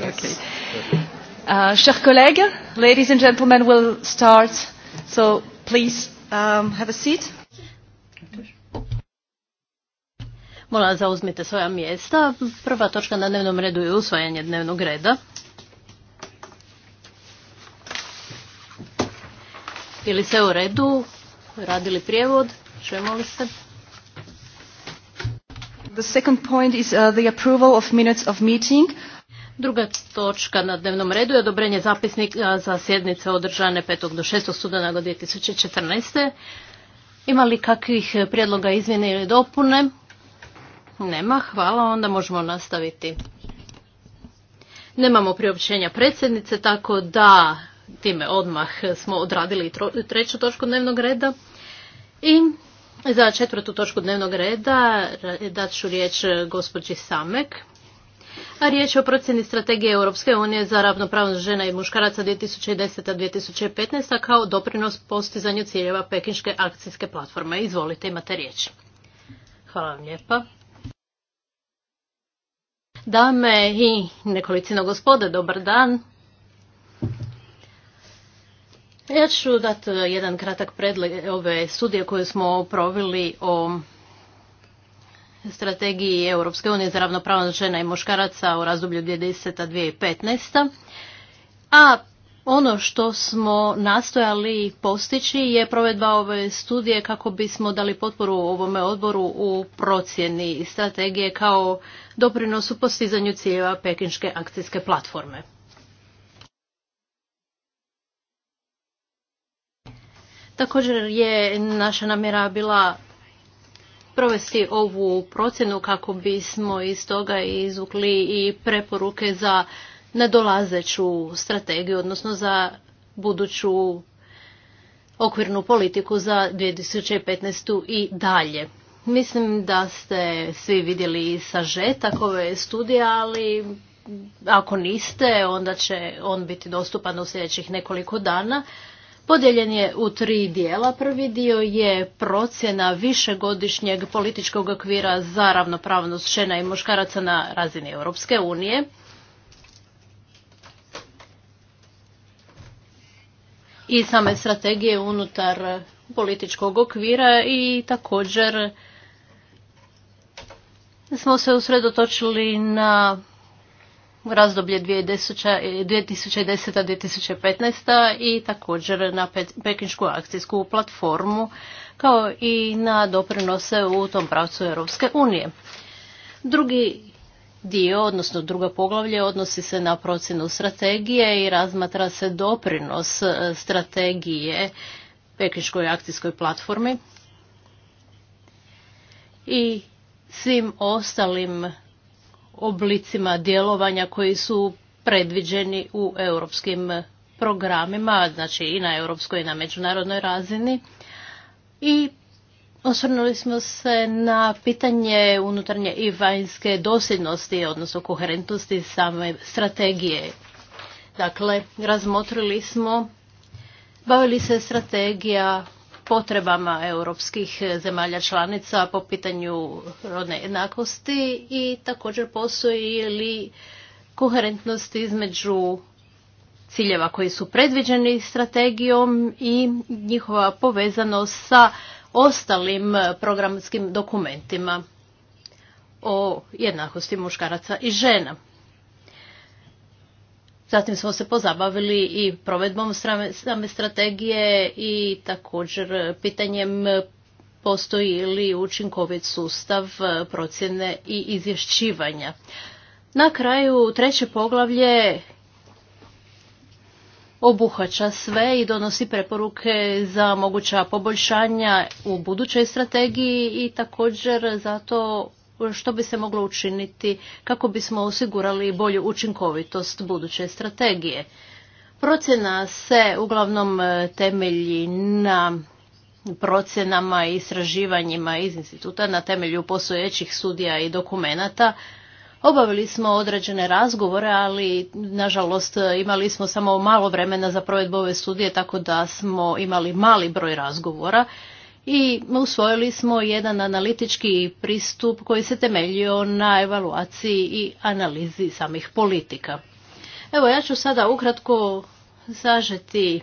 Okay. Uh, chers collègues, ladies and gentlemen, we'll start. So please um, have a seat. Molim vas zauzmite svoja mjesta. Prva točka na dnevnom redu je usvajanje dnevnog reda. Ili se u redu? Radili prijevod? Čemu li se? The second point is uh, the approval of minutes of meeting. Druga točka na dnevnom redu je odobrenje zapisnika za sjednice održane 5. do 6. tisuće 2014. Ima li kakvih prijedloga izmjene ili dopune? Nema, hvala, onda možemo nastaviti. Nemamo priopćenja predsjednice, tako da time odmah smo odradili treću točku dnevnog reda. I za četvrtu točku dnevnog reda dat ću riječ gospođi Samek a riječ je o procjeni strategije Europske unije za ravnopravnost žena i muškaraca 2010-2015 kao doprinos postizanju ciljeva Pekinške akcijske platforme. Izvolite, imate riječ. Hvala vam lijepa. Dame i nekolicino gospode, dobar dan. Ja ću dati jedan kratak predlog ove studije koje smo proveli o strategiji Europske unije za ravnopravnost žena i muškaraca u razdoblju 2010-2015. A ono što smo nastojali postići je provedba ove studije kako bismo dali potporu ovome odboru u procjeni strategije kao doprinosu postizanju ciljeva Pekinške akcijske platforme. Također je naša namjera bila provesti ovu procjenu kako bismo iz toga izvukli i preporuke za nadolazeću strategiju, odnosno za buduću okvirnu politiku za 2015. i dalje. Mislim da ste svi vidjeli sažetak ove studije, ali ako niste, onda će on biti dostupan u sljedećih nekoliko dana. Podijeljen je u tri dijela. Prvi dio je procjena višegodišnjeg političkog okvira za ravnopravnost žena i muškaraca na razini Europske unije. I same strategije unutar političkog okvira i također smo se usredotočili na razdoblje 2010-2015 i također na pekinšku akcijsku platformu kao i na doprinose u tom pravcu Europske unije. Drugi dio, odnosno druga poglavlje, odnosi se na procjenu strategije i razmatra se doprinos e, strategije pekinškoj akcijskoj platformi i svim ostalim oblicima djelovanja koji su predviđeni u europskim programima, znači i na europskoj i na međunarodnoj razini. I osvrnuli smo se na pitanje unutarnje i vanjske dosljednosti, odnosno koherentnosti same strategije. Dakle, razmotrili smo bavili se strategija potrebama europskih zemalja članica po pitanju rodne jednakosti i također postoji li koherentnost između ciljeva koji su predviđeni strategijom i njihova povezanost sa ostalim programskim dokumentima o jednakosti muškaraca i žena. Zatim smo se pozabavili i provedbom same strategije i također pitanjem e, postoji li učinkovit sustav e, procjene i izvješćivanja. Na kraju treće poglavlje obuhvaća sve i donosi preporuke za moguća poboljšanja u budućoj strategiji i također zato što bi se moglo učiniti kako bismo osigurali bolju učinkovitost buduće strategije. Procjena se uglavnom e, temelji na procjenama i istraživanjima iz instituta na temelju postojećih studija i dokumenata. Obavili smo određene razgovore, ali nažalost imali smo samo malo vremena za provedbu ove studije, tako da smo imali mali broj razgovora i usvojili smo jedan analitički pristup koji se temeljio na evaluaciji i analizi samih politika. Evo ja ću sada ukratko sažeti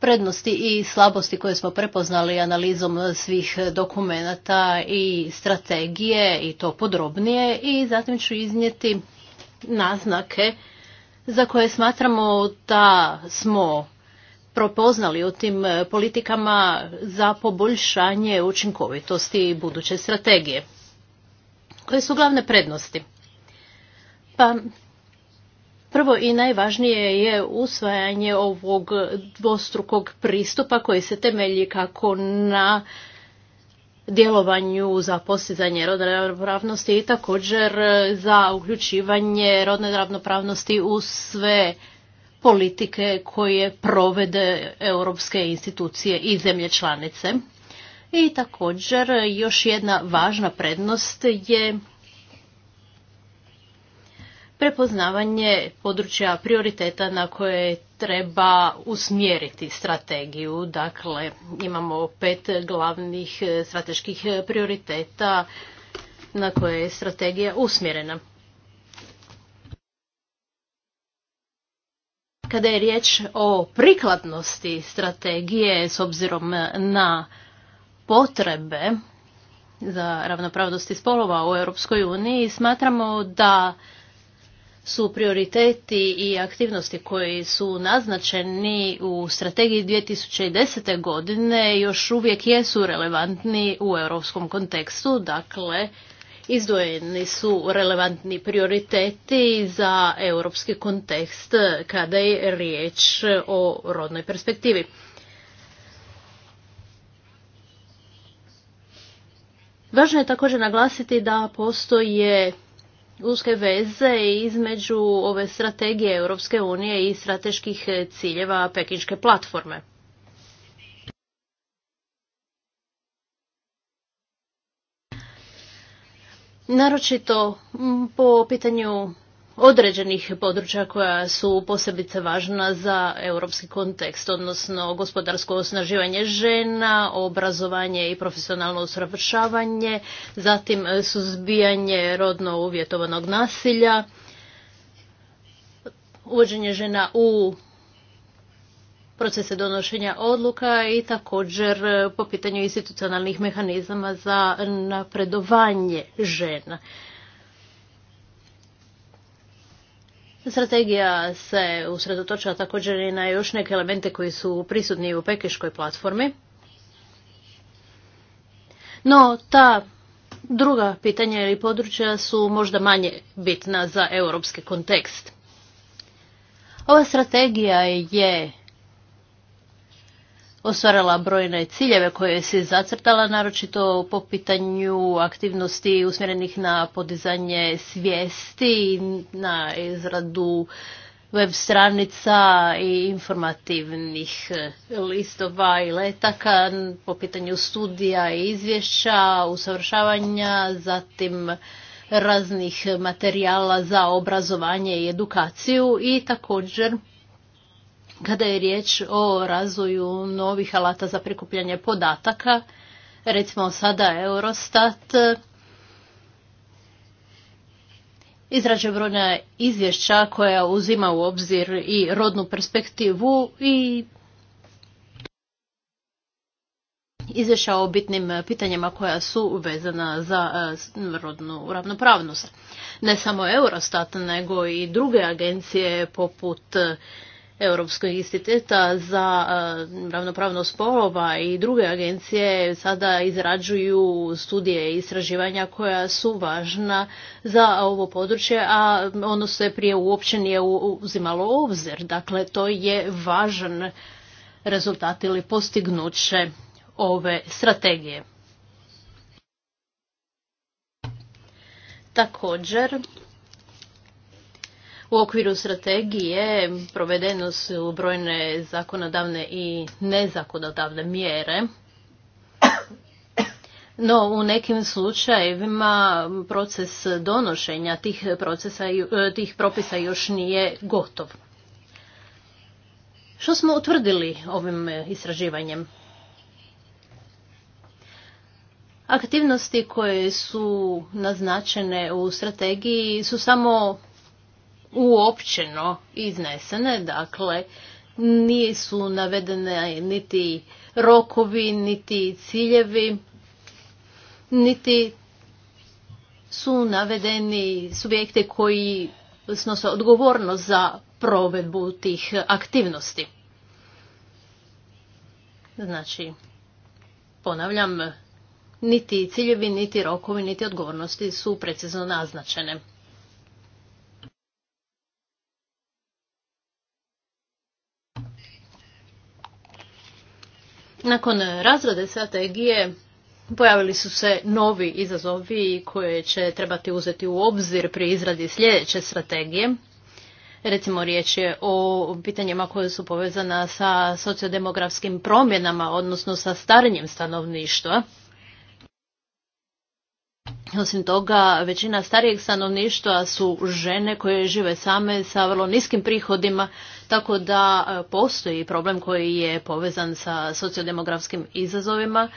prednosti i slabosti koje smo prepoznali analizom svih dokumenata i strategije i to podrobnije i zatim ću iznijeti naznake za koje smatramo da smo propoznali u tim e, politikama za poboljšanje učinkovitosti buduće strategije. Koje su glavne prednosti? Pa Prvo i najvažnije je usvajanje ovog dvostrukog pristupa koji se temelji kako na djelovanju za postizanje rodne ravnopravnosti i također za uključivanje rodne ravnopravnosti u sve politike koje provede europske institucije i zemlje članice. I također još jedna važna prednost je prepoznavanje područja prioriteta na koje treba usmjeriti strategiju. Dakle, imamo pet glavnih strateških prioriteta na koje je strategija usmjerena. Kada je riječ o prikladnosti strategije s obzirom na potrebe za ravnopravnosti spolova u Europskoj uniji, smatramo da su prioriteti i aktivnosti koji su naznačeni u strategiji 2010. godine još uvijek jesu relevantni u europskom kontekstu, dakle Izdvojeni su relevantni prioriteti za europski kontekst kada je riječ o rodnoj perspektivi. Važno je također naglasiti da postoje uske veze između ove strategije Europske unije i strateških ciljeva pekinške platforme. naročito mm, po pitanju određenih područja koja su posebice važna za europski kontekst, odnosno gospodarsko osnaživanje žena, obrazovanje i profesionalno usavršavanje, zatim suzbijanje rodno uvjetovanog nasilja, uvođenje žena u procese donošenja odluka i također e, po pitanju institucionalnih mehanizama za napredovanje žena. Strategija se usredotočila također i na još neke elemente koji su prisutni u pekeškoj platformi. No, ta druga pitanja ili područja su možda manje bitna za europski kontekst. Ova strategija je ostvarila brojne ciljeve koje se zacrtala, naročito po pitanju aktivnosti usmjerenih na podizanje svijesti, na izradu web stranica i informativnih listova i letaka po pitanju studija i izvješća, usavršavanja, zatim raznih materijala za obrazovanje i edukaciju i također kada je riječ o razvoju novih alata za prikupljanje podataka, recimo sada Eurostat e, izrađuje brojna izvješća koja uzima u obzir i rodnu perspektivu i izvješća o bitnim pitanjima koja su vezana za e, rodnu ravnopravnost. Ne samo Eurostat, nego i druge agencije poput Europskog instituta za e, ravnopravnost spolova i druge agencije sada izrađuju studije i istraživanja koja su važna za ovo područje, a ono se prije uopće nije uzimalo obzir. Dakle, to je važan rezultat ili postignuće ove strategije. Također, u okviru strategije provedeno su brojne zakonodavne i nezakonodavne mjere. No, u nekim slučajevima proces donošenja tih, procesa, e, tih propisa još nije gotov. Što smo utvrdili ovim istraživanjem? Aktivnosti koje su naznačene u strategiji su samo uopćeno iznesene, dakle nisu navedene niti rokovi, niti ciljevi, niti su navedeni subjekte koji snose odgovornost za provedbu tih aktivnosti. Znači, ponavljam, niti ciljevi, niti rokovi, niti odgovornosti su precizno naznačene. Nakon razrade strategije pojavili su se novi izazovi koje će trebati uzeti u obzir pri izradi sljedeće strategije. Recimo riječ je o pitanjima koje su povezana sa sociodemografskim promjenama, odnosno sa starenjem stanovništva. Osim toga, većina starijeg stanovništva su žene koje žive same sa vrlo niskim prihodima, tako da e, postoji problem koji je povezan sa sociodemografskim izazovima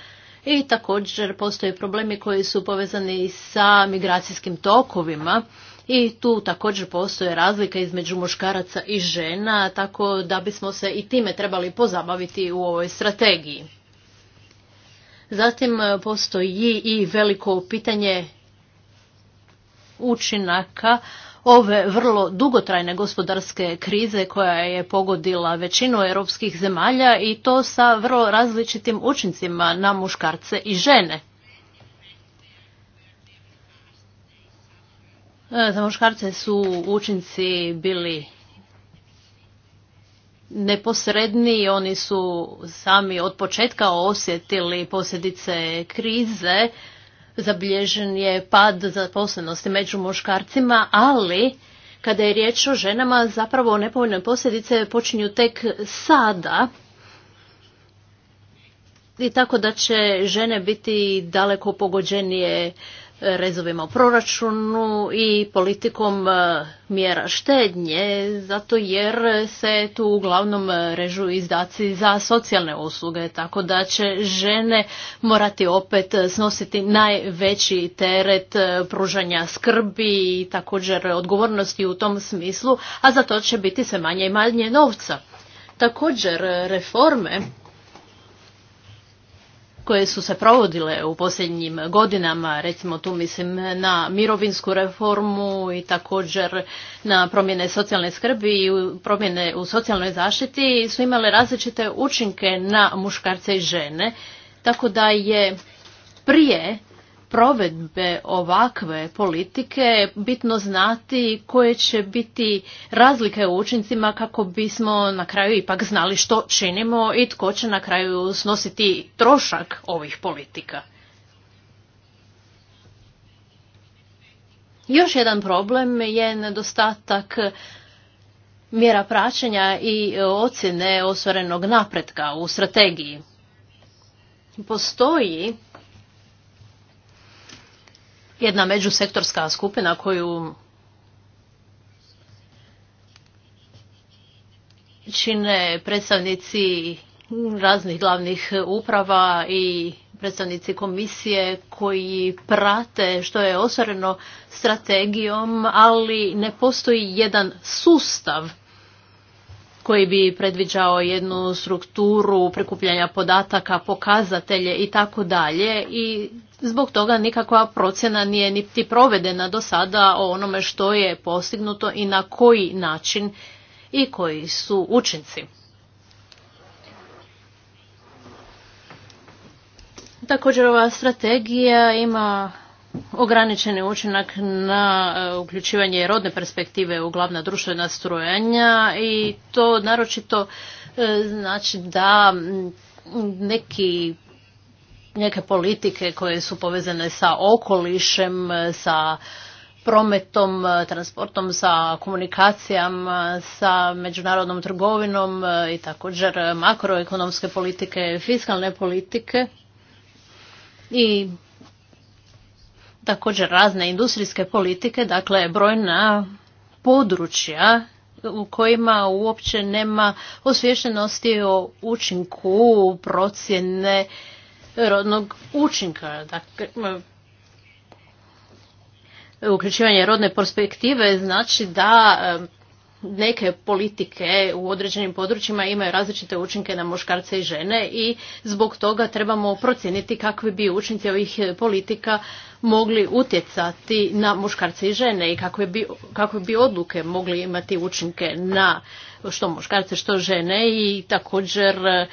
i također postoje problemi koji su povezani sa migracijskim tokovima i tu također postoje razlika između muškaraca i žena, tako da bismo se i time trebali pozabaviti u ovoj strategiji. Zatim e, postoji i veliko pitanje učinaka ove vrlo dugotrajne gospodarske krize koja je pogodila većinu europskih zemalja i to sa vrlo različitim učincima na muškarce i žene. E, za muškarce su učinci bili neposredniji, oni su sami od početka osjetili posljedice krize, zabilježen je pad zaposlenosti među muškarcima, ali kada je riječ o ženama zapravo nepovoljne posljedice počinju tek sada. I tako da će žene biti daleko pogođenije rezovima u proračunu i politikom e, mjera štednje, zato jer se tu uglavnom režu izdaci za socijalne usluge, tako da će žene morati opet snositi najveći teret e, pružanja skrbi i također odgovornosti u tom smislu, a za to će biti sve manje i manje novca. Također e, reforme koje su se provodile u posljednjim godinama, recimo tu mislim na mirovinsku reformu i također na promjene socijalne skrbi i promjene u socijalnoj zaštiti su imale različite učinke na muškarce i žene, tako da je prije provedbe ovakve politike bitno znati koje će biti razlike u učincima kako bismo na kraju ipak znali što činimo i tko će na kraju snositi trošak ovih politika. Još jedan problem je nedostatak mjera praćenja i ocjene ostvarenog napretka u strategiji. Postoji jedna međusektorska skupina koju čine predstavnici raznih glavnih uprava i predstavnici komisije koji prate što je osvareno strategijom, ali ne postoji jedan sustav koji bi predviđao jednu strukturu prikupljanja podataka, pokazatelje i tako dalje i zbog toga nikakva procjena nije niti provedena do sada o onome što je postignuto i na koji način i koji su učinci. Također ova strategija ima ograničeni učinak na e, uključivanje rodne perspektive u glavna društvena strojanja i to naročito e, znači da neki neke politike koje su povezane sa okolišem, sa prometom, e, transportom, sa komunikacijama, sa međunarodnom trgovinom i također makroekonomske politike, fiskalne politike i također razne industrijske politike, dakle brojna područja u kojima uopće nema osvješenosti o učinku procjene rodnog učinka. Dakle, uključivanje rodne perspektive znači da neke politike u određenim područjima imaju različite učinke na muškarce i žene i zbog toga trebamo procijeniti kakvi bi učinci ovih politika mogli utjecati na muškarce i žene i kakve bi, kakve bi odluke mogli imati učinke na što muškarce, što žene i također e,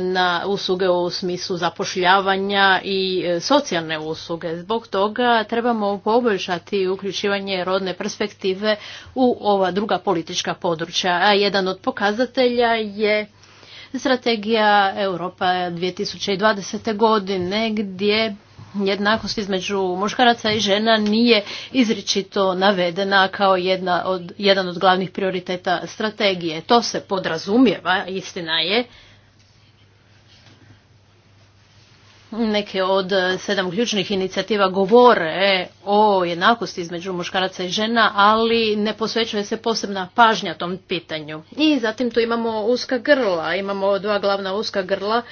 na usluge u smislu zapošljavanja i e, socijalne usluge. Zbog toga trebamo poboljšati uključivanje rodne perspektive u ova druga politička područja. A jedan od pokazatelja je strategija Europa 2020. godine gdje jednakost između muškaraca i žena nije izričito navedena kao jedna od, jedan od glavnih prioriteta strategije. To se podrazumijeva, istina je. Neke od sedam ključnih inicijativa govore o jednakosti između muškaraca i žena, ali ne posvećuje se posebna pažnja tom pitanju. I zatim tu imamo uska grla, imamo dva glavna uska grla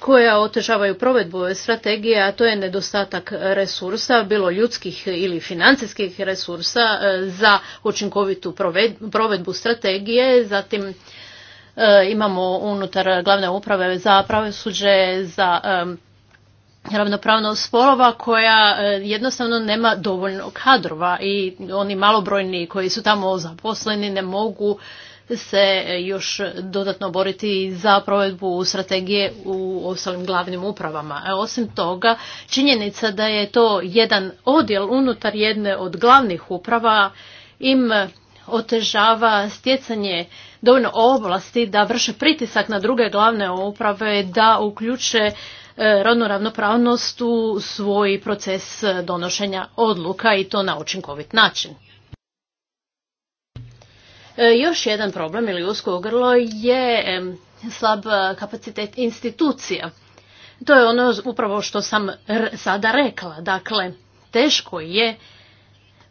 koja otežavaju provedbu ove strategije, a to je nedostatak resursa, bilo ljudskih ili financijskih resursa e, za učinkovitu provedbu strategije, zatim e, imamo unutar glavne uprave za pravosuđe, za e, ravnopravnost spolova koja jednostavno nema dovoljno kadrova i oni malobrojni koji su tamo zaposleni ne mogu se još dodatno boriti za provedbu strategije u ostalim glavnim upravama. E, osim toga, činjenica da je to jedan odjel unutar jedne od glavnih uprava im otežava stjecanje dovoljno oblasti da vrše pritisak na druge glavne uprave da uključe e, rodnu ravnopravnost u svoj proces donošenja odluka i to na učinkovit način. E, još jedan problem ili usko ogrlo je slab e, kapacitet institucija. To je ono upravo što sam sada rekla. Dakle, teško je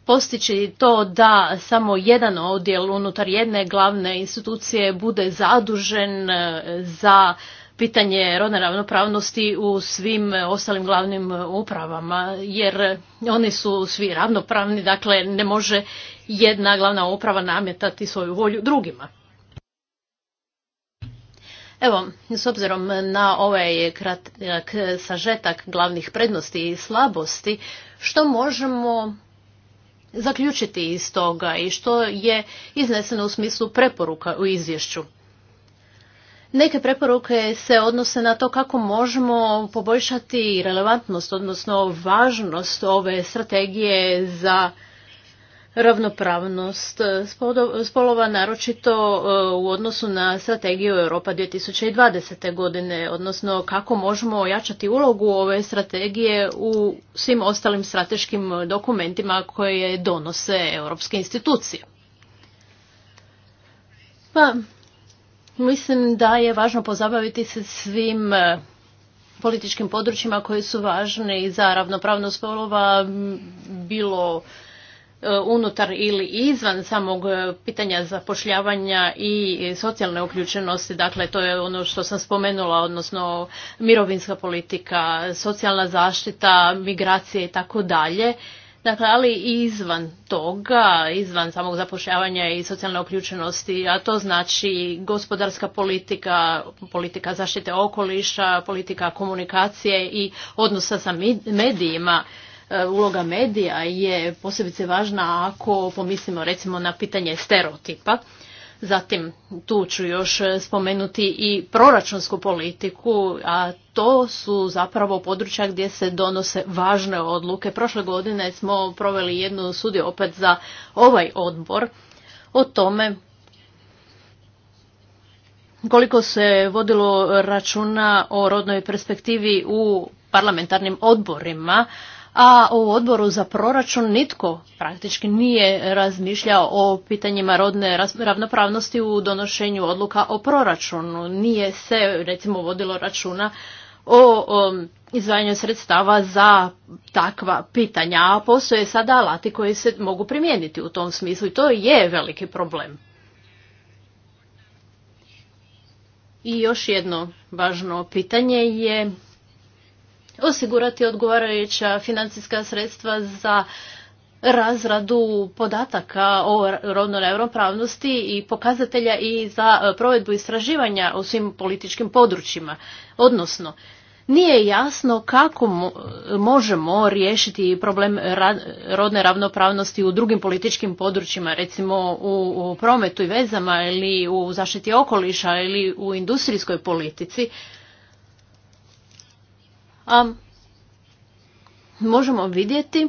postići to da samo jedan odjel unutar jedne glavne institucije bude zadužen e, za pitanje rodne ravnopravnosti u svim ostalim glavnim upravama, jer oni su svi ravnopravni, dakle ne može jedna glavna uprava nametati svoju volju drugima. Evo, s obzirom na ovaj kratak sažetak glavnih prednosti i slabosti, što možemo zaključiti iz toga i što je izneseno u smislu preporuka u izvješću? Neke preporuke se odnose na to kako možemo poboljšati relevantnost, odnosno važnost ove strategije za ravnopravnost spolova, naročito e, u odnosu na strategiju Europa 2020. godine, odnosno kako možemo ojačati ulogu ove strategije u svim ostalim strateškim dokumentima koje donose europske institucije. Pa, Mislim da je važno pozabaviti se svim e, političkim područjima koji su važni za ravnopravnost spolova, bilo e, unutar ili izvan samog e, pitanja zapošljavanja i socijalne uključenosti. Dakle, to je ono što sam spomenula, odnosno mirovinska politika, socijalna zaštita, migracije i tako dalje. Dakle, ali i izvan toga, izvan samog zapošljavanja i socijalne uključenosti, a to znači gospodarska politika, politika zaštite okoliša, politika komunikacije i odnosa sa medijima. E, uloga medija je posebice važna ako pomislimo recimo na pitanje stereotipa. Zatim tu ću još spomenuti i proračunsku politiku, a to su zapravo područja gdje se donose važne odluke. Prošle godine smo proveli jednu sudiju opet za ovaj odbor o tome koliko se vodilo računa o rodnoj perspektivi u parlamentarnim odborima, a u odboru za proračun nitko praktički nije razmišljao o pitanjima rodne ravnopravnosti u donošenju odluka o proračunu. Nije se recimo vodilo računa o, o sredstava za takva pitanja, a postoje sada alati koji se mogu primijeniti u tom smislu i to je veliki problem. I još jedno važno pitanje je osigurati odgovarajuća financijska sredstva za razradu podataka o rodnoj ravnopravnosti i pokazatelja i za e, provedbu istraživanja u svim političkim područjima. Odnosno, nije jasno kako možemo riješiti problem rodne ravnopravnosti u drugim političkim područjima, recimo u prometu i vezama ili u zaštiti okoliša ili u industrijskoj politici, a možemo vidjeti e,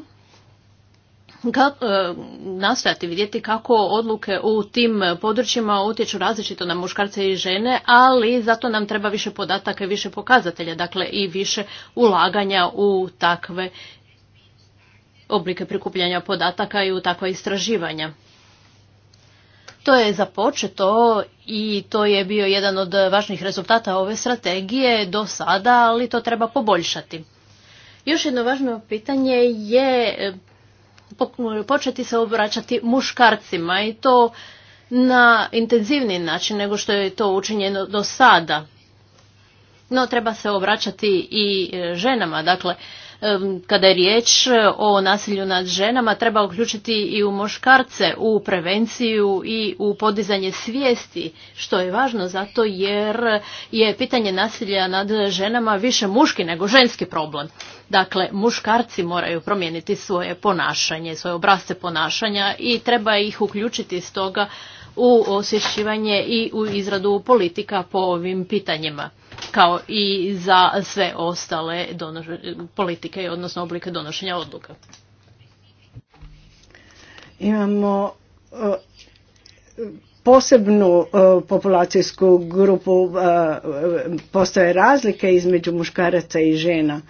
nastojati vidjeti kako odluke u tim područjima utječu različito na muškarce i žene, ali zato nam treba više podataka i više pokazatelja, dakle i više ulaganja u takve oblike prikupljanja podataka i u takva istraživanja. To je započeto i to je bio jedan od važnih rezultata ove strategije do sada, ali to treba poboljšati. Još jedno važno pitanje je e, početi se obraćati muškarcima i to na intenzivni način nego što je to učinjeno do sada. No, treba se obraćati i e, ženama. Dakle, kada je riječ e, o nasilju nad ženama treba uključiti i u moškarce, u prevenciju i u podizanje svijesti, što je važno zato jer je pitanje nasilja nad ženama više muški nego ženski problem. Dakle, muškarci moraju promijeniti svoje ponašanje, svoje obrazce ponašanja i treba ih uključiti stoga u osvješćivanje i u izradu politika po ovim pitanjima kao i za sve ostale politike, odnosno oblike donošenja odluka. Imamo e, posebnu e, populacijsku grupu, e, postoje razlike između muškaraca i žena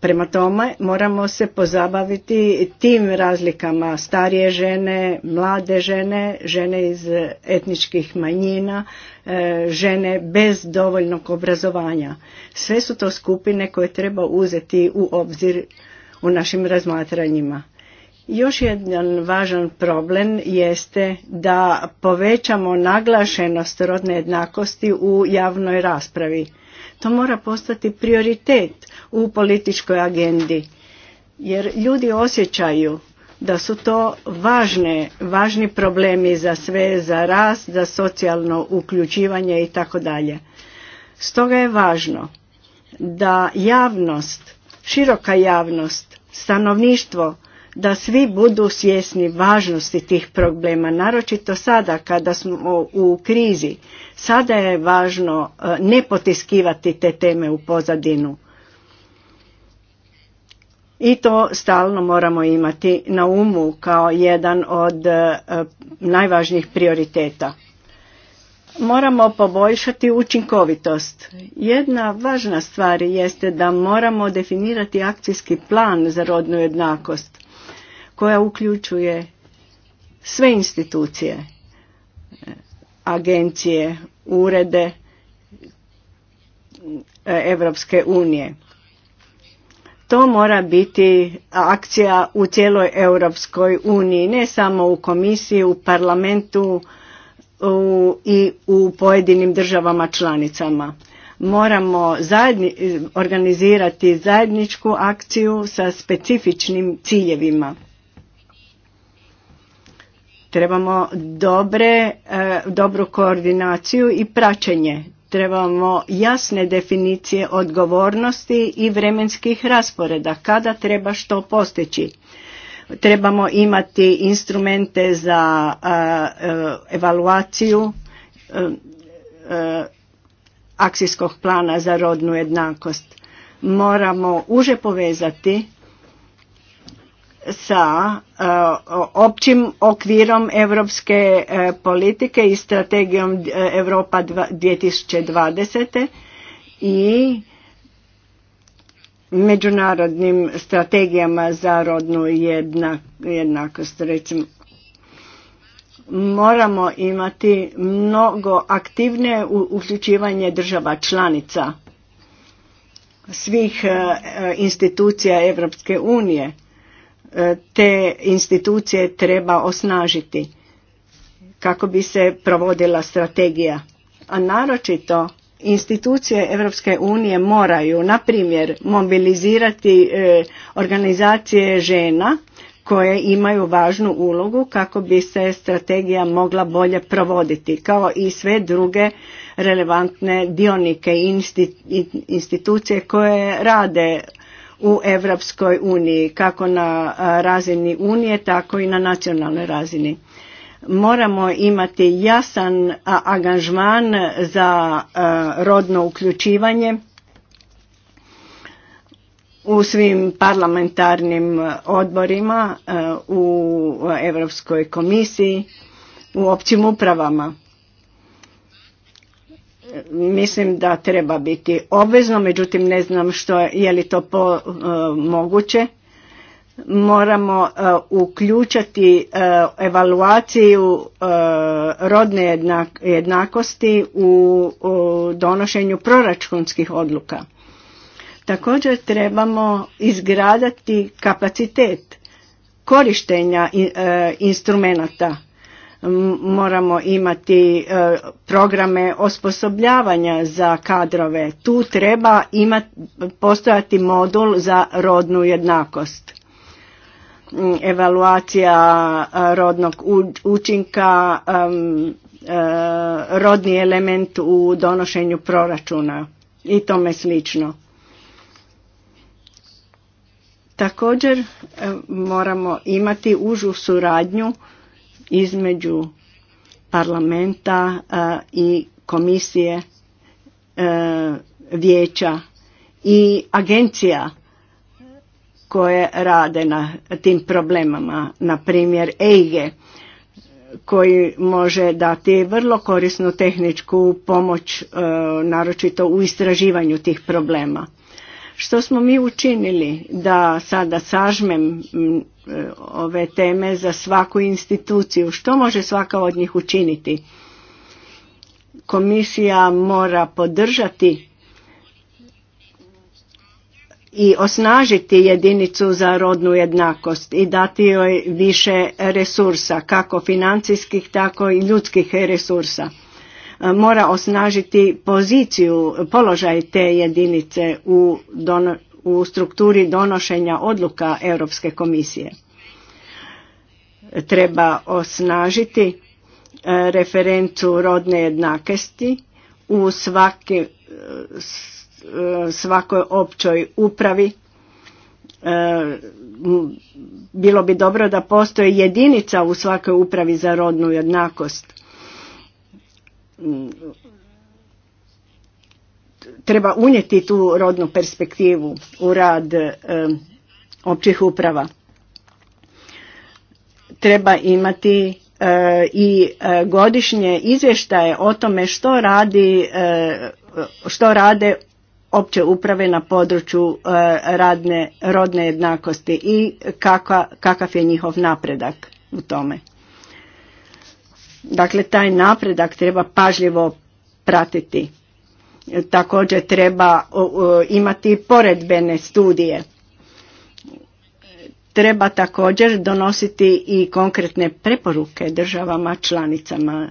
Prema tome moramo se pozabaviti tim razlikama starije žene, mlade žene, žene iz etničkih manjina, e, žene bez dovoljnog obrazovanja. Sve su to skupine koje treba uzeti u obzir u našim razmatranjima. Još jedan važan problem jeste da povećamo naglašenost rodne jednakosti u javnoj raspravi to mora postati prioritet u političkoj agendi jer ljudi osjećaju da su to važne, važni problemi za sve, za rast, za socijalno uključivanje i tako dalje. Stoga je važno da javnost, široka javnost, stanovništvo da svi budu svjesni važnosti tih problema, naročito sada kada smo u krizi. Sada je važno e, ne potiskivati te teme u pozadinu. I to stalno moramo imati na umu kao jedan od e, najvažnijih prioriteta. Moramo poboljšati učinkovitost. Jedna važna stvar jeste da moramo definirati akcijski plan za rodnu jednakost koja uključuje sve institucije, e, agencije, urede e, Evropske unije. To mora biti akcija u cijeloj Europskoj uniji, ne samo u komisiji, u parlamentu i u pojedinim državama članicama. Moramo zajedni, e, organizirati zajedničku akciju sa specifičnim ciljevima Trebamo dobre, e, dobru koordinaciju i praćenje. Trebamo jasne definicije odgovornosti i vremenskih rasporeda, kada treba što postići. Trebamo imati instrumente za e, e, evaluaciju akcijskog plana za rodnu jednakost. Moramo uže povezati sa eh, općim okvirom europske eh, politike i strategijom Europa eh, 2020. i međunarodnim strategijama za rodnu jednakost recimo moramo imati mnogo aktivne uključivanje država članica svih institucija Europske unije E, te institucije treba osnažiti kako bi se provodila strategija. A naročito institucije Europske unije moraju, na primjer, mobilizirati e, organizacije žena koje imaju važnu ulogu kako bi se strategija mogla bolje provoditi, kao i sve druge relevantne dionike i institucije koje rade u Europskoj uniji, kako na razini unije, tako i na nacionalnoj razini. Moramo imati jasan angažman za rodno uključivanje u svim parlamentarnim odborima, u Europskoj komisiji, u općim upravama mislim da treba biti obvezno, međutim ne znam što je li to e, moguće. Moramo e, uključati e, evaluaciju e, rodne jednakosti u, u donošenju proračunskih odluka. Također trebamo izgradati kapacitet korištenja instrumenata moramo imati e, programe osposobljavanja za kadrove. Tu treba imati, postojati modul za rodnu jednakost. Mm, evaluacija e, rodnog učinka, e, rodni element u donošenju proračuna i tome slično. Također moramo imati užu suradnju između parlamenta i komisije e, vijeća i agencija koje rade na tim problemama, na primjer EIGE koji može dati vrlo korisnu tehničku pomoć e, naročito u istraživanju tih problema. Što smo mi učinili da sada sažmem Eh, ove teme za svaku instituciju. Što može svaka od njih učiniti? Komisija mora podržati i osnažiti jedinicu za rodnu jednakost i dati joj više resursa, kako financijskih, tako i ljudskih resursa. Eh, mora osnažiti poziciju, položaj te jedinice u u strukturi donošenja odluka Europske komisije. Treba osnažiti e, referencu rodne jednakosti u e, e, svakoj općoj upravi. Bilo bi dobro da postoji jedinica u svakoj upravi za rodnu jednakost treba unijeti tu rodnu perspektivu u rad e, općih uprava. Treba imati e, i e, godišnje izvještaje o tome što radi, što rade opće uprave na području radne, rodne jednakosti i kakav je njihov napredak u tome. Dakle, taj napredak treba pažljivo pratiti Također treba imati poredbene studije. Treba također donositi i konkretne preporuke državama članicama.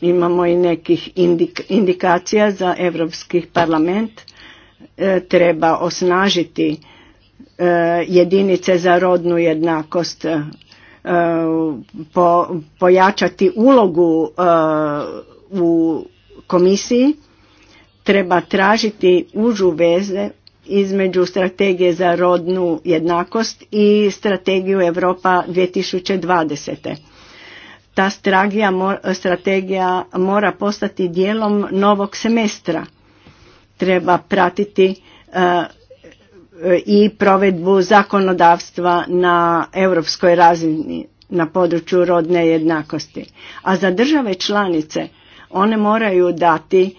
Imamo i nekih indikacija za Evropski parlament. E, treba osnažiti e, jedinice za rodnu jednakost, e, pojačati ulogu u komisiji treba tražiti užu veze između strategije za rodnu jednakost i strategiju Europa 2020. Ta strategija mora postati dijelom novog semestra. Treba pratiti e, i provedbu zakonodavstva na europskoj razini na području rodne jednakosti. A za države članice one moraju dati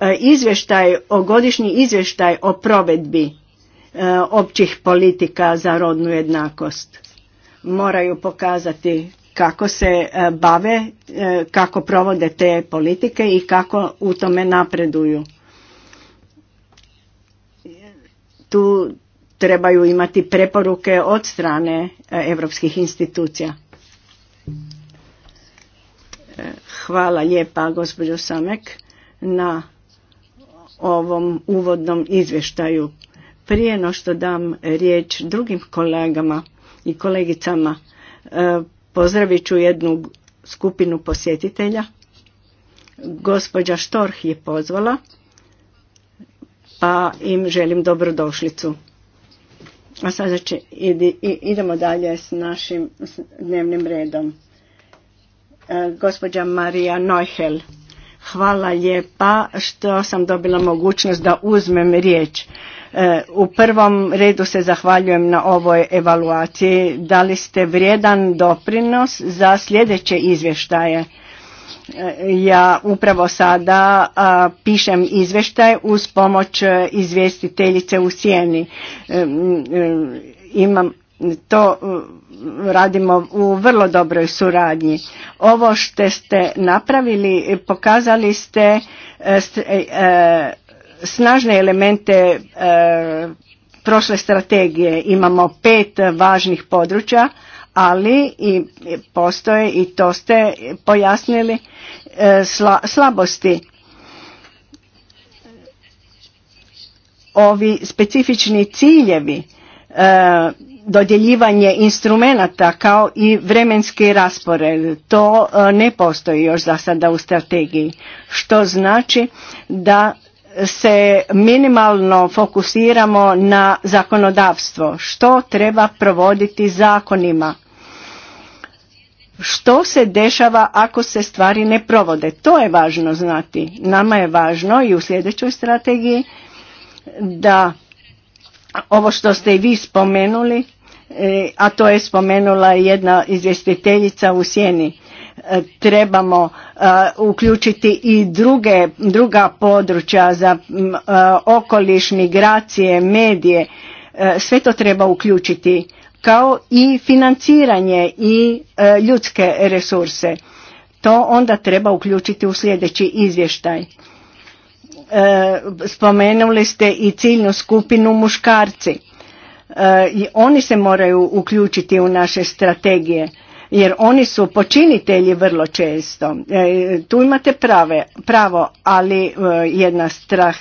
e, izvještaj, godišnji izvještaj o provedbi e, općih politika za rodnu jednakost. Moraju pokazati kako se e, bave, kako provode te politike i kako u tome napreduju. Tu trebaju imati preporuke od strane europskih institucija. Hvala lijepa gospođo Samek na ovom uvodnom izvještaju. Prije no što dam riječ drugim kolegama i kolegicama, e, pozdravit ću jednu skupinu posjetitelja. Gospođa Štorh je pozvala, pa im želim dobrodošlicu. A sada idemo dalje s našim dnevnim redom gospođa Marija Neuhel. Hvala lijepa što sam dobila mogućnost da uzmem riječ. E, u prvom redu se zahvaljujem na ovoj evaluaciji. Dali ste vrijedan doprinos za sljedeće izvještaje. E, ja upravo sada pišem izvještaj uz pomoć e, izvjestiteljice u sjeni. imam to radimo u vrlo dobroj suradnji. Ovo što ste napravili, pokazali ste e, e, e, snažne elemente prošle strategije. Imamo pet važnih područja, ali i postoje i to ste pojasnili slabosti. Ovi specifični ciljevi dodjeljivanje instrumenata kao i vremenski raspored. To e, ne postoji još za sada u strategiji, što znači da se minimalno fokusiramo na zakonodavstvo, što treba provoditi zakonima. Što se dešava ako se stvari ne provode? To je važno znati. Nama je važno i u sljedećoj strategiji da ovo što ste i vi spomenuli, E, a to je spomenula jedna izvjestiteljica u sjeni e, trebamo e, uključiti i druge, druga područja za okoliš, migracije, medije, sve to treba uključiti kao i financiranje i ljudske resurse. To onda treba uključiti u sljedeći izvještaj. Spomenuli ste i ciljnu skupinu muškarci E, i oni se moraju uključiti u naše strategije jer oni su počinitelji vrlo često. E, tu imate pravo, ali e, jedna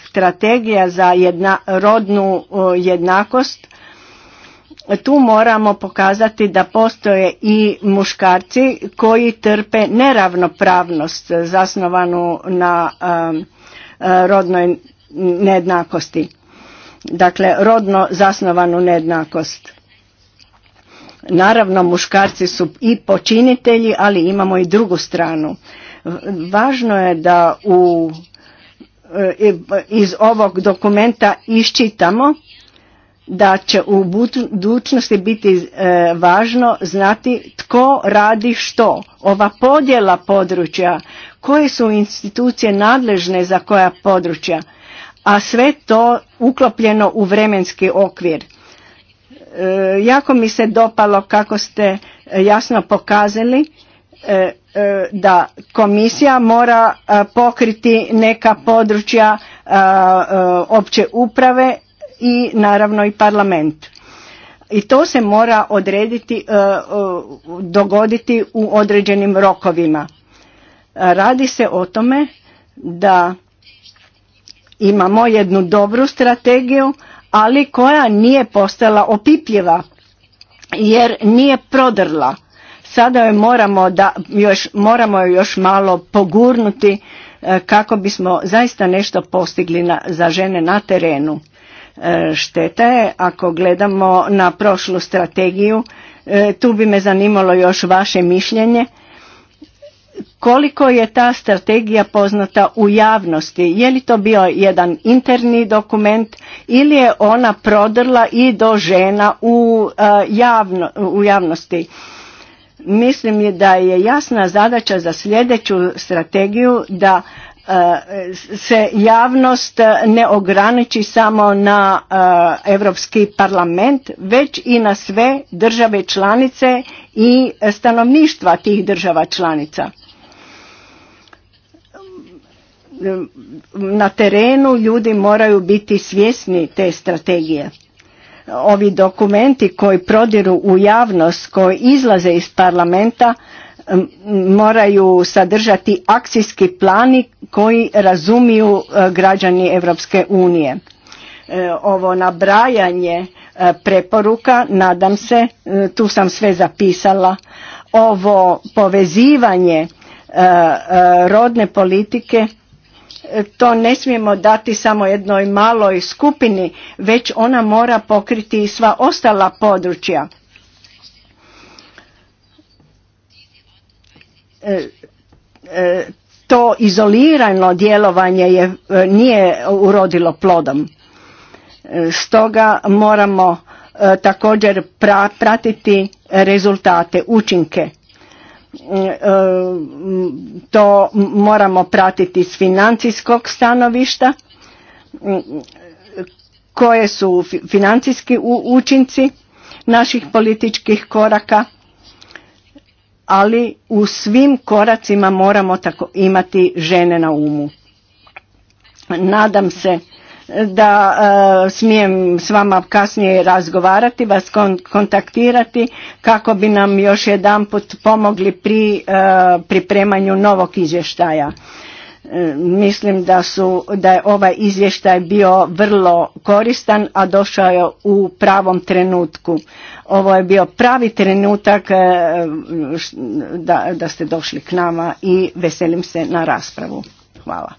strategija za jedna, rodnu jednakost, tu moramo pokazati da postoje i muškarci koji trpe neravnopravnost zasnovanu na rodnoj nejednakosti dakle rodno zasnovanu nejednakost. Naravno muškarci su i počinitelji, ali imamo i drugu stranu. Važno je da u, e, iz ovog dokumenta iščitamo da će u budućnosti biti e, važno znati tko radi što. Ova podjela područja, koje su institucije nadležne za koja područja a sve to uklopljeno u vremenski okvir. E, jako mi se dopalo kako ste jasno pokazali e, e, da komisija mora pokriti neka područja opće uprave i naravno i parlament. I to se mora odrediti, dogoditi u određenim rokovima. Radi se o tome da Imamo jednu dobru strategiju, ali koja nije postala opipljiva jer nije prodrla. Sada joj moramo, da, još, moramo još malo pogurnuti e, kako bismo zaista nešto postigli na, za žene na terenu. E, šteta je ako gledamo na prošlu strategiju, e, tu bi me zanimalo još vaše mišljenje koliko je ta strategija poznata u javnosti? Je li to bio jedan interni dokument ili je ona prodrla i do žena u, e, javno, u javnosti? Mislim da je jasna zadaća za sljedeću strategiju da e, se javnost ne ograniči samo na e, Europski parlament, već i na sve države članice i stanovništva tih država članica na terenu ljudi moraju biti svjesni te strategije. Ovi dokumenti koji prodiru u javnost, koji izlaze iz parlamenta, moraju sadržati akcijski plani koji razumiju e, građani Europske unije. E, ovo nabrajanje e, preporuka, nadam se, tu sam sve zapisala, ovo povezivanje rodne politike to ne smijemo dati samo jednoj maloj skupini, već ona mora pokriti sva ostala područja. E, e, to izolirano djelovanje e, nije urodilo plodom. Stoga moramo također pratiti rezultate, učinke to moramo pratiti s financijskog stanovišta koje su financijski učinci naših političkih koraka ali u svim koracima moramo tako imati žene na umu nadam se da e, smijem s vama kasnije razgovarati, vas kontaktirati kako bi nam još jedanput pomogli pri e, pripremanju novog izvještaja. E, mislim da, su, da je ovaj izvještaj bio vrlo koristan, a došao je u pravom trenutku. Ovo je bio pravi trenutak da, da ste došli k nama i veselim se na raspravu. Hvala.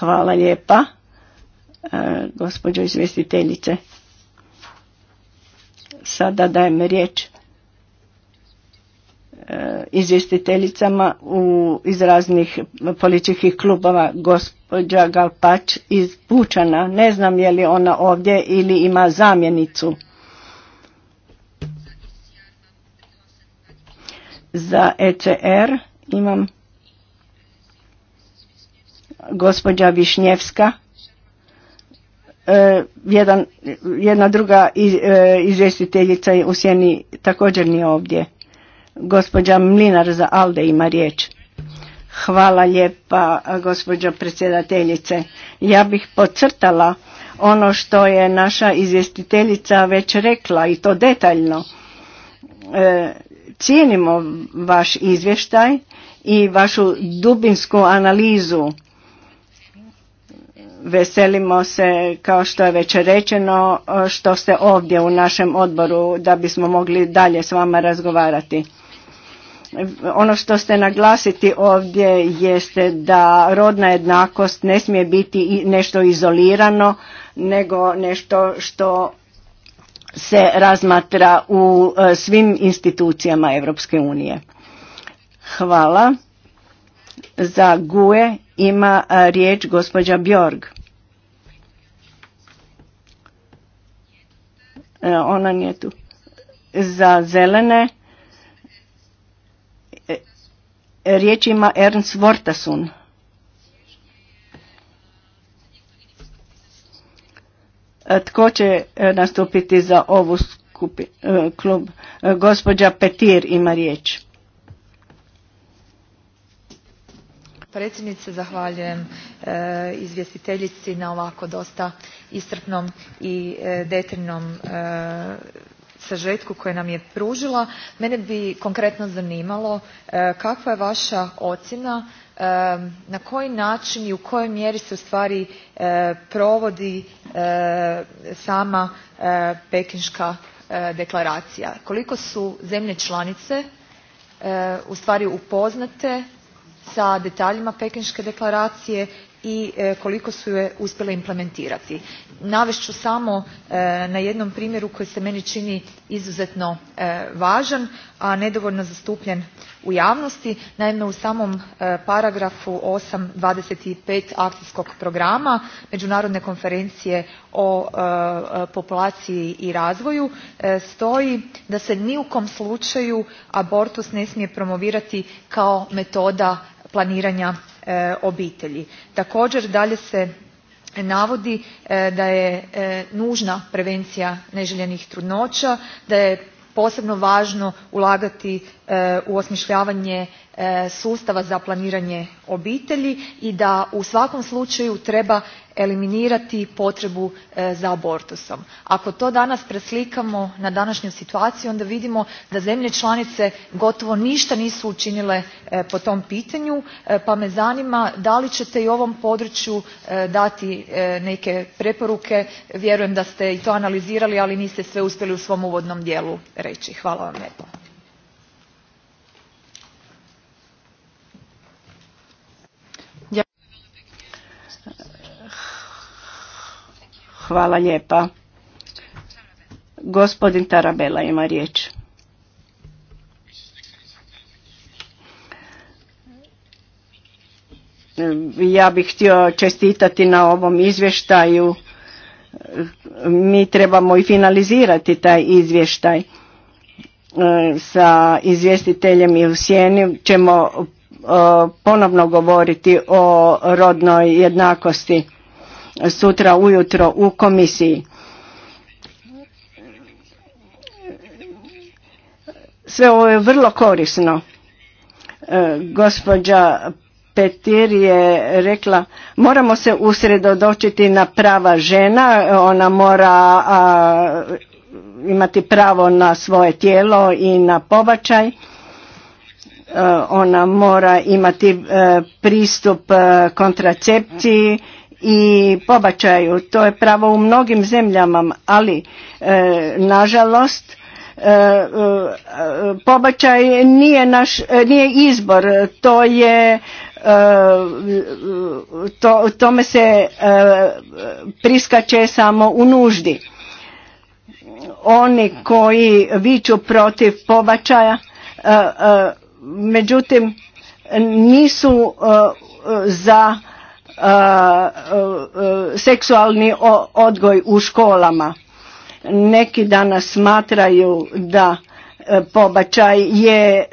Hvala lijepa, e, gospođo izvjestiteljice. Sada dajem riječ e, izvjestiteljicama u, iz raznih političkih klubova, gospođa Galpač iz Pučana. Ne znam je li ona ovdje ili ima zamjenicu. Za ECR imam gospođa Višnjevska, e, jedna druga e, izvjestiteljica u sjeni također nije ovdje. Gospođa Mlinar za Alde ima riječ. Hvala lijepa gospođo predsjedateljice. Ja bih podcrtala ono što je naša izvjestiteljica već rekla i to detaljno. E, cijenimo vaš izvještaj i vašu dubinsku analizu Veselimo se, kao što je već rečeno, što ste ovdje u našem odboru da bismo mogli dalje s vama razgovarati. Ono što ste naglasiti ovdje jeste da rodna jednakost ne smije biti nešto izolirano, nego nešto što se razmatra u e, svim institucijama Europske unije. Hvala. Za GUE ima e, riječ gospođa Bjorg. E, ona nije tu. Za zelene e, riječ ima Ernst Wortasun. E, tko će nastupiti za ovu klub? Gospođa Petir ima riječ. predsjednice zahvaljujem e, izvjestiteljici na ovako dosta iscrpnom i e, detaljnom e, sažetku koji nam je pružila. mene bi konkretno zanimalo kakva je vaša ocjena na koji način i u kojoj mjeri se ustvari provodi sama pekinška deklaracija koliko su zemlje članice ustvari upoznate sa detaljima pekinške deklaracije i e, koliko su je uspjele implementirati. navest ću samo e, na jednom primjeru koji se meni čini izuzetno e, važan a nedovoljno zastupljen u javnosti. naime u samom paragrafu eight twenty five akcijskog programa međunarodne konferencije o populaciji i razvoju stoji da se ni u kom slučaju abortus ne smije promovirati kao metoda planiranja e, obitelji. Također dalje se navodi e, da je e, nužna prevencija neželjenih trudnoća, da je posebno važno ulagati u osmišljavanje e, sustava za planiranje obitelji i da u svakom slučaju treba eliminirati potrebu e, za abortusom. Ako to danas preslikamo na današnju situaciju onda vidimo da zemlje članice gotovo ništa nisu učinile e, po tom pitanju pa me zanima da li ćete i ovom području dati neke preporuke, vjerujem da ste i to analizirali ali niste sve uspjeli u svom uvodnom dijelu reći. Hvala vam lijepo. Hvala lijepa. Gospodin Tarabela ima riječ. Ja bih htio čestitati na ovom izvještaju. Mi trebamo i finalizirati taj izvještaj. E, sa izvjestiteljem i u sjeni ćemo e, ponovno govoriti o rodnoj jednakosti sutra ujutro u komisiji. Sve ovo je vrlo korisno. E, gospođa Petir je rekla moramo se usredodočiti na prava žena, ona mora imati pravo na svoje tijelo i na pobačaj. E, ona mora imati e, pristup kontracepciji, i pobačaju. To je pravo u mnogim zemljama, ali e, nažalost e, e, pobačaj nije naš, nije izbor, to je to, tome se priskače samo u nuždi. Oni koji viču protiv pobačaja, međutim nisu za E, e, seksualni odgoj u školama. Neki danas smatraju da e, pobačaj je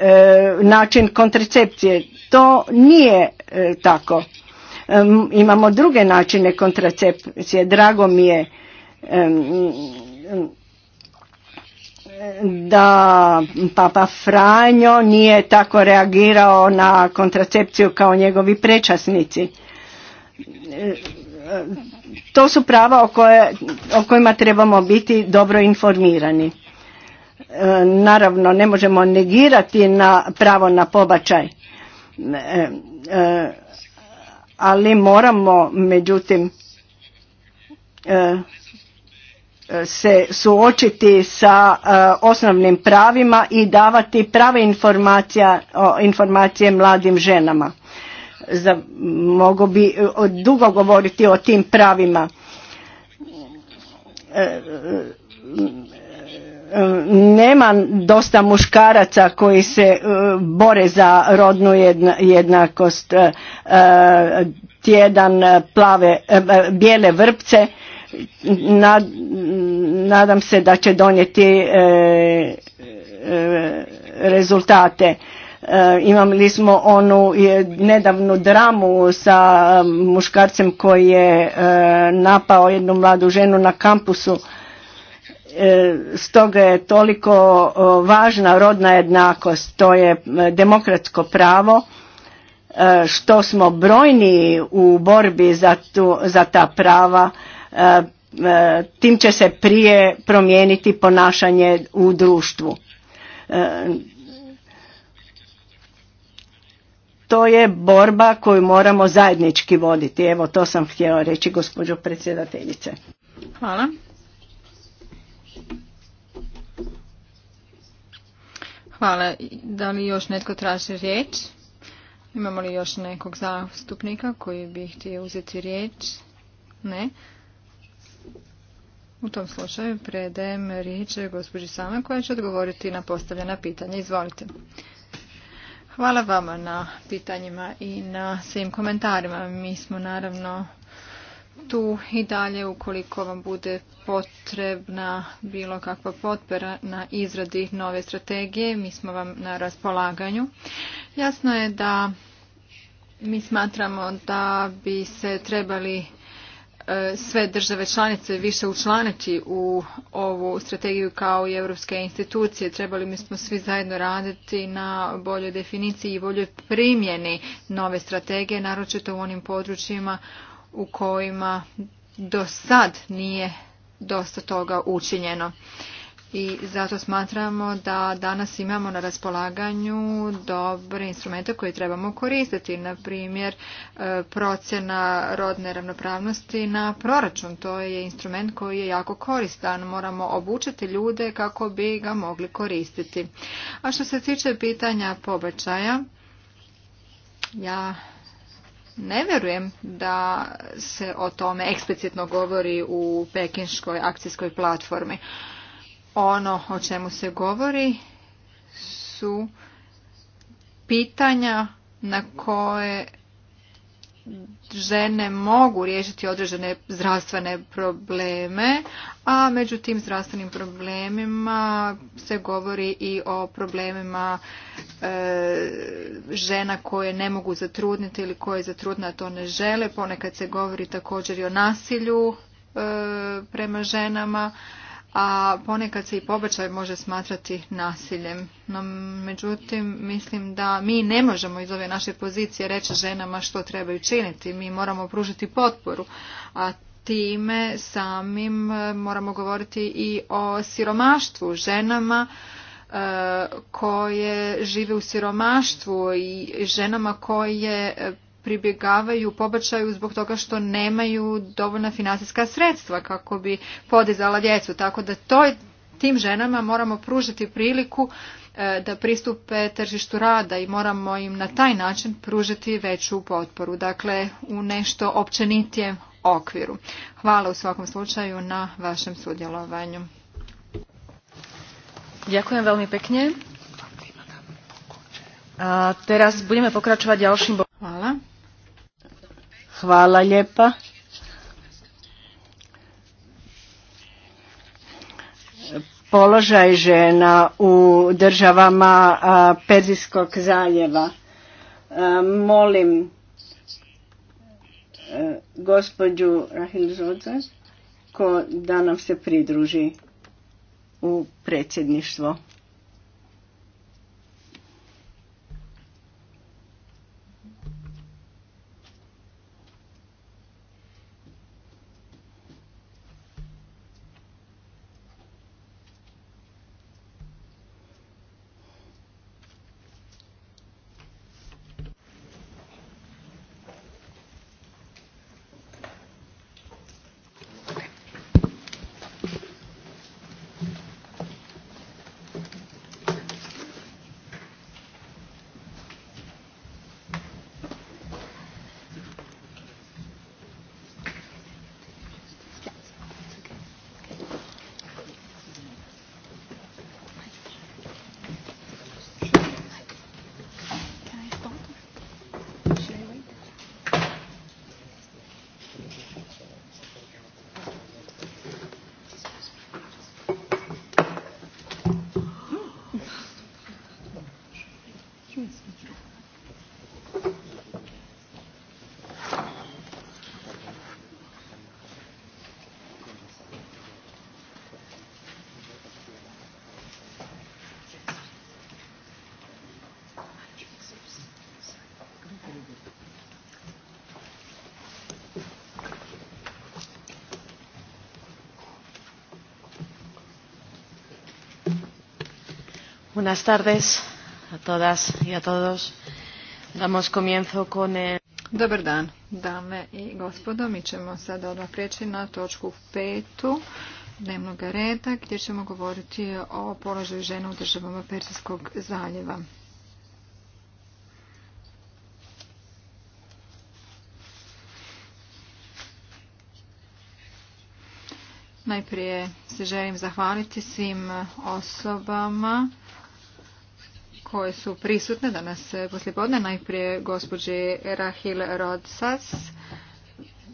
način kontracepcije. To nije tako. Imamo druge načine kontracepcije. Drago mi je da Papa Franjo nije tako reagirao na kontracepciju kao njegovi prečasnici to su prava o, koje, o kojima trebamo biti dobro informirani e, naravno ne možemo negirati na pravo na pobačaj e, e, ali moramo međutim se suočiti sa osnovnim pravima i davati prave informacije, informacije mladim ženama za, mogu bi e, dugo govoriti o tim pravima e, e, nema dosta muškaraca koji se bore za rodnu jednakost tjedan plave bijele vrpce nadam se da će donijeti rezultate Eh, imali smo onu nedavnu dramu sa eh, muškarcem koji je eh, napao jednu mladu ženu na kampusu. Stoga je toliko važna rodna jednakost, to je demokratsko pravo što smo brojni u borbi za, tu, za ta prava, tim će se prije promijeniti ponašanje u društvu. to je borba koju moramo zajednički voditi. Evo to sam htjela reći gospođo predsjedateljice. Hvala. Hvala. Da li još netko traži riječ? Imamo li još nekog zastupnika koji bi htio uzeti riječ? Ne. U tom slučaju predajem riječ gospođi Sama koja će odgovoriti na postavljena pitanja. Izvolite. Hvala vama na pitanjima i na svim komentarima. Mi smo naravno tu i dalje ukoliko vam bude potrebna bilo kakva potpora na izradi nove strategije, mi smo vam na raspolaganju. Jasno je da mi smatramo da bi se trebali E, sve države članice više učlaniti u ovu strategiju kao i europske institucije. Trebali mi smo svi zajedno raditi na boljoj definiciji i boljoj primjeni nove strategije, naročito u onim područjima u kojima do sad nije dosta toga učinjeno i zato smatramo da danas imamo na raspolaganju dobre instrumente koje trebamo koristiti, na primjer e, procjena rodne ravnopravnosti na proračun. To je instrument koji je jako koristan, moramo obučiti ljude kako bi ga mogli koristiti. A što se tiče pitanja pobačaja, ja ne vjerujem da se o tome eksplicitno govori u pekinškoj akcijskoj platformi ono o čemu se govori su pitanja na koje žene mogu riješiti određene zdravstvene probleme, a među tim zdravstvenim problemima se govori i o problemima e, žena koje ne mogu zatrudniti ili koje zatrudna to ne žele. Ponekad se govori također i o nasilju e, prema ženama a ponekad se i pobačaj može smatrati nasiljem. No, međutim, mislim da mi ne možemo iz ove naše pozicije reći ženama što trebaju činiti. Mi moramo pružiti potporu, a time samim e, moramo govoriti i o siromaštvu ženama e, koje žive u siromaštvu i ženama koje e, pribjegavaju pobačaju zbog toga što nemaju dovoljna financijska sredstva kako bi podizala djecu. Tako da je tim ženama moramo pružiti priliku e, da pristupe tržištu rada i moramo im na taj način pružiti veću potporu, dakle u nešto općenitijem okviru. Hvala u svakom slučaju na vašem sudjelovanju. Ďakujem veľmi pekne. teraz budeme pokračovať ďalším Hvala. Hvala lijepa. Položaj žena u državama Perzijskog zaljeva. Molim e, gospođu Rahil Zodze da nam se pridruži u predsjedništvo. Buenas tardes a todas y a todos. Damos comienzo con el... Dobar dan, dame i gospodo. Mi ćemo sada odmah prijeći na točku petu dnevnog reda gdje ćemo govoriti o položaju žena u državama Persijskog zaljeva. Najprije se želim zahvaliti svim osobama koje su prisutne danas e, poslijepodne. Najprije gospođi Rahil Rodsas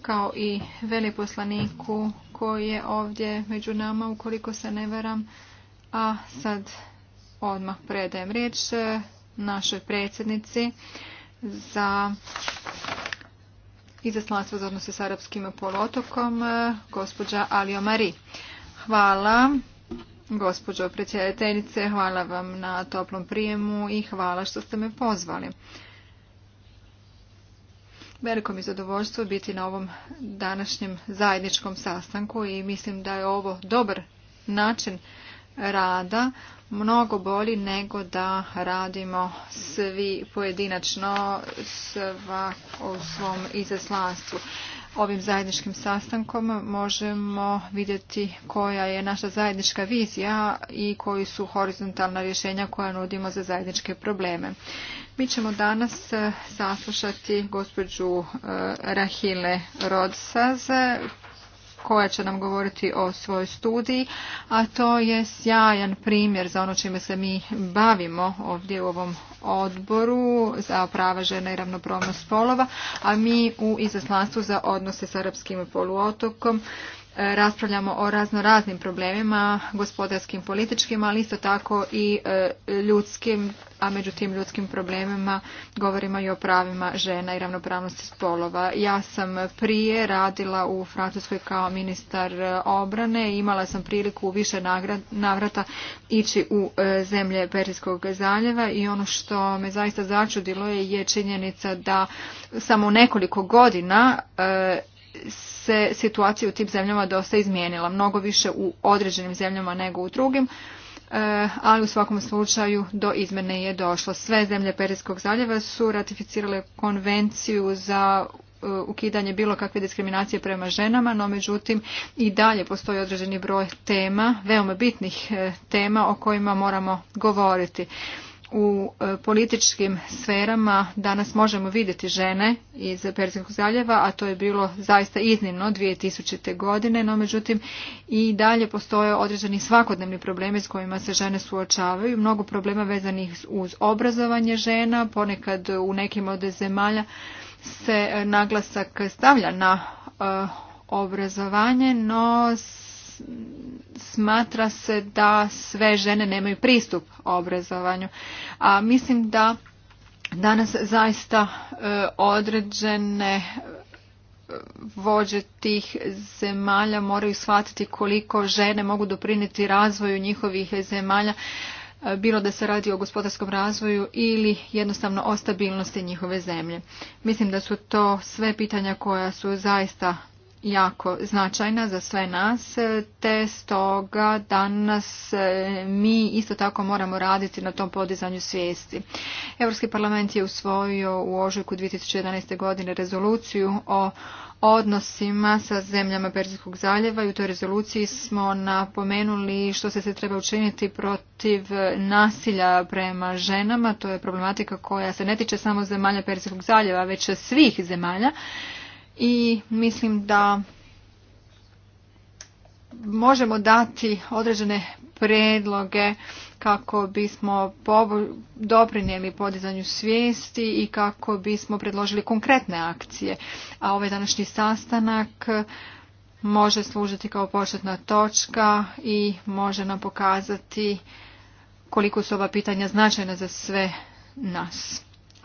kao i veliposlaniku koji je ovdje među nama ukoliko se ne veram. A sad odmah predajem riječ e, našoj predsjednici za izaslanstvo za odnose s arapskim polotokom, e, gospođa Alio Mari. Hvala Gospođo predsjedateljice, hvala vam na toplom prijemu i hvala što ste me pozvali. Veliko mi zadovoljstvo biti na ovom današnjem zajedničkom sastanku i mislim da je ovo dobar način rada, mnogo bolji nego da radimo svi pojedinačno u svom izaslanstvu ovim zajedničkim sastankom možemo vidjeti koja je naša zajednička vizija i koji su horizontalna rješenja koja nudimo za zajedničke probleme. Mi ćemo danas e, saslušati gospođu e, Rahile Rodsaz koja će nam govoriti o svojoj studiji, a to je sjajan primjer za ono čime se mi bavimo ovdje u ovom odboru za prava žena i ravnopravnost spolova, a mi u izaslanstvu za odnose s arapskim poluotokom raspravljamo o razno raznim problemima, gospodarskim, političkim, ali isto tako i e, ljudskim, a među tim ljudskim problemima govorimo i o pravima žena i ravnopravnosti spolova. Ja sam prije radila u Francuskoj kao ministar e, obrane i imala sam priliku u više navrata ići u e, zemlje Perijskog zaljeva i ono što me zaista začudilo je činjenica da samo nekoliko godina se situacija u tim zemljama dosta izmijenila. Mnogo više u određenim zemljama nego u drugim, e, ali u svakom slučaju do izmjene je došlo. Sve zemlje Perijskog zaljeva su ratificirale konvenciju za e, ukidanje bilo kakve diskriminacije prema ženama, no međutim i dalje postoji određeni broj tema, veoma bitnih e, tema o kojima moramo govoriti u e, političkim sferama danas možemo vidjeti žene iz Perzijskog zaljeva, a to je bilo zaista iznimno 2000. godine, no međutim i dalje postoje određeni svakodnevni problemi s kojima se žene suočavaju, mnogo problema vezanih uz obrazovanje žena, ponekad u nekim od zemalja se e, naglasak stavlja na e, obrazovanje, no smatra se da sve žene nemaju pristup obrazovanju. A mislim da danas zaista e, određene e, vođe tih zemalja moraju shvatiti koliko žene mogu doprinijeti razvoju njihovih zemalja e, bilo da se radi o gospodarskom razvoju ili jednostavno o stabilnosti njihove zemlje. Mislim da su to sve pitanja koja su zaista jako značajna za sve nas, te stoga danas e, mi isto tako moramo raditi na tom podizanju svijesti. Europski parlament je usvojio u ožujku 2011. godine rezoluciju o odnosima sa zemljama Perzijskog zaljeva i u toj rezoluciji smo napomenuli što se se treba učiniti protiv nasilja prema ženama. To je problematika koja se ne tiče samo zemalja Perzijskog zaljeva, već svih zemalja i mislim da možemo dati određene predloge kako bismo doprinijeli podizanju svijesti i kako bismo predložili konkretne akcije. A ovaj današnji sastanak može služiti kao početna točka i može nam pokazati koliko su ova pitanja značajna za sve nas.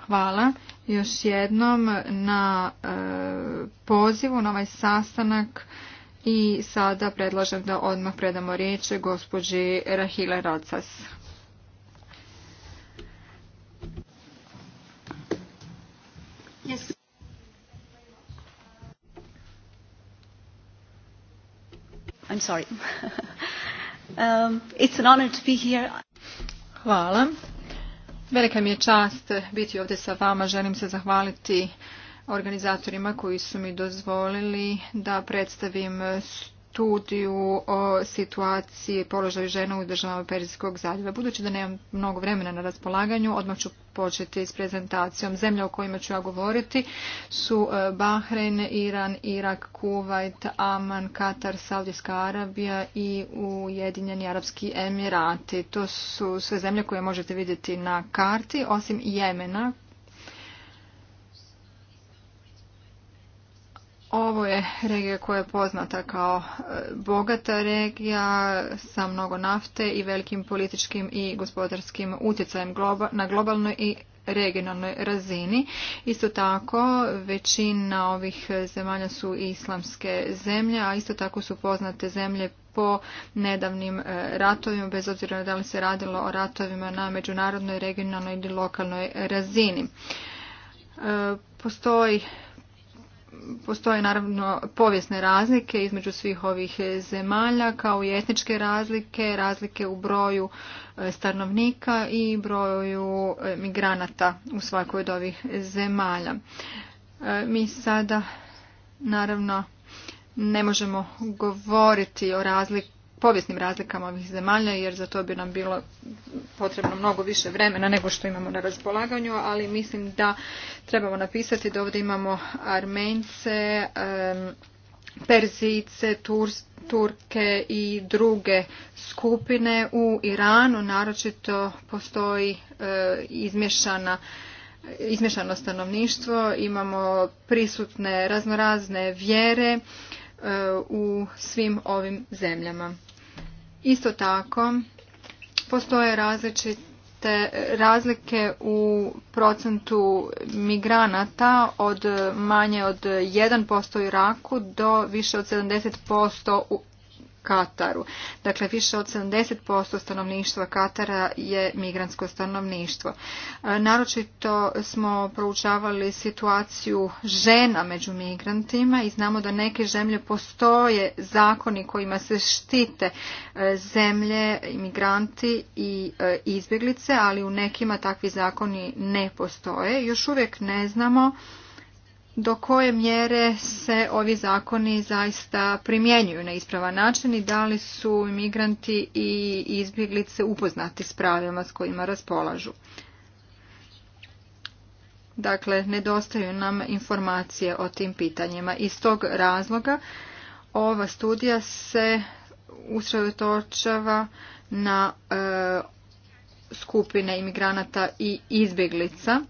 Hvala još jednom na e, pozivu na ovaj sastanak i sada predlažem da odmah predamo riječ gospođi Rahile Racas. Hvala. Velika mi je čast biti ovdje sa vama. Želim se zahvaliti organizatorima koji su mi dozvolili da predstavim studiju o situaciji i položaju žena u državama Perzijskog zaljeva. Budući da nemam mnogo vremena na raspolaganju, odmah ću početi s prezentacijom. Zemlje o kojima ću ja govoriti su e, Bahrein, Iran, Irak, Kuvajt, Aman, Katar, Saudijska Arabija i Ujedinjeni Arabski Emirati. To su sve zemlje koje možete vidjeti na karti, osim Jemena Ovo je regija koja je poznata kao e, bogata regija sa mnogo nafte i velikim političkim i gospodarskim utjecajem na globalnoj i regionalnoj razini. Isto tako većina ovih zemalja su islamske zemlje, a isto tako su poznate zemlje po nedavnim e, ratovima, bez obzira da li se radilo o ratovima na međunarodnoj, regionalnoj ili lokalnoj razini. E, postoji postoje naravno povijesne razlike između svih ovih zemalja kao i etničke razlike, razlike u broju e, stanovnika i broju e, migranata u svakoj od ovih zemalja. E, mi sada naravno ne možemo govoriti o razlik povijesnim razlikama ovih zemalja jer za to bi nam bilo potrebno mnogo više vremena nego što imamo na raspolaganju, ali mislim da trebamo napisati da ovdje imamo Armence, Perzice, Turke i druge skupine. U Iranu naročito postoji e, izmješana izmješano stanovništvo, imamo prisutne raznorazne vjere e, u svim ovim zemljama. Isto tako, postoje različite razlike u procentu migranata od manje od 1% u Iraku do više od 70% u Kataru. Dakle, više od 70% stanovništva Katara je migrantsko stanovništvo. E, naročito smo proučavali situaciju žena među migrantima i znamo da neke zemlje postoje zakoni kojima se štite e, zemlje, imigranti i e, izbjeglice, ali u nekima takvi zakoni ne postoje. Još uvijek ne znamo do koje mjere se ovi zakoni zaista primjenjuju na ispravan način i da li su imigranti i izbjeglice upoznati s pravima s kojima raspolažu. Dakle, nedostaju nam informacije o tim pitanjima. Iz tog razloga ova studija se usredotočava na e, skupine imigranata i izbjeglica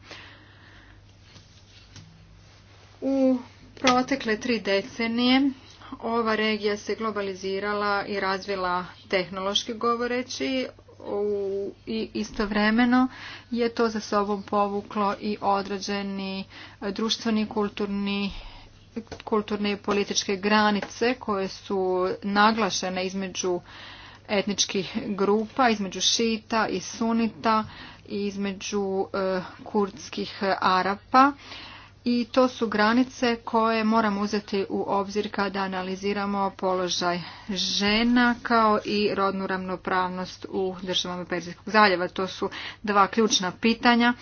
u protekle tri decenije ova regija se globalizirala i razvila tehnološki govoreći i istovremeno je to za sobom povuklo i određeni društveni, kulturni kulturne i političke granice koje su naglašene između etničkih grupa, između šita i sunita i između e, kurdskih Arapa i to su granice koje moramo uzeti u obzir kada analiziramo položaj žena kao i rodnu ravnopravnost u državama Perzijskog zaljeva. To su dva ključna pitanja.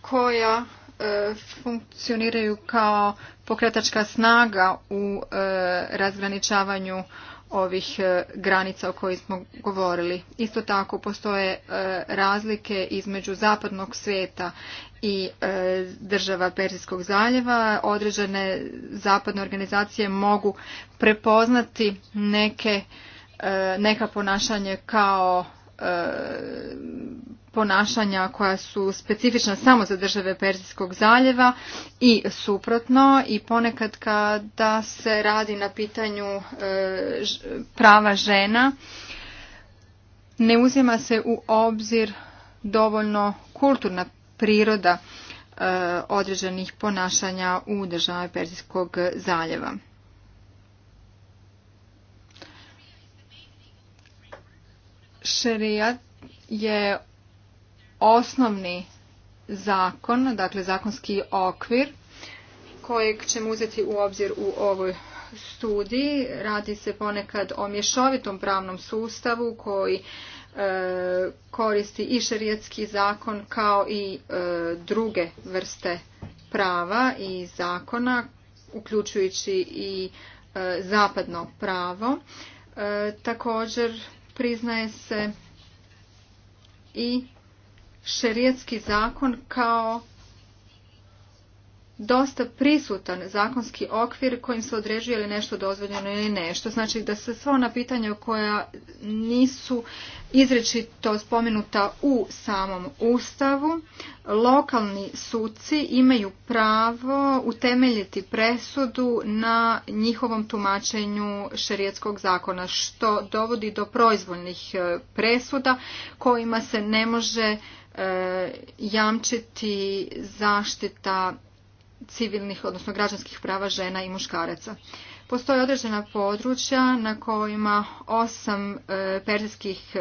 koja e, funkcioniraju kao pokretačka snaga u e, razgraničavanju ovih e, granica o kojih smo govorili. Isto tako postoje e, razlike između zapadnog svijeta i e, država Perzijskog zaljeva. Određene zapadne organizacije mogu prepoznati neke neka ponašanje kao E, ponašanja koja su specifična samo za države Perzijskog zaljeva i suprotno i ponekad kada se radi na pitanju e, prava žena ne uzima se u obzir dovoljno kulturna priroda e, određenih ponašanja u države Perzijskog zaljeva. šerijat je osnovni zakon, dakle zakonski okvir kojeg ćemo uzeti u obzir u ovoj studiji. Radi se ponekad o mješovitom pravnom sustavu koji e, koristi i šerijetski zakon kao i e, druge vrste prava i zakona, uključujući i e, zapadno pravo. Također priznaje se i šerijetski zakon kao dosta prisutan zakonski okvir kojim se određuje li nešto dozvoljeno ili nešto. Znači da se sva ona pitanja koja nisu izrečito spomenuta u samom Ustavu, lokalni suci imaju pravo utemeljiti presudu na njihovom tumačenju šerijetskog zakona, što dovodi do proizvoljnih e, presuda kojima se ne može e, jamčiti zaštita civilnih, odnosno građanskih prava žena i muškaraca. Postoje određena područja na kojima osam eh, persijskih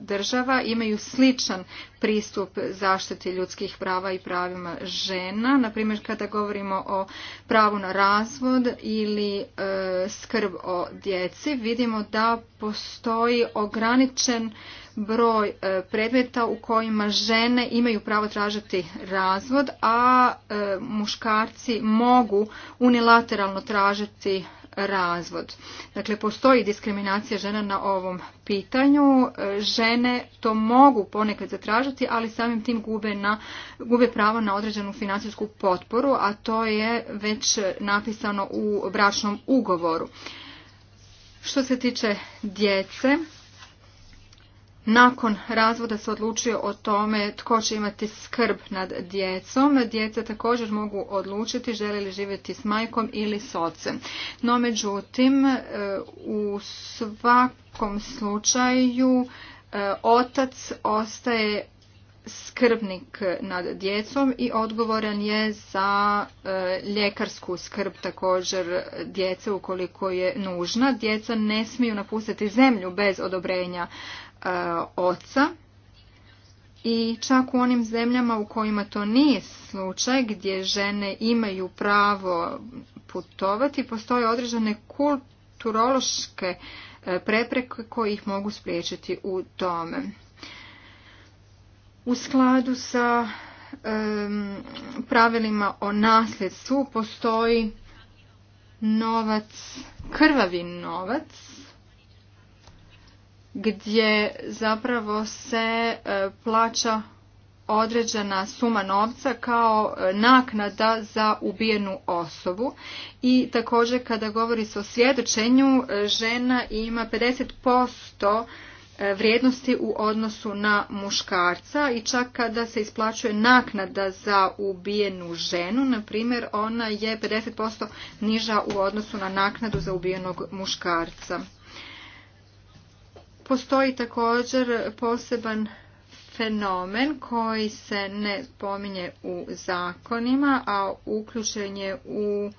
država imaju sličan pristup zaštiti ljudskih prava i pravima žena. Naprimjer, kada govorimo o pravu na razvod ili e, skrb o djeci, vidimo da postoji ograničen broj e, predmeta u kojima žene imaju pravo tražiti razvod, a e, muškarci mogu unilateralno tražiti razvod. Dakle, postoji diskriminacija žena na ovom pitanju. Žene to mogu ponekad zatražiti, ali samim tim gube, na, gube pravo na određenu financijsku potporu, a to je već napisano u bračnom ugovoru. Što se tiče djece, nakon razvoda se odlučio o tome tko će imati skrb nad djecom. Djeca također mogu odlučiti žele li živjeti s majkom ili s ocem. No međutim, e, u svakom slučaju e, otac ostaje skrbnik nad djecom i odgovoran je za e, ljekarsku skrb također djece ukoliko je nužna. Djeca ne smiju napustiti zemlju bez odobrenja oca i čak u onim zemljama u kojima to nije slučaj gdje žene imaju pravo putovati postoje određene kulturološke e, prepreke koji ih mogu spriječiti u tome. U skladu sa pravilima o nasljedstvu postoji novac, krvavi novac gdje zapravo se e, plaća određena suma novca kao e, naknada za ubijenu osobu i također kada govori se o svjedočenju e, žena ima 50% vrijednosti u odnosu na muškarca i čak kada se isplaćuje naknada za ubijenu ženu, na primjer ona je 50% niža u odnosu na naknadu za ubijenog muškarca. Postoji također poseban fenomen koji se ne spominje u zakonima, a uključen je u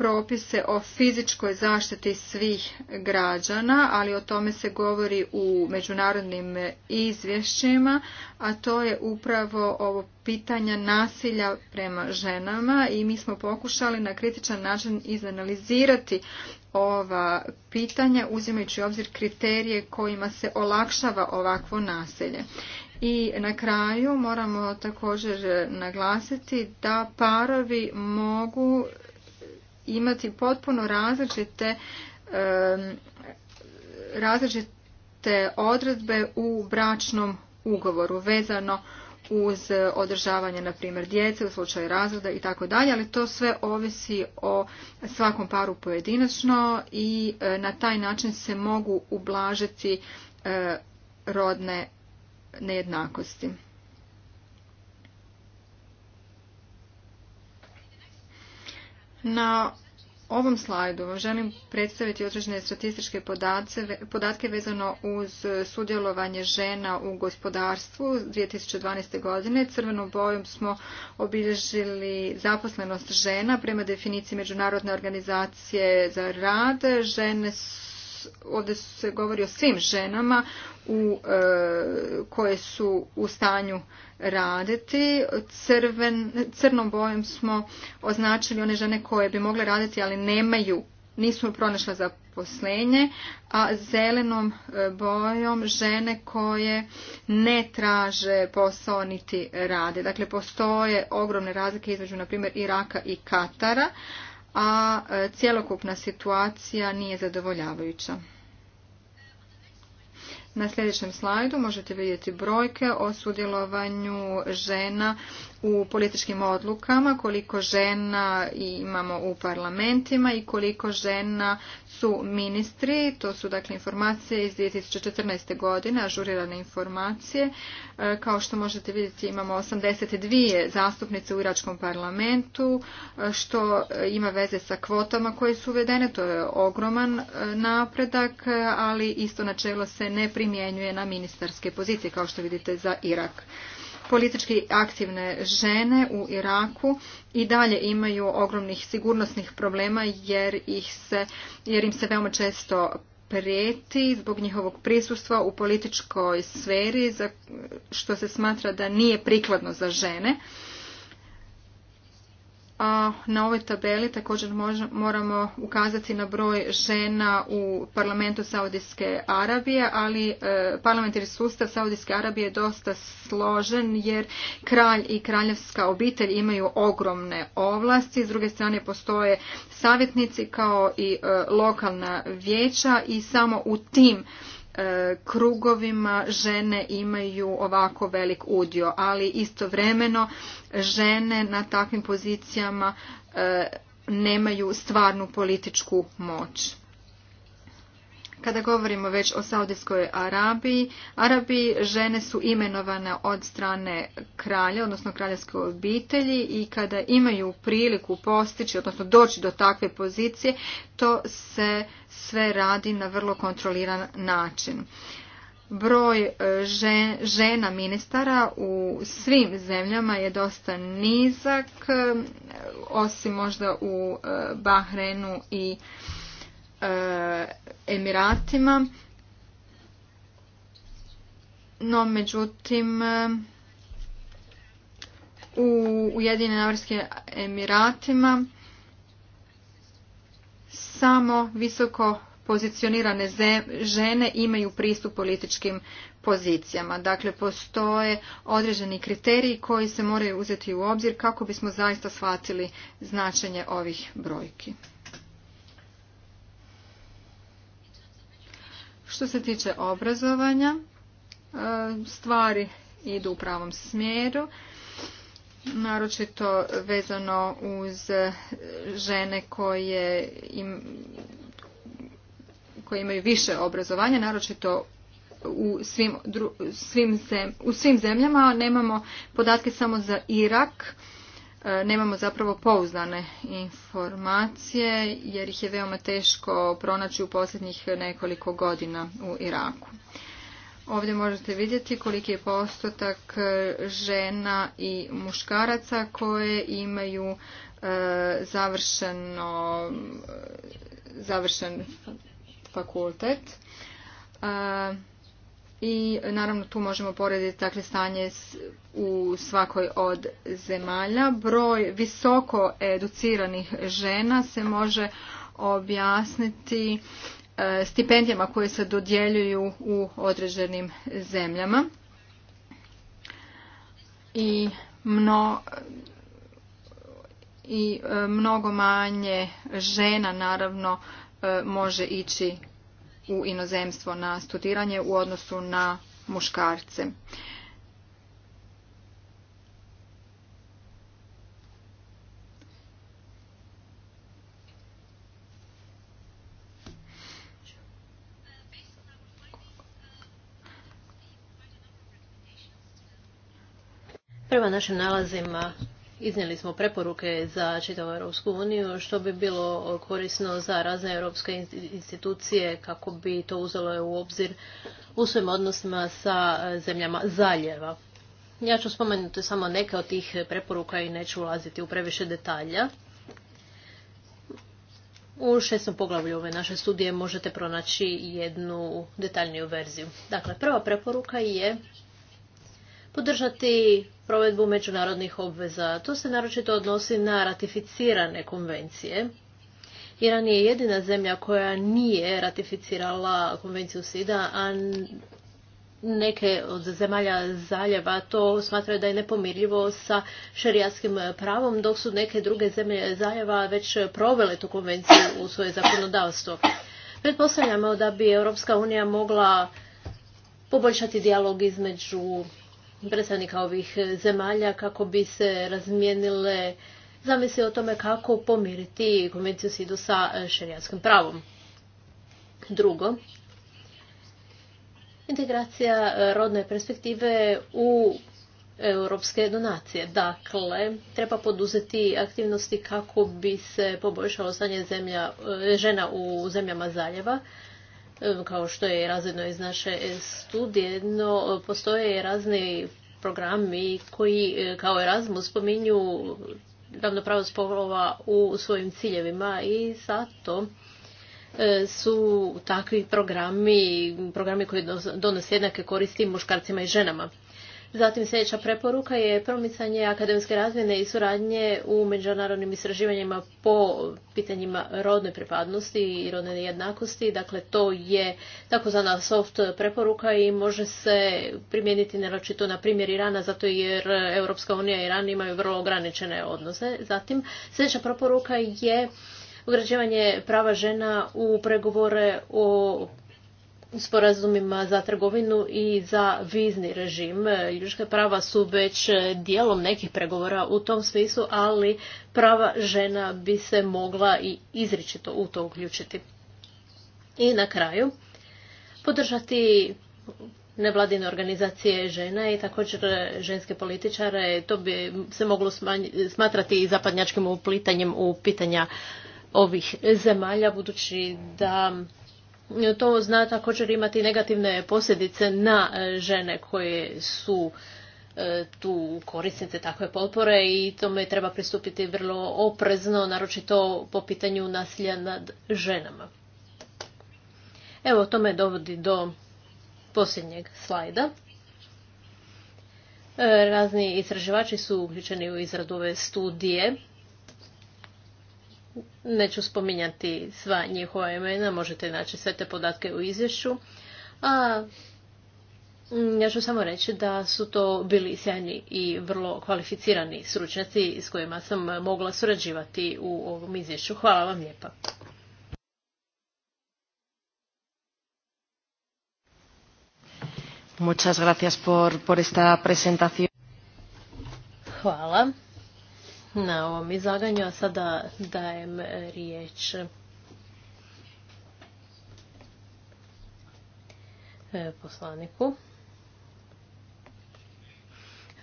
propise o fizičkoj zaštiti svih građana, ali o tome se govori u međunarodnim izvješćima, a to je upravo ovo pitanja nasilja prema ženama i mi smo pokušali na kritičan način izanalizirati ova pitanja uzimajući u obzir kriterije kojima se olakšava ovakvo nasilje. I na kraju moramo također naglasiti da parovi mogu imati potpuno različite različite odredbe u bračnom ugovoru vezano uz održavanje na primjer djece u slučaju razvoda i tako dalje, ali to sve ovisi o svakom paru pojedinačno i e, na taj način se mogu ublažiti e, rodne nejednakosti. Na ovom slajdu želim predstaviti određene statističke podatke, vezano uz sudjelovanje žena u gospodarstvu 2012. godine. Crvenom bojom smo obilježili zaposlenost žena prema definiciji Međunarodne organizacije za rad. Žene su ovdje se govori o svim ženama u, e, koje su u stanju raditi. Crven, crnom bojom smo označili one žene koje bi mogle raditi, ali nemaju nisu pronašle zaposlenje, a zelenom e, bojom žene koje ne traže posao niti rade. Dakle, postoje ogromne razlike između, na primjer, Iraka i Katara, a e, cjelokupna situacija nije zadovoljavajuća. Na sljedećem slajdu možete vidjeti brojke o sudjelovanju žena u političkim odlukama, koliko žena imamo u parlamentima i koliko žena su ministri. To su dakle informacije iz 2014. godine, ažurirane informacije. E, kao što možete vidjeti imamo 82 zastupnice u Iračkom parlamentu, e, što ima veze sa kvotama koje su uvedene. To je ogroman e, napredak, ali isto načelo se ne primjenjuje na ministarske pozicije, kao što vidite za Irak. Politički aktivne žene u Iraku i dalje imaju ogromnih sigurnosnih problema jer, ih se, jer im se veoma često prijeti zbog njihovog prisustva u političkoj sferi, što se smatra da nije prikladno za žene a na ovoj tabeli također moramo ukazati na broj žena u parlamentu Saudijske Arabije, ali e, parlamentarni sustav Saudijske Arabije je dosta složen jer kralj i kraljevska obitelj imaju ogromne ovlasti. S druge strane postoje savjetnici kao i e, lokalna vijeća i samo u tim E, krugovima žene imaju ovako velik udio, ali istovremeno žene na takvim pozicijama e, nemaju stvarnu političku moć. Kada govorimo već o Saudijskoj Arabiji, Arabi žene su imenovane od strane kralja, odnosno kraljevske obitelji i kada imaju priliku postići, odnosno doći do takve pozicije, to se sve radi na vrlo kontroliran način broj e, žena ministara u svim zemljama je dosta nizak, e, osim možda u e, Bahrenu i Eh, Emiratima. No, međutim, eh, u Ujedinjenim Emiratima samo visoko pozicionirane žene imaju pristup političkim pozicijama. Dakle, postoje određeni kriteriji koji se moraju uzeti u obzir kako bismo zaista shvatili značenje ovih brojki. Što se tiče obrazovanja, e, stvari idu u pravom smjeru, naročito vezano uz žene koje, im, koje imaju više obrazovanja, naročito u svim, dru, svim u svim zemljama. Nemamo podatke samo za Irak, E, nemamo zapravo pouzdane informacije jer ih je veoma teško pronaći u posljednjih nekoliko godina u Iraku. Ovdje možete vidjeti koliki je postotak žena i muškaraca koje imaju e, završen fakultet. E, i naravno tu možemo porediti dakle, stanje u svakoj od zemalja. Broj visoko educiranih žena se može objasniti e, stipendijama koje se dodjeljuju u određenim zemljama. I mno, i e, mnogo manje žena naravno e, može ići u inozemstvo na studiranje u odnosu na muškarce. Prvo našim nalazima Iznijeli smo preporuke za čitavu Europsku uniju, što bi bilo korisno za razne europske institucije kako bi to uzelo u obzir u svojim odnosima sa zemljama zaljeva. Ja ću spomenuti samo neke od tih preporuka i neću ulaziti u previše detalja. U šestom poglavlju ove naše studije možete pronaći jednu detaljniju verziju. Dakle, prva preporuka je podržati provedbu međunarodnih obveza. To se naročito odnosi na ratificirane konvencije. Iran je jedina zemlja koja nije ratificirala konvenciju SIDA, a neke od zemalja zaljeva to smatraju da je nepomirljivo sa šerijatskim pravom, dok su neke druge zemlje zaljeva već provele tu konvenciju u svoje zakonodavstvo. Pretpostavljamo da bi Europska unija mogla poboljšati dijalog između predstavnika ovih zemalja kako bi se razmijenile zamisli o tome kako pomiriti konvenciju SIDU sa e, šerijatskim pravom. Drugo, integracija e, rodne perspektive u europske donacije. Dakle, treba poduzeti aktivnosti kako bi se poboljšalo stanje e, žena u zemljama zaljeva, kao što je razredno iz naše studije, no postoje razni programi koji e, kao Erasmus spominju pravo spolova u svojim ciljevima i zato e, su takvi programi, programi koji donose jednake koristi muškarcima i ženama. Zatim sljedeća preporuka je promicanje akademske razmjene i suradnje u međunarodnim istraživanjima po pitanjima rodne pripadnosti i rodne jednakosti. Dakle, to je takozvana soft preporuka i može se primijeniti naročito na primjer Irana, zato jer Europska unija i Iran imaju vrlo ograničene odnose. Zatim, sljedeća preporuka je ugrađivanje prava žena u pregovore o sporazumima za trgovinu i za vizni režim. Ljudska prava su već dijelom nekih pregovora u tom smislu, ali prava žena bi se mogla i izričito u to uključiti. I na kraju podržati nevladine organizacije žena i također ženske političare. To bi se moglo smatrati i zapadnjačkim uplitanjem u pitanja ovih zemalja, budući da to zna također imati negativne posljedice na e, žene koje su e, tu korisnice takve potpore i tome treba pristupiti vrlo oprezno, naročito po pitanju nasilja nad ženama. Evo, to me dovodi do posljednjeg slajda. E, razni istraživači su uključeni u izradu ove studije Neću spominjati sva njihova imena, možete naći sve te podatke u izvješću. A, mm, ja ću samo reći da su to bili sjajni i vrlo kvalificirani stručnjaci s kojima sam mogla surađivati u ovom izvješću. Hvala vam lijepa. Muchas gracias por, Hvala na ovom izlaganju, a sada dajem riječ e, poslaniku.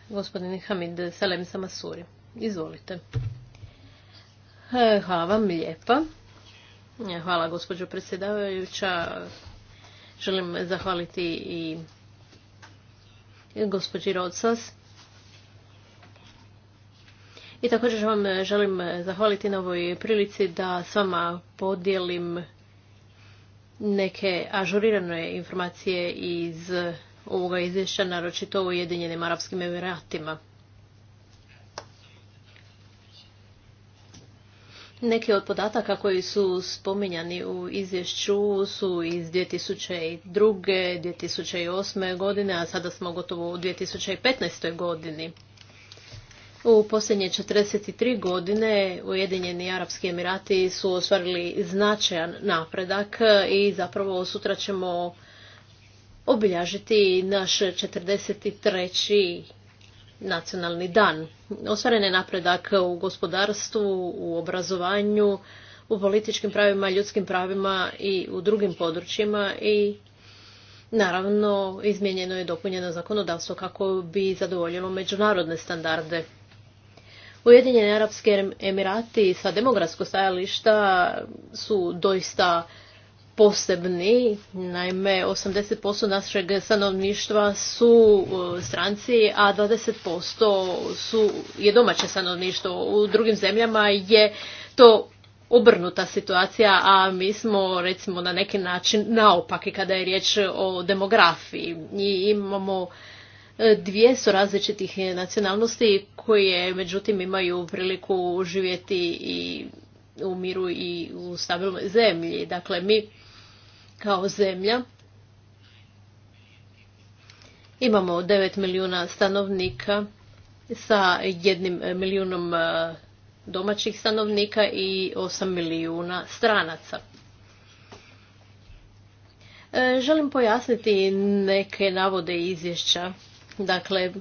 Gospodin Hamid Selem Samasuri, izvolite. E, hvala vam lijepa. E, hvala gospođo predsjedavajuća. Želim zahvaliti i gospođi Rodsas i također vam e, želim e, zahvaliti na ovoj prilici da s vama podijelim neke ažurirane informacije iz ovoga izvješća, naročito u Ujedinjenim Arapskim Emiratima. Neki od podataka koji su spominjani u izvješću su iz 2002. 2008. godine, a sada smo gotovo u 2015. godini. U posljednje 43 godine Ujedinjeni Arabski Emirati su ostvarili značajan napredak i zapravo sutra ćemo obilježiti naš 43. nacionalni dan. Ostvaren je napredak u gospodarstvu, u obrazovanju, u političkim pravima, ljudskim pravima i u drugim područjima i naravno izmijenjeno je dopunjeno zakonodavstvo kako bi zadovoljilo međunarodne standarde. Ujedinjeni Arapski Emirati sa demografskog stajališta su doista posebni. Naime, 80% našeg stanovništva su e, stranci, a 20% su, je domaće stanovništvo. U drugim zemljama je to obrnuta situacija, a mi smo recimo na neki način naopaki kada je riječ o demografiji. I imamo Dvije su različitih nacionalnosti koje međutim imaju priliku živjeti i u miru i u stabilnoj zemlji. Dakle, mi kao zemlja imamo 9 milijuna stanovnika sa jednim milijunom e, domaćih stanovnika i 8 milijuna stranaca. E, želim pojasniti neke navode izvješća Dakle,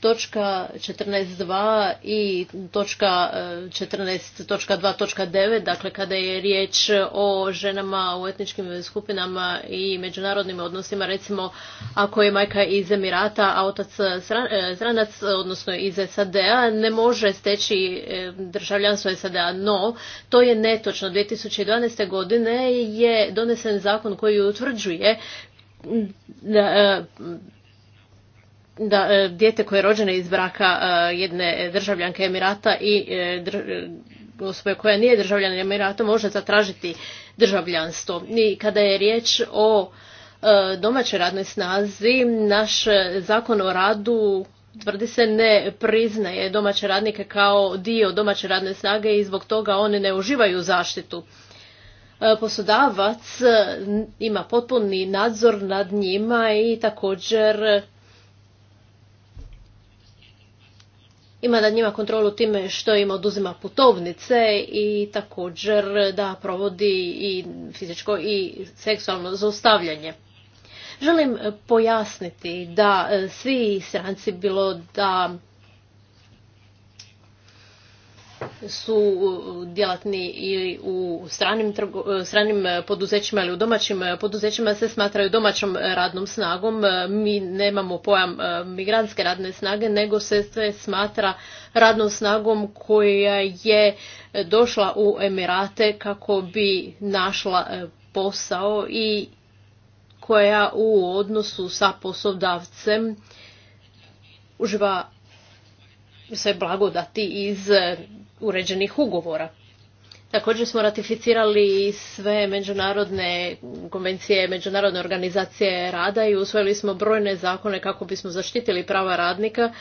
točka 14.2 i točka 14.2.9, e, dakle kada je riječ o ženama u etničkim skupinama i međunarodnim odnosima, recimo ako je majka iz Emirata, a otac e, stranac, odnosno iz SAD-a, ne može steći e, državljanstvo SAD-a, no to je netočno. 2012. godine je donesen zakon koji utvrđuje da e, dijete koje je rođeno iz braka e, jedne državljanke Emirata i e, osobe koja nije državljana Emirata može zatražiti državljanstvo. I kada je riječ o domaćoj radnoj snazi, naš zakon o radu tvrdi se ne priznaje domaće radnike kao dio domaće radne snage i zbog toga oni ne uživaju zaštitu. Poslodavac ima potpuni nadzor nad njima i također ima da njima kontrolu time što im oduzima putovnice i također da provodi i fizičko i seksualno zaustavljanje. Želim pojasniti da e, svi stranci, bilo da su djelatni ili u stranim, e, stranim e, poduzećima ili u domaćim e, poduzećima se smatraju domaćom radnom snagom. Mi nemamo pojam migrantske radne snage, nego se sve smatra radnom snagom koja je došla u Emirate kako bi našla posao i koja u odnosu sa poslodavcem uživa se blagodati iz uređenih ugovora. Također smo ratificirali sve međunarodne konvencije, međunarodne organizacije rada i usvojili smo brojne zakone kako bismo zaštitili prava radnika,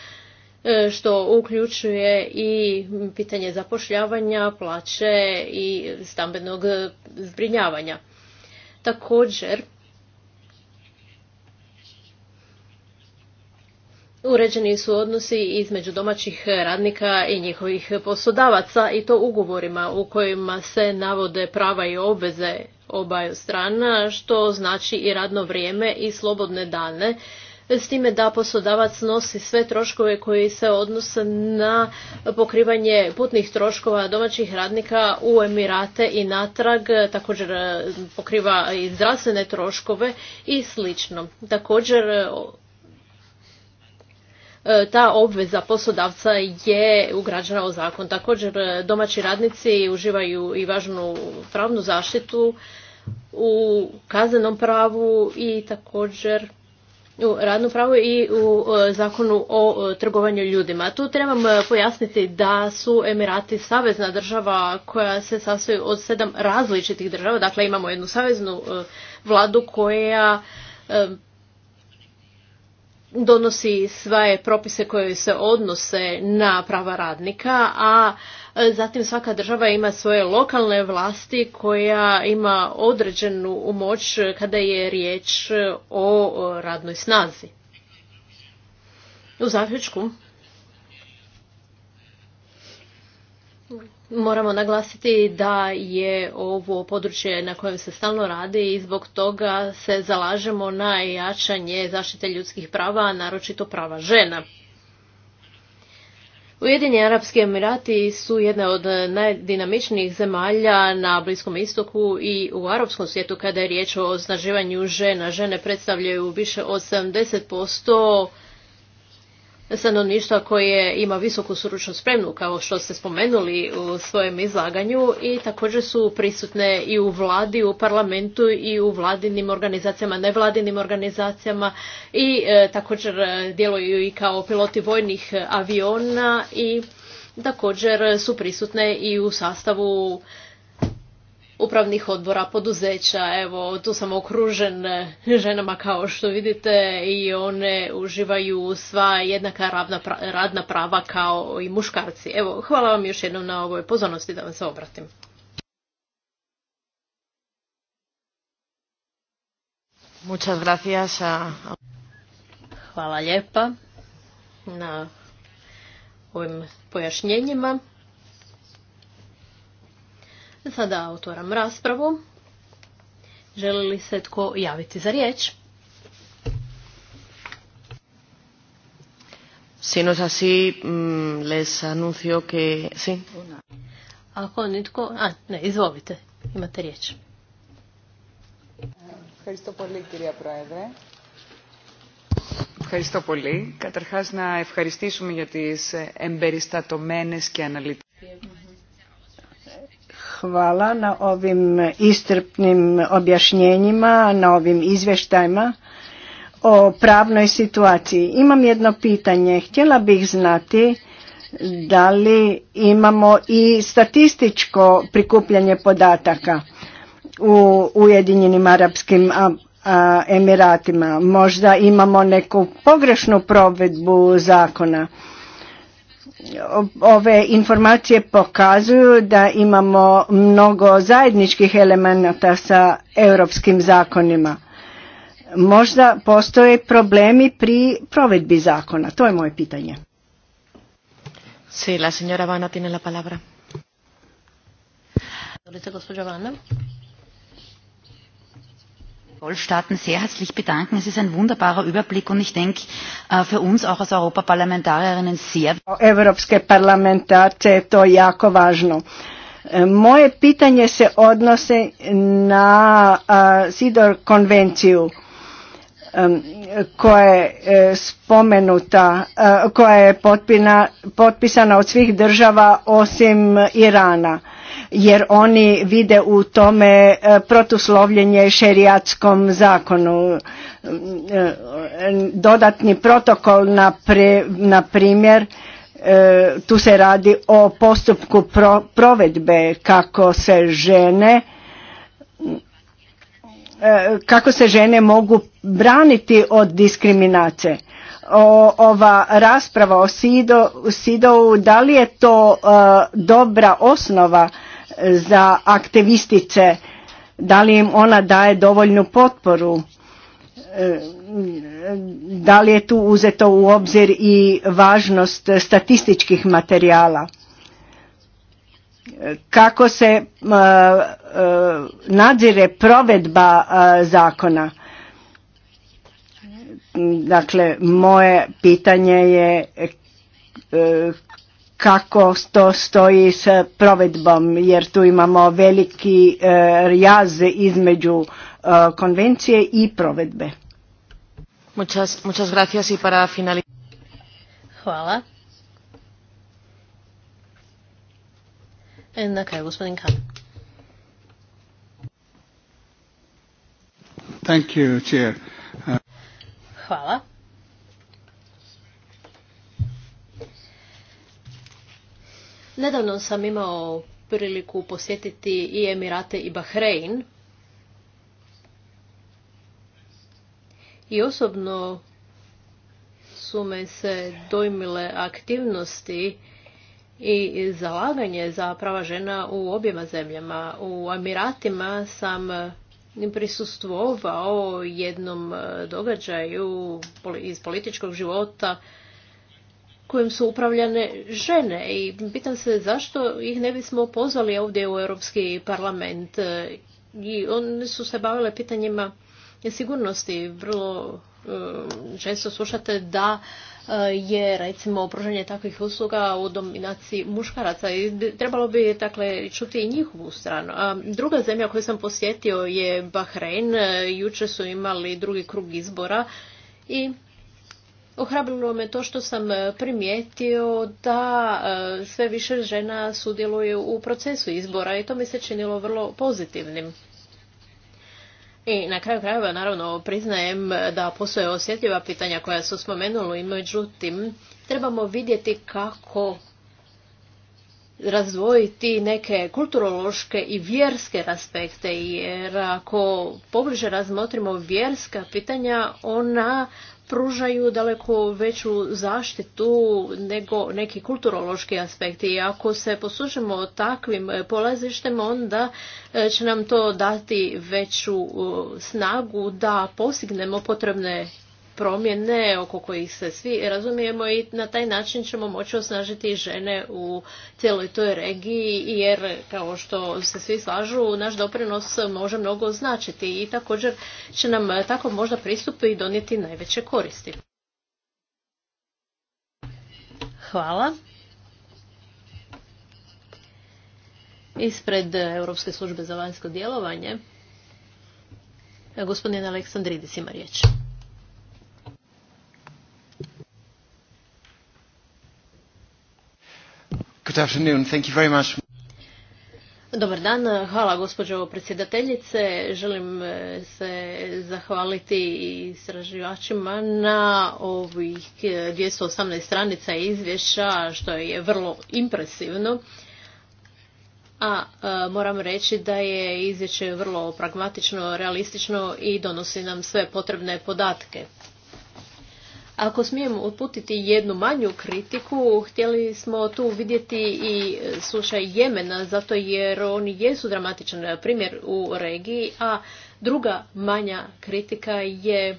e, što uključuje i pitanje zapošljavanja, plaće i stambenog zbrinjavanja. Također, Uređeni su odnosi između domaćih radnika i njihovih poslodavaca i to ugovorima u kojima se navode prava i obveze obaju strana, što znači i radno vrijeme i slobodne dane, s time da poslodavac nosi sve troškove koji se odnose na pokrivanje putnih troškova domaćih radnika u Emirate i natrag, također eh, pokriva i zdravstvene troškove i slično. Također E, ta obveza poslodavca je ugrađena u zakon. Također e, domaći radnici uživaju i važnu pravnu zaštitu u kaznenom pravu i također u radnom pravu i u e, zakonu o trgovanju ljudima. Tu trebam pojasniti da su Emirati savezna država koja se sastoji od sedam različitih država. Dakle, imamo jednu saveznu vladu koja donosi sve propise koje se odnose na prava radnika, a e, zatim svaka država ima svoje lokalne vlasti koja ima određenu moć kada je riječ o radnoj snazi. U zaključku moramo naglasiti da je ovo područje na kojem se stalno radi i zbog toga se zalažemo na jačanje zaštite ljudskih prava, naročito prava žena. Ujedinjeni Arapski Emirati su jedna od najdinamičnijih zemalja na Bliskom istoku i u arapskom svijetu kada je riječ o osnaživanju žena. Žene predstavljaju više od 70% stanovništva koje ima visoku stručnu spremnu kao što ste spomenuli u svojem izlaganju i također su prisutne i u vladi, u parlamentu i u vladinim organizacijama, nevladinim organizacijama i e, također e, djeluju i kao piloti vojnih e, aviona i također su prisutne i u sastavu upravnih odbora poduzeća. Evo, tu sam okružen eh, ženama kao što vidite i one uživaju sva jednaka radna prava kao i muškarci. Evo, hvala vam još jednom na ovoj pozornosti da vam se obratim. Muchas gracias Hvala lijepa na ovim pojašnjenjima. Sada otvaram raspravu. Želi li se tko javiti za riječ? Si no así, les anuncio que... Sí. Ako nitko... A, ne, izvolite. Imate riječ. Ευχαριστώ πολύ κυρία Πρόεδρε. Ευχαριστώ πολύ. Καταρχάς να ευχαριστήσουμε για τις εμπεριστατωμένες και αναλυτικές hvala na ovim istrpnim objašnjenjima, na ovim izvještajima o pravnoj situaciji. Imam jedno pitanje. Htjela bih znati da li imamo i statističko prikupljanje podataka u Ujedinjenim Arabskim Emiratima. Možda imamo neku pogrešnu provedbu zakona ove informacije pokazuju da imamo mnogo zajedničkih elemenata sa europskim zakonima. Možda postoje problemi pri provedbi zakona. To je moje pitanje. Sí, la señora tiene la palabra. Golfstaaten sehr herzlich bedanken. Es ist ein wunderbarer Überblick und ich denke äh, für uns auch als Europaparlamentarierinnen sehr. Europske parlamentarce je to jako važno. E, moje pitanje se odnose na Sidor konvenciju e, koja je e, spomenuta, koja je potpisana od svih država osim Irana jer oni vide u tome e, protuslovljenje šerijatskom zakonu. E, e, dodatni protokol, na, primjer, tu se radi o postupku provedbe kako se žene kako se žene mogu braniti od diskriminacije. ova rasprava o SIDO, da li je to dobra osnova za aktivistice, da li im ona daje dovoljnu potporu, e, da li je tu uzeto u obzir i važnost statističkih materijala kako se e, e, nadzire provedba zakona. Dakle, moje pitanje je kako to stoji s provedbom jer tu imamo veliki e, jaz između e, konvencije i provedbe. Muchas, gracias y para finalizar. Hvala. E, Thank you, chair. Hvala. Nedavno sam imao priliku posjetiti i Emirate i Bahrein. I osobno su me se dojmile aktivnosti i zalaganje za prava žena u objema zemljama. U Emiratima sam prisustvovao jednom e, događaju iz političkog života kojim su upravljane žene i pitam se zašto ih ne bismo pozvali ovdje u Europski parlament e, i oni su se bavile pitanjima sigurnosti. Vrlo e, često slušate da e, je recimo pružanje takvih usluga u dominaciji muškaraca i trebalo bi dakle čuti i njihovu stranu. A druga zemlja koju sam posjetio je Bahrein, juče su imali drugi krug izbora i Ohrabrilo me to što sam e, primijetio da e, sve više žena sudjeluju u procesu izbora i to mi se činilo vrlo pozitivnim. I na kraju krajeva naravno priznajem da postoje osjetljiva pitanja koja su i međutim trebamo vidjeti kako razvojiti neke kulturološke i vjerske aspekte, jer ako pobliže razmotrimo vjerska pitanja, ona pružaju daleko veću zaštitu nego neki kulturološki aspekti. I ako se poslužimo takvim e, polazištem, onda e, će nam to dati veću snagu da postignemo potrebne promjene oko kojih se svi razumijemo i na taj način ćemo moći osnažiti žene u cijeloj toj regiji jer kao što se svi slažu naš doprinos može mnogo značiti i također će nam tako možda pristup i donijeti najveće koristi. Hvala. Ispred Europske službe za vanjsko djelovanje gospodin Aleksandridis ima riječ. Dobar dan, hvala gospođo predsjedateljice. Želim eh, se zahvaliti istraživačima na ovih 218 eh, stranica izvješća, što je vrlo impresivno. A eh, moram reći da je izvješće vrlo pragmatično, realistično i donosi nam sve potrebne podatke. Ako smijem uputiti jednu manju kritiku, htjeli smo tu vidjeti i e, slušaj Jemena, zato jer oni jesu dramatičan primjer u regiji, a druga manja kritika je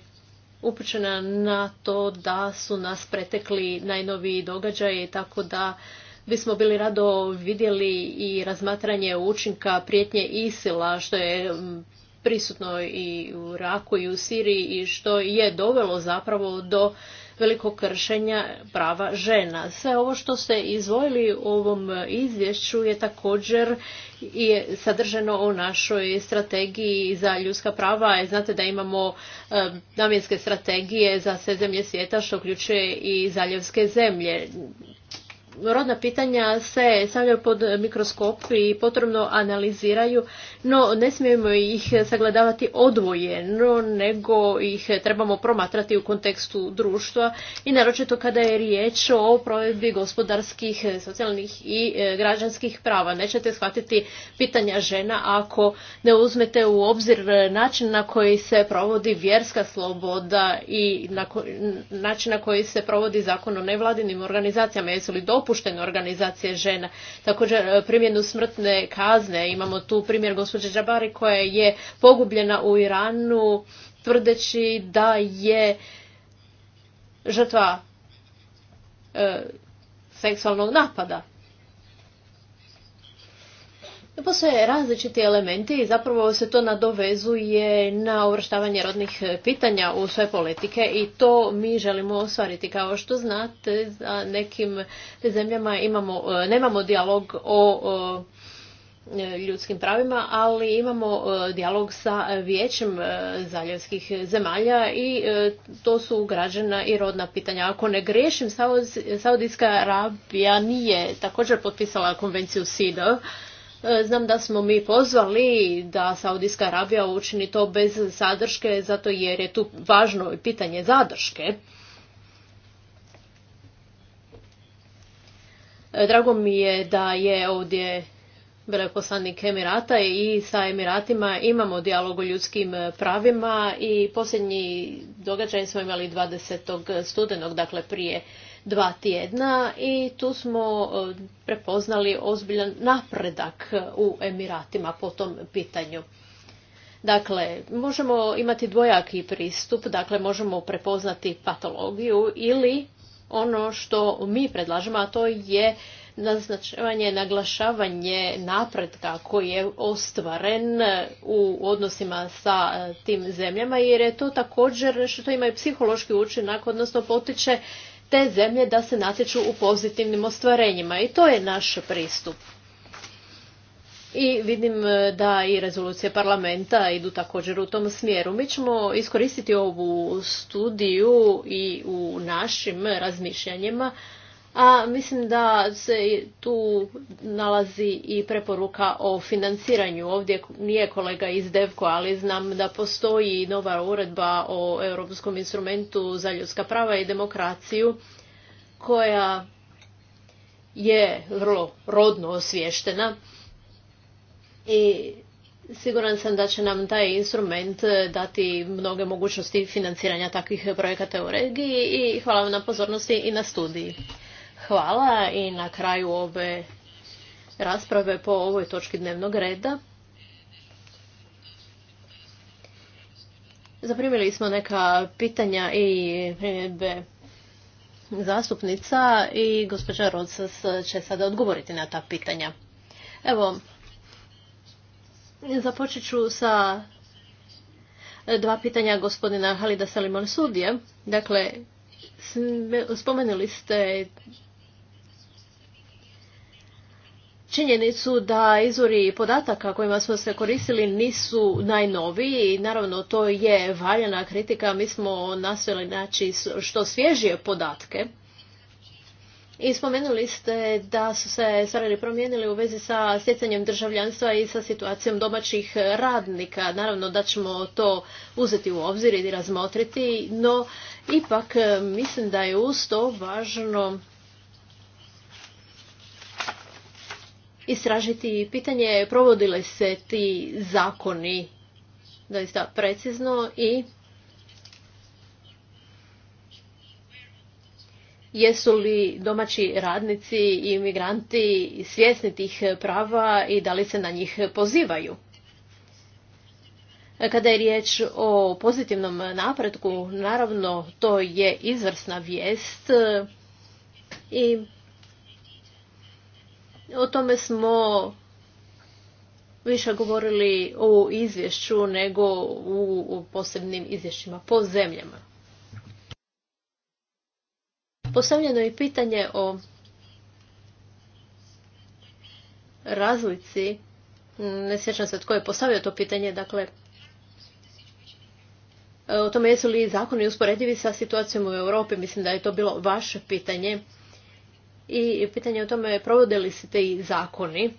upućena na to da su nas pretekli najnoviji događaji, tako da bismo bili rado vidjeli i razmatranje učinka prijetnje Isila, što je prisutno i u Iraku i u Siriji i što je dovelo zapravo do velikog kršenja prava žena. Sve ovo što ste izvojili u ovom izvješću je također i sadržano u našoj strategiji za ljudska prava. E, znate da imamo e, namjenske strategije za sve zemlje svijeta što uključuje i zaljevske zemlje rodna pitanja se stavljaju pod mikroskop i potrebno analiziraju, no ne smijemo ih sagledavati odvojeno, nego ih trebamo promatrati u kontekstu društva i naročito kada je riječ o provedbi gospodarskih, socijalnih i e, građanskih prava. Nećete shvatiti pitanja žena ako ne uzmete u obzir način na koji se provodi vjerska sloboda i način na koji se provodi zakon o nevladinim organizacijama. Jesu li dopuštene organizacije žena. Također e, primjenu smrtne kazne, imamo tu primjer gospođe Džabari koja je pogubljena u Iranu tvrdeći da je žrtva e, seksualnog napada. E, postoje različiti elementi i zapravo se to nadovezuje na uvrštavanje rodnih e, pitanja u sve politike i to mi želimo ostvariti. Kao što znate, za nekim zemljama imamo, e, nemamo dijalog o, ljudskim pravima, ali imamo dijalog sa vijećem zaljevskih zemalja i to su ugrađena i rodna pitanja. Ako ne griješim, Saudijska Arabija nije također potpisala konvenciju SIDA, E, znam da smo mi pozvali da Saudijska Arabija učini to bez zadrške, zato jer je tu važno pitanje zadrške. E, drago mi je da je ovdje veleposlanik Emirata i sa Emiratima imamo dijalog o ljudskim pravima i posljednji događaj smo imali 20. studenog, dakle prije dva tjedna i tu smo e, prepoznali ozbiljan napredak e, u Emiratima po tom pitanju. Dakle, možemo imati dvojaki pristup, dakle možemo prepoznati patologiju ili ono što mi predlažemo, a to je naznačavanje, naglašavanje napretka koji je ostvaren e, u odnosima sa tim zemljama, jer je to također što ima i psihološki učinak, odnosno potiče te zemlje da se natječu u pozitivnim ostvarenjima i to je naš pristup. I vidim e, da i rezolucije parlamenta idu također u tom smjeru. Mi ćemo iskoristiti ovu studiju i u našim razmišljanjima a mislim da se tu nalazi i preporuka o financiranju. Ovdje nije kolega iz Devko, ali znam da postoji nova uredba o Europskom instrumentu za ljudska prava i demokraciju koja je vrlo rodno osviještena. i Siguran sam da će nam taj instrument dati mnoge mogućnosti financiranja takvih projekata u regiji i hvala vam na pozornosti i na studiji. Hvala i na kraju ove rasprave po ovoj točki dnevnog reda. Zaprimili smo neka pitanja i primjedbe zastupnica i gospođa Rodsas će sada odgovoriti na ta pitanja. Evo, započet ću sa dva pitanja gospodina Halida Salimon Sudije. Dakle, spomenuli ste činjenicu da izvori podataka kojima smo se koristili nisu najnoviji i naravno to je valjana kritika. Mi smo nastojali naći što svježije podatke. I spomenuli ste da su se stvari promijenili u vezi sa stjecanjem državljanstva i sa situacijom domaćih radnika. Naravno da ćemo to uzeti u obzir i razmotriti, no ipak eh, mislim da je uz to važno istražiti pitanje provodile se ti zakoni doista precizno i jesu li domaći radnici i imigranti svjesni tih prava i da li se na njih pozivaju. Kada je riječ o pozitivnom napretku, naravno to je izvrsna vijest i o tome smo više govorili u izvješću nego u posebnim izvješćima po zemljama. Postavljeno je pitanje o razlici, ne sjećam se tko je postavio to pitanje, dakle, o tome jesu li zakoni usporedivi sa situacijom u Europi, mislim da je to bilo vaše pitanje i pitanje o tome provode li se te zakoni.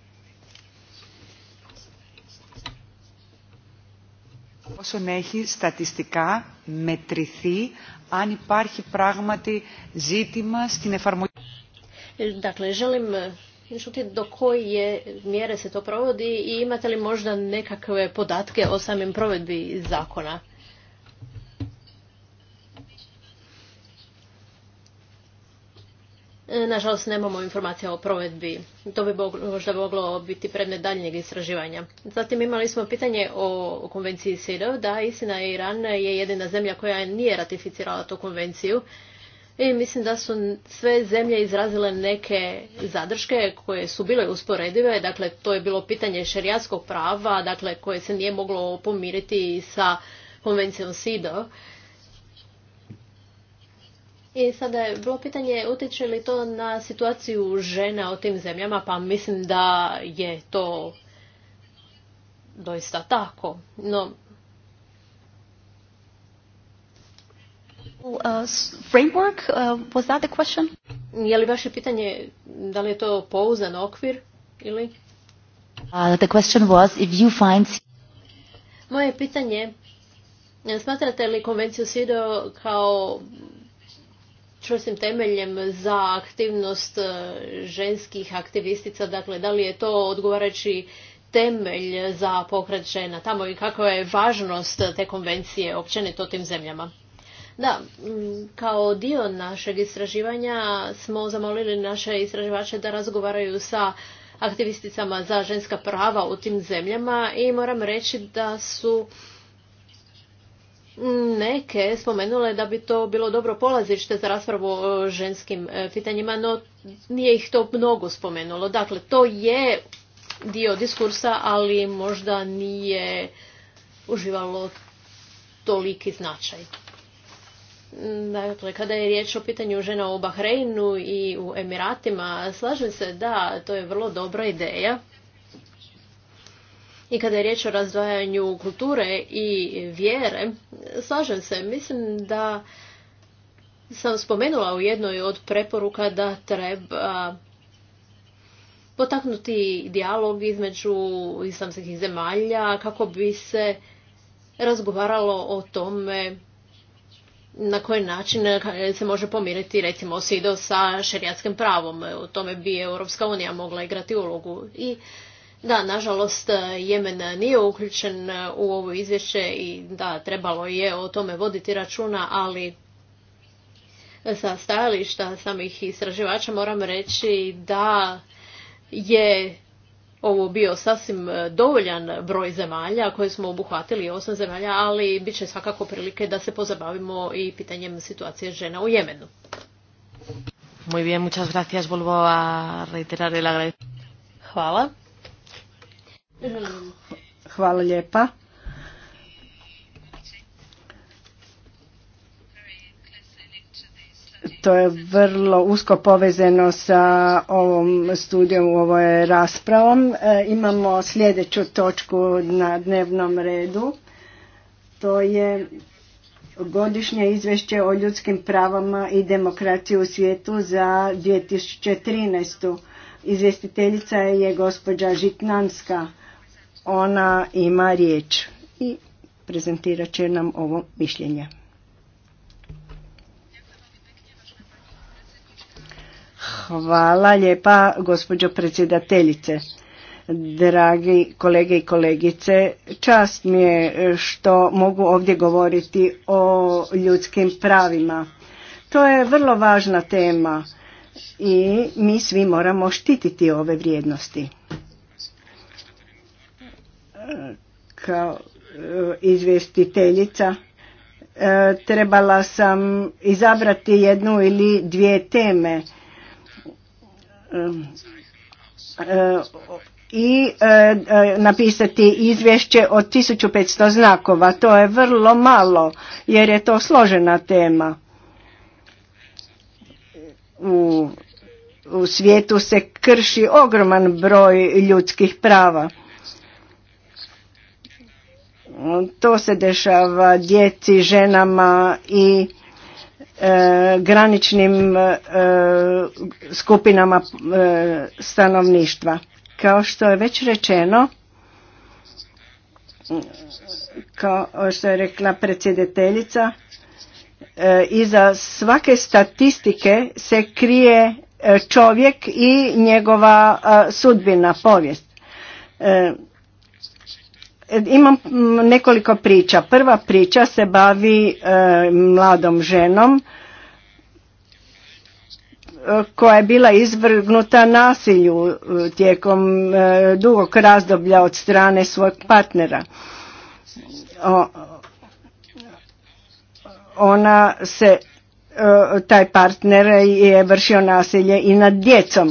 Όσον έχει στατιστικά μετρηθεί αν υπάρχει πράγματι ζήτημα στην εφαρμογή. Dakle, želim čuti do koje mjere se to provodi i imate li možda nekakve podatke o samim provedbi zakona. E, nažalost, nemamo informacija o provedbi. To bi možda moglo biti predmet daljnjeg istraživanja. Zatim imali smo pitanje o konvenciji SIDO. Da, istina je Iran je jedina zemlja koja nije ratificirala tu konvenciju. I mislim da su sve zemlje izrazile neke zadrške koje su bile usporedive. Dakle, to je bilo pitanje šerijatskog prava, dakle, koje se nije moglo pomiriti sa konvencijom SIDO. I sada je bilo pitanje utječe li to na situaciju žena u tim zemljama, pa mislim da je to doista tako. No, Uh, framework, uh, was that the question? Je li vaše pitanje da li je to pouzan okvir ili? Uh, the question was if you find... Moje pitanje, smatrate li konvenciju SIDO kao čvrstim temeljem za aktivnost e, ženskih aktivistica, dakle da li je to odgovarajući temelj za pokret žena tamo i kakva je važnost te konvencije općenito tim zemljama. Da, kao dio našeg istraživanja smo zamolili naše istraživače da razgovaraju sa aktivisticama za ženska prava u tim zemljama i moram reći da su neke spomenule da bi to bilo dobro polazište za raspravu o ženskim e, pitanjima, no nije ih to mnogo spomenulo. Dakle, to je dio diskursa, ali možda nije uživalo toliki značaj. Dakle, kada je riječ o pitanju žena u Bahreinu i u Emiratima, slažem se da to je vrlo dobra ideja. I kada je riječ o razdvajanju kulture i vjere, slažem se, mislim da sam spomenula u jednoj od preporuka da treba potaknuti dijalog između islamskih zemalja kako bi se razgovaralo o tome na koji način se može pomiriti recimo SIDO sa šerijatskim pravom. U tome bi Europska unija mogla igrati ulogu. I da, nažalost, e, Jemen nije uključen e, u ovo izvješće i da, trebalo je o tome voditi računa, ali e, sa stajališta samih istraživača moram reći da je ovo bio sasvim dovoljan broj zemalja koje smo obuhvatili, osam zemalja, ali bit će svakako prilike da se pozabavimo i pitanjem situacije žena u Jemenu. Muy bien, muchas gracias. a reiterar el Hvala. Hvala lijepa. To je vrlo usko povezano sa ovom studijom, je raspravom. E, imamo sljedeću točku na dnevnom redu. To je godišnje izvješće o ljudskim pravama i demokraciji u svijetu za 2013. Izvjestiteljica je gospođa Žitnanska ona ima riječ i prezentirat će nam ovo mišljenje. Hvala lijepa gospođo predsjedateljice. Dragi kolege i kolegice, čast mi je što mogu ovdje govoriti o ljudskim pravima. To je vrlo važna tema i mi svi moramo štititi ove vrijednosti kao e, izvjestiteljica e, trebala sam izabrati jednu ili dvije teme e, i napisati izvješće od 1500 znakova. To je vrlo malo jer je to složena tema. U, u svijetu se krši ogroman broj ljudskih prava to se dešava djeci, ženama i e, graničnim e, skupinama e, stanovništva. Kao što je već rečeno, kao što je rekla predsjedateljica, iza svake statistike se krije čovjek i njegova sudbina, povijest. Imam nekoliko priča. Prva priča se bavi e, mladom ženom e, koja je bila izvrgnuta nasilju e, tijekom dugog razdoblja od strane svog partnera. ona se, taj partner je vršio nasilje i nad djecom.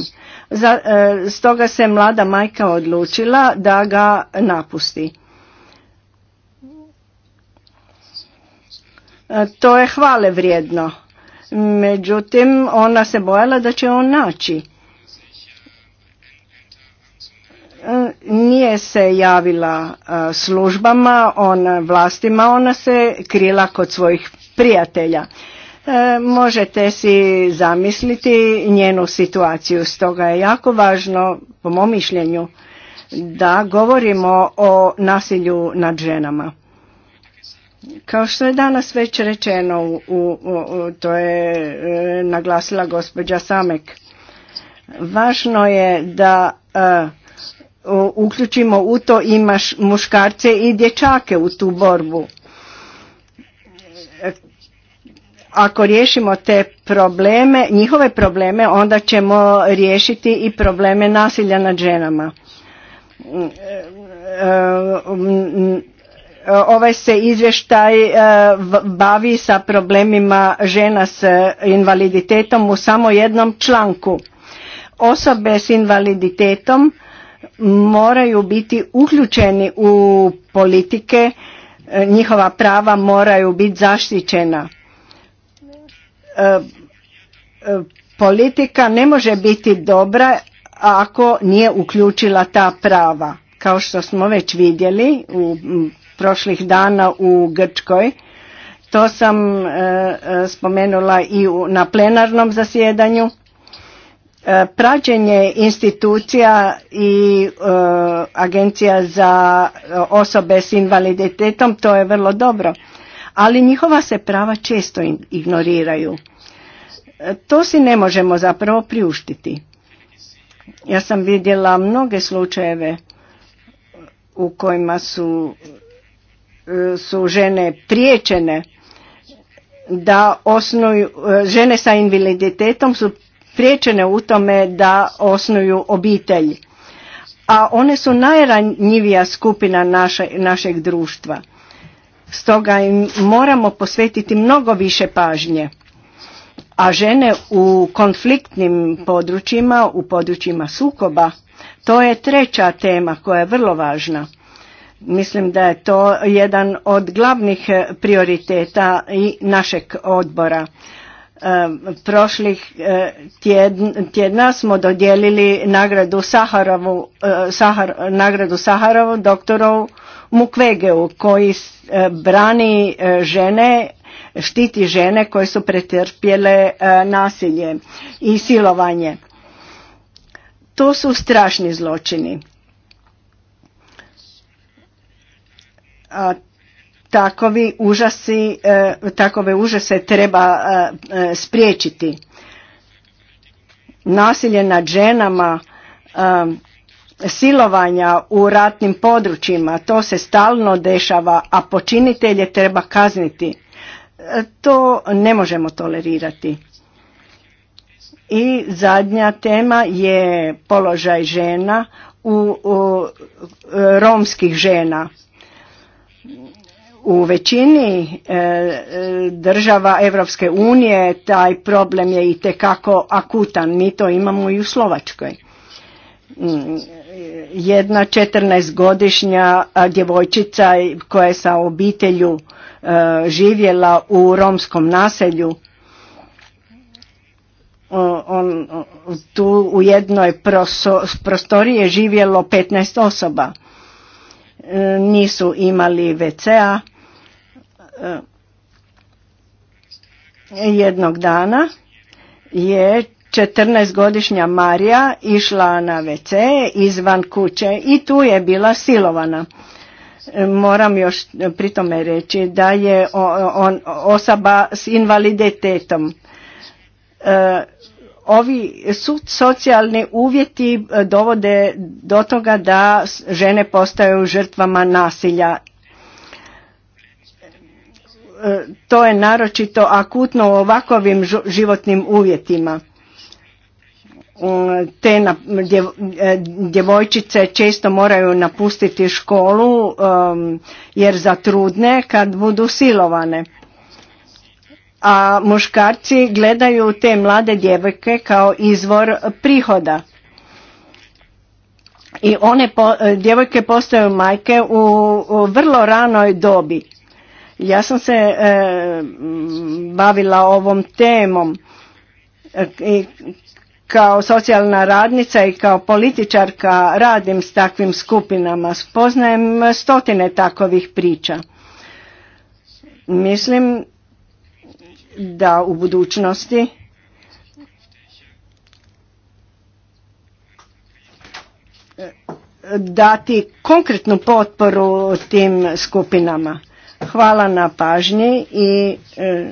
stoga se mlada majka odlučila da ga napusti. E, to je hvale vrijedno. Međutim, ona se bojala da će on naći. E, nije se javila e, službama, ona, vlastima, ona se krila kod svojih prijatelja. Možete si zamisliti njenu situaciju, stoga je jako važno, po mom mišljenju, da govorimo o nasilju nad ženama. Kao što je danas već rečeno, u, to je e, naglasila gospođa Samek, važno je da e, uključimo u to i muškarce i dječake u tu borbu. E, ako riješimo te probleme, njihove probleme, onda ćemo riješiti i probleme nasilja nad ženama Eh, ovaj se izvještaj eh, bavi sa problemima žena s invaliditetom u samo jednom članku. Osobe s invaliditetom moraju biti uključeni u politike, eh, njihova prava moraju biti zaštićena. Politika ne može biti dobra ako nije uključila ta prava. Kao što smo već vidjeli u prošlih dana u Grčkoj. To sam e, e, spomenula i na plenarnom zasjedanju. E, prađenje praćenje institucija i agencija za osobe s invaliditetom, to je vrlo dobro, ali njihova se prava često ignoriraju. To si ne možemo zapravo priuštiti. Ja sam vidjela mnoge slučajeve u kojima su su žene priječene da osnuju, e, žene sa invaliditetom su priječene u tome da osnuju obitelj. A one su najranjivija skupina našeg društva. Stoga im moramo posvetiti mnogo više pažnje. A žene u konfliktnim područjima, u područjima sukoba, to je treća tema koja je vrlo važna. Mislim da je to jedan od glavnih e, prioriteta i našeg odbora. E, prošlih e, tjedna smo dodijelili nagradu Saharovu, Sahar, nagradu Saharovu Mukvegeu koji brani žene štiti žene koje su pretrpjele nasilje i silovanje. To su strašni zločini. takovi užasi, e, takove užase treba e, e, spriječiti. Nasilje nad ženama, silovanja u ratnim područjima, to se stalno dešava, a počinitelje treba kazniti. To ne možemo tolerirati. I zadnja tema je položaj žena u, u romskih žena u većini e, e, država Europske unije taj problem je i tekako akutan. Mi to imamo i u Slovačkoj. Mm, jedna 14-godišnja djevojčica koja je sa obitelju e, živjela u romskom naselju on, tu u jednoj prostoriji je živjelo 15 osoba. Nisu imali WC-a, E, jednog dana je 14-godišnja Marija išla na WC izvan kuće i tu je bila silovana. E, moram još tome reći da je on osoba s invaliditetom. E, ovi socijalni uvjeti dovode do toga da žene postaju žrtvama nasilja E, to je naročito akutno u ovakvim životnim uvjetima. Te e, djevojčice često moraju napustiti školu um, jer zatrudne kad budu silovane. A muškarci gledaju te mlade djevojke kao izvor prihoda. I one e, djevojke postaju majke u vrlo ranoj dobi ja sam se e, bavila ovom temom e, i kao socijalna radnica i kao političarka radim s takvim skupinama. Spoznajem stotine takovih priča. Mislim da u budućnosti dati konkretnu potporu tim skupinama. Hvala na pažnji i e,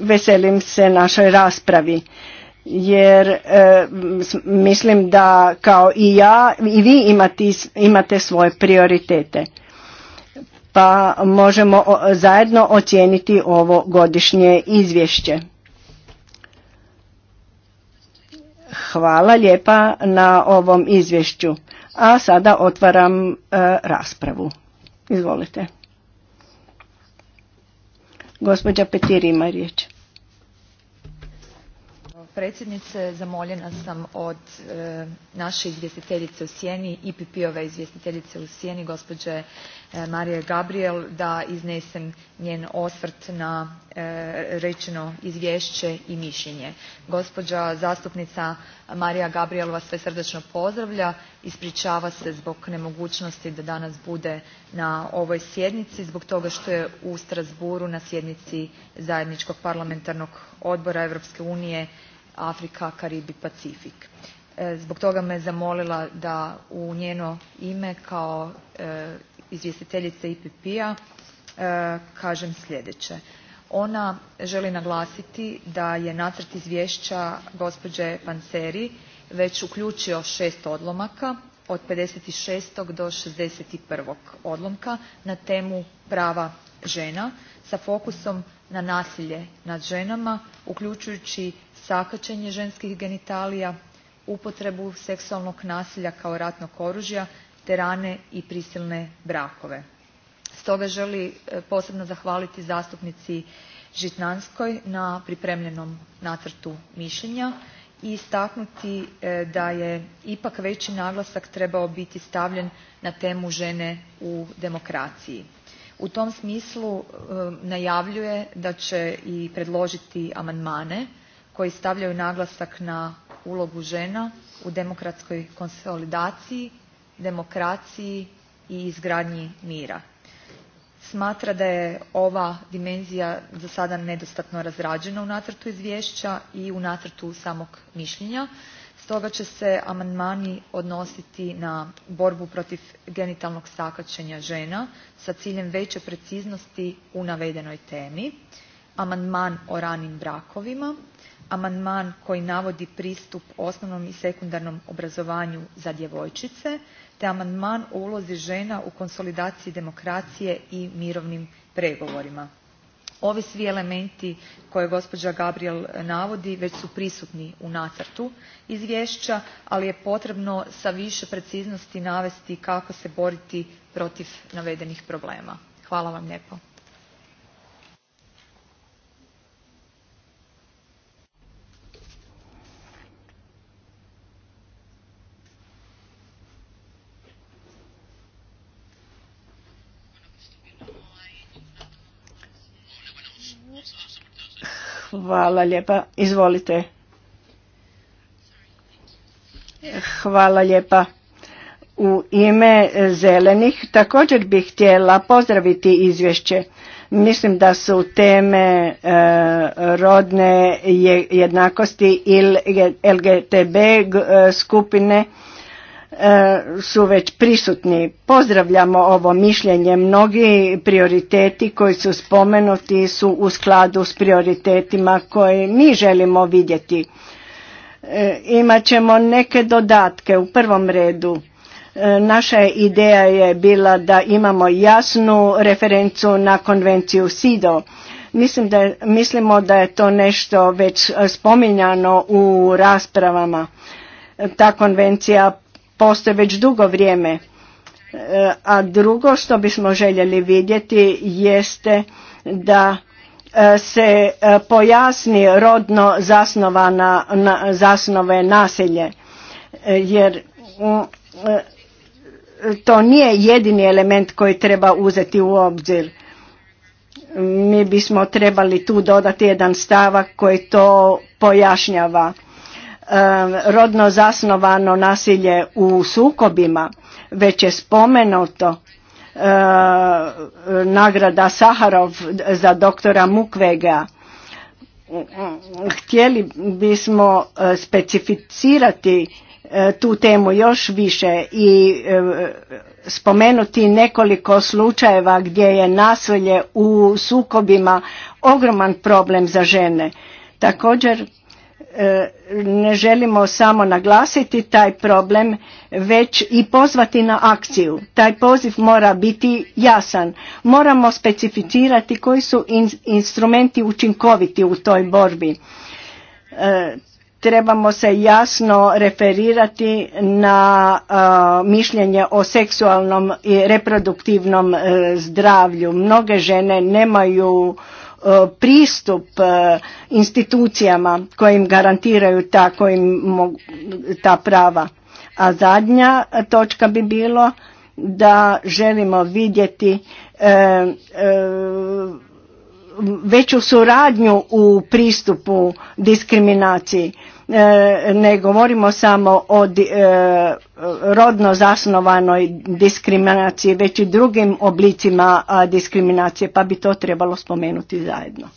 veselim se našoj raspravi jer e, mislim da kao i ja i vi imate svoje prioritete pa možemo zajedno ocijeniti ovo godišnje izvješće. Hvala lijepa na ovom izvješću. A sada otvaram e, raspravu. Izvolite. Gospođa Petir ima riječ. Predsjednice, zamoljena sam od e, naše izvjestiteljice u sjeni, IPP-ove izvjestiteljice u sjeni, gospođe E, Marija Gabriel da iznesem njen osvrt na e, rečeno izvješće i mišljenje. Gospođa zastupnica Marija Gabriel vas sve srdačno pozdravlja, ispričava se zbog nemogućnosti da danas bude na ovoj sjednici zbog toga što je u Strasbourgu na sjednici zajedničkog parlamentarnog odbora Europske unije Afrika, Karibi, Pacifik. E, zbog toga me zamolila da u njeno ime kao izvjestiteljice IPP-a e, kažem sljedeće. Ona želi naglasiti da je nacrt izvješća gospođe Panseri već uključio šest odlomaka od six do 61. odlomka na temu prava žena sa fokusom na nasilje nad ženama uključujući sakaćenje ženskih genitalija, upotrebu seksualnog nasilja kao ratnog oružja te rane i prisilne brakove. Stoga želi e, posebno zahvaliti zastupnici Žitnanskoj na pripremljenom nacrtu mišljenja i istaknuti e, da je ipak veći naglasak trebao biti stavljen na temu žene u demokraciji. U tom smislu e, najavljuje da će i predložiti amandmane koji stavljaju naglasak na ulogu žena u demokratskoj konsolidaciji demokraciji i izgradnji mira. Smatra da je ova dimenzija za sada nedostatno razrađena u nacrtu izvješća i u nacrtu samog mišljenja. Stoga će se amandmani odnositi na borbu protiv genitalnog sakaćenja žena sa ciljem veće preciznosti u navedenoj temi, amandman o ranim brakovima, amandman koji navodi pristup osnovnom i sekundarnom obrazovanju za djevojčice te amandman o ulozi žena u konsolidaciji demokracije i mirovnim pregovorima. ovi svi elementi koje gospođa gabriel navodi već su prisutni u nacrtu izvješća ali je potrebno sa više preciznosti navesti kako se boriti protiv navedenih problema. hvala vam lijepo. Hvala lijepa. Izvolite. Hvala lijepa. U ime zelenih također bih htjela pozdraviti izvješće. Mislim da su teme e, rodne jednakosti ili LGTB e, skupine E, su već prisutni. Pozdravljamo ovo mišljenje. Mnogi prioriteti koji su spomenuti su u skladu s prioritetima koje mi želimo vidjeti. E, Imaćemo neke dodatke u prvom redu. E, naša ideja je bila da imamo jasnu referencu na konvenciju SIDO. Mislim da, mislimo da je to nešto već spominjano u raspravama. Ta konvencija postoje već dugo vrijeme. E, a drugo što bismo željeli vidjeti jeste da e, se e, pojasni rodno zasnovana, zasnove nasilje. Jer mm, to nije jedini element koji treba uzeti u obzir. Mi bismo trebali tu dodati jedan stavak koji to pojašnjava rodno zasnovano nasilje u sukobima, već je spomenuto eh, nagrada Saharov za doktora Mukvega. Htjeli bismo eh, specificirati eh, tu temu još više i spomenuti nekoliko slučajeva gdje je nasilje u sukobima ogroman problem za žene. Također ne želimo samo naglasiti taj problem, već i pozvati na akciju. Taj poziv mora biti jasan. Moramo specificirati koji su instrumenti učinkoviti u toj borbi. E, trebamo se jasno referirati na e, mišljenje o seksualnom i reproduktivnom e, zdravlju. Mnoge žene nemaju E, pristup e, institucijama kojim garantiraju ta, ta prava. A zadnja točka bi bilo da želimo vidjeti e, veću suradnju u pristupu diskriminaciji E, ne govorimo samo o e, rodno zasnovanoj diskriminaciji, već i drugim oblicima diskriminacije, pa bi to trebalo spomenuti zajedno.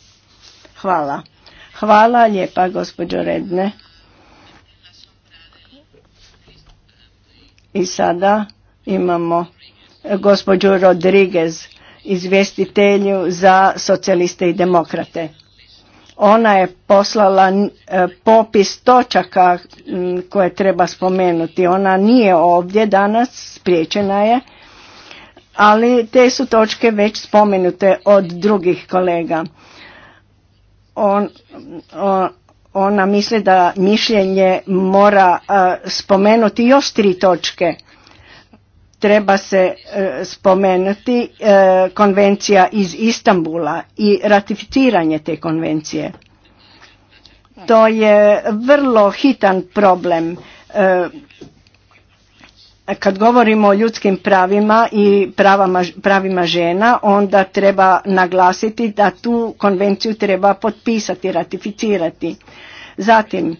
Hvala. Hvala lijepa, gospođo Redne. I sada imamo e, gospođu Rodriguez, izvjestitelju za socijaliste i demokrate. Ona je poslala e, popis točaka koje treba spomenuti. Ona nije ovdje danas, spriječena je, ali te su točke već spomenute od drugih kolega. ona misli da mišljenje mora e, spomenuti još tri točke treba se e, spomenuti e, konvencija iz Istambula i ratificiranje te konvencije. To je vrlo hitan problem. E, kad govorimo o ljudskim pravima i pravima žena, onda treba naglasiti da tu konvenciju treba potpisati, ratificirati. Zatim,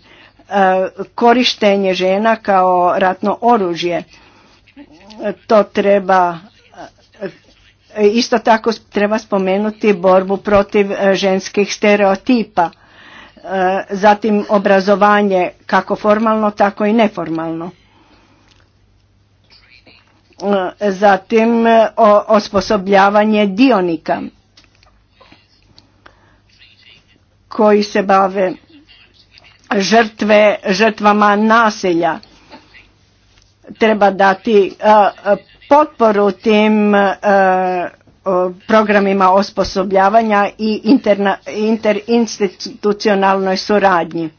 korištenje žena kao ratno oružje to treba isto tako treba spomenuti borbu protiv e, ženskih stereotipa, e, zatim obrazovanje kako formalno tako i neformalno. E, zatim osposobljavanje dionika koji se bave žrtve, žrtvama nasilja treba dati e, e, potporu tim e, programima osposobljavanja i interinstitucionalnoj suradnji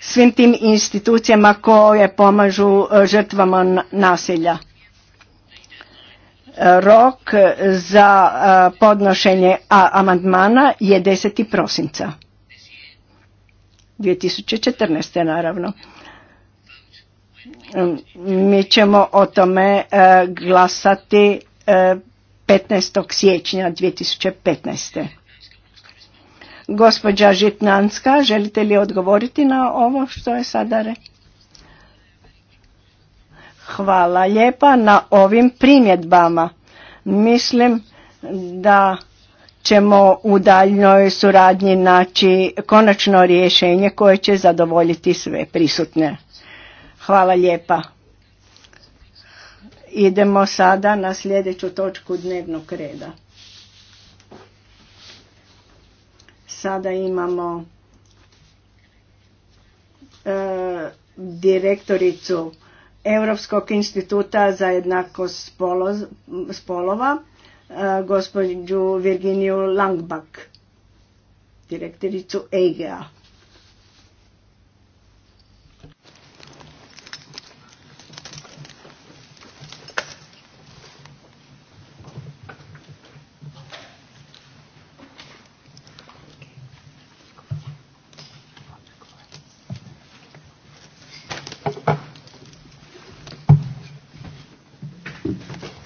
svim tim institucijama koje pomažu žrtvama nasilja. Rok za podnošenje amandmana je 10. prosinca 2014. naravno. Mi ćemo o tome e, glasati 15. E, siječnja 2015. Gospođa Žitnanska, želite li odgovoriti na ovo što je sada re? Hvala lijepa na ovim primjedbama. Mislim da ćemo u daljnjoj suradnji naći konačno rješenje koje će zadovoljiti sve prisutne. Hvala lijepa. Idemo sada na sljedeću točku dnevnog reda. Sada imamo e, direktoricu Europskog instituta za jednakost spolova, e, gospođu Virginiju Langbak, direktoricu EGA.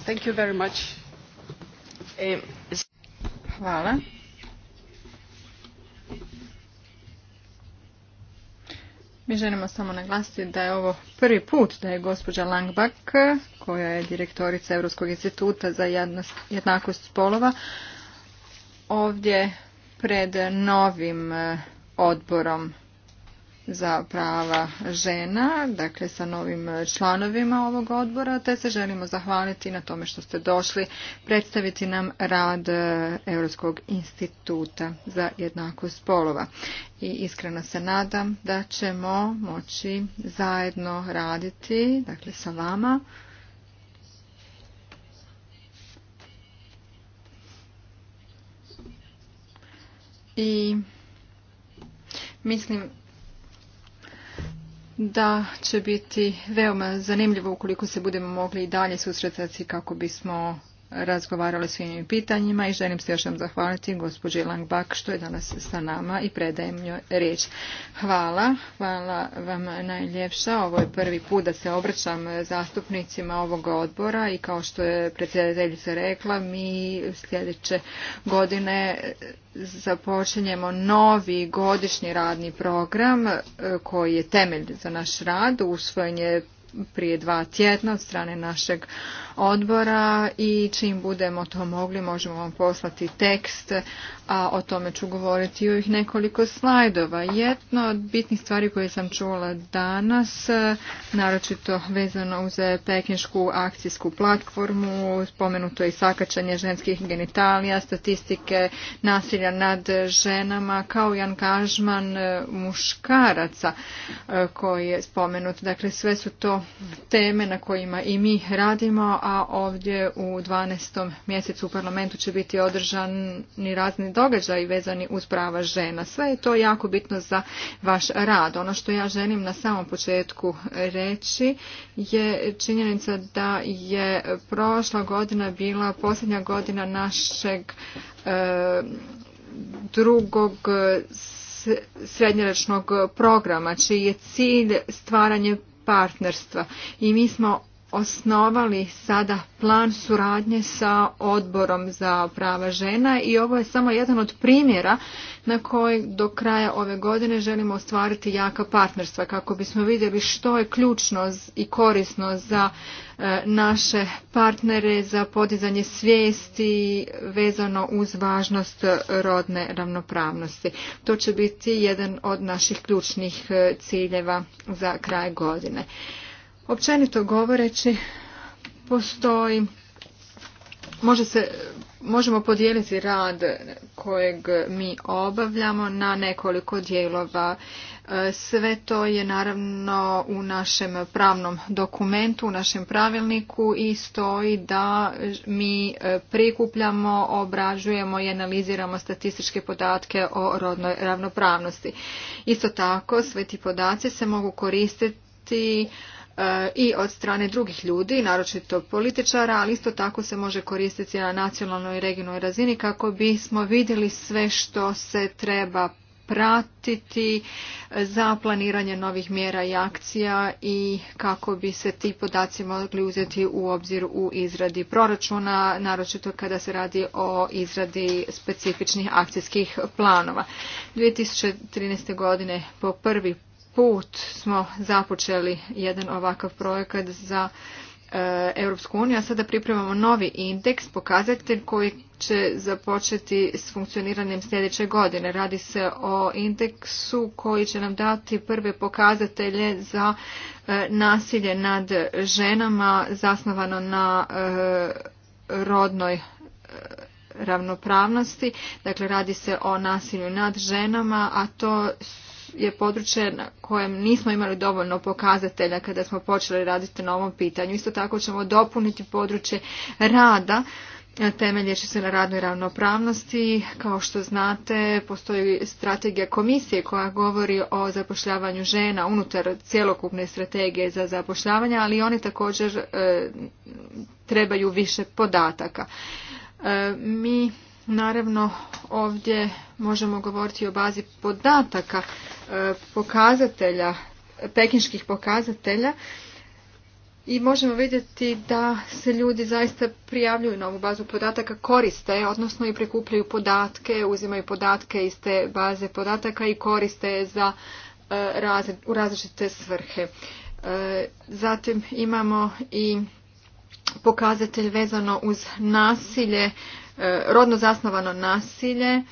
E, Hvala. Mi želimo samo naglasiti da je ovo prvi put da je gospođa Langbach, koja je direktorica Europskog instituta za jednakost spolova, ovdje pred novim e, odborom za prava žena, dakle sa novim članovima ovog odbora, te se želimo zahvaliti na tome što ste došli predstaviti nam rad e, Europskog instituta za jednakost spolova. I iskreno se nadam da ćemo moći zajedno raditi, dakle sa vama, i mislim da će biti veoma zanimljivo ukoliko se budemo mogli i dalje susretati kako bismo razgovarali svim ovim pitanjima i želim se još vam zahvaliti gospođi Langbak što je danas sa nama i predajem njoj riječ. Hvala, hvala vam najljepša. Ovo je prvi put da se obraćam zastupnicima ovog odbora i kao što je predsjedateljica rekla, mi sljedeće godine započinjemo novi godišnji radni program e, koji je temelj za naš rad. Usvojen je prije dva tjedna od strane našeg odbora i čim budemo to mogli možemo vam poslati tekst, a o tome ću govoriti u ovih nekoliko slajdova. Jedno od bitnih stvari koje sam čula danas, naročito vezano uz pekinšku akcijsku platformu, spomenuto je i sakačanje ženskih genitalija, statistike nasilja nad ženama, kao i angažman e, muškaraca e, koji je spomenut. Dakle, sve su to teme na kojima i mi radimo, a ovdje u 12. mjesecu u parlamentu će biti održani razni događaji vezani uz prava žena. Sve je to jako bitno za vaš rad. Ono što ja želim na samom početku reći je činjenica da je prošla godina bila posljednja godina našeg e, drugog srednjeračnog programa čiji je cilj stvaranje partnerstva i mi smo osnovali sada plan suradnje sa odborom za prava žena i ovo je samo jedan od primjera na koji do kraja ove godine želimo ostvariti jaka partnerstva kako bismo vidjeli što je ključno i korisno za e, naše partnere za podizanje svijesti vezano uz važnost rodne ravnopravnosti. To će biti jedan od naših ključnih e, ciljeva za kraj godine. Općenito govoreći, postoji, može se, možemo podijeliti rad kojeg mi obavljamo na nekoliko dijelova. E, sve to je naravno u našem pravnom dokumentu, u našem pravilniku i stoji da mi e, prikupljamo, obrađujemo i analiziramo statističke podatke o rodnoj ravnopravnosti. Isto tako, sve ti podaci se mogu koristiti i od strane drugih ljudi, naročito političara, ali isto tako se može koristiti na nacionalnoj i regionalnoj razini kako bismo vidjeli sve što se treba pratiti za planiranje novih mjera i akcija i kako bi se ti podaci mogli uzeti u obzir u izradi proračuna, naročito kada se radi o izradi specifičnih akcijskih planova. 2013. godine po prvi put smo započeli jedan ovakav projekat za e, Europsku uniju, a sada pripremamo novi indeks, pokazatelj koji će započeti s funkcioniranjem sljedeće godine. Radi se o indeksu koji će nam dati prve pokazatelje za e, nasilje nad ženama zasnovano na e, rodnoj ravnopravnosti. Dakle, radi se o nasilju nad ženama, a to je područje na kojem nismo imali dovoljno pokazatelja kada smo počeli raditi na ovom pitanju. Isto tako ćemo dopuniti područje rada temeljeći se na radnoj ravnopravnosti. Kao što znate, postoji strategija komisije koja govori o zapošljavanju žena unutar cjelokupne strategije za zapošljavanje, ali oni također e, trebaju više podataka. E, mi Naravno, ovdje možemo govoriti o bazi podataka pokazatelja, pekinških pokazatelja i možemo vidjeti da se ljudi zaista prijavljuju na ovu bazu podataka, koriste, odnosno i prikupljaju podatke, uzimaju podatke iz te baze podataka i koriste je za, e, u različite svrhe. E, zatim imamo i pokazatelj vezano uz nasilje, e, rodno zasnovano nasilje,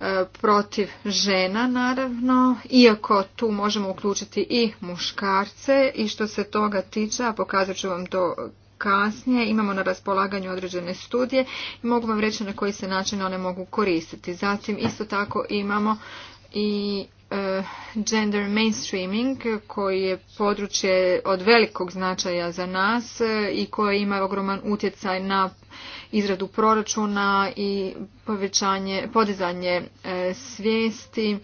E, protiv žena naravno, iako tu možemo uključiti i muškarce i što se toga tiče, a pokazat ću vam to kasnije, imamo na raspolaganju određene studije i mogu vam reći na koji se način one mogu koristiti. Zatim isto tako imamo i Eh, gender mainstreaming koji je područje od velikog značaja za nas eh, i koje ima ogroman utjecaj na izradu proračuna i povećanje, podizanje eh, svijesti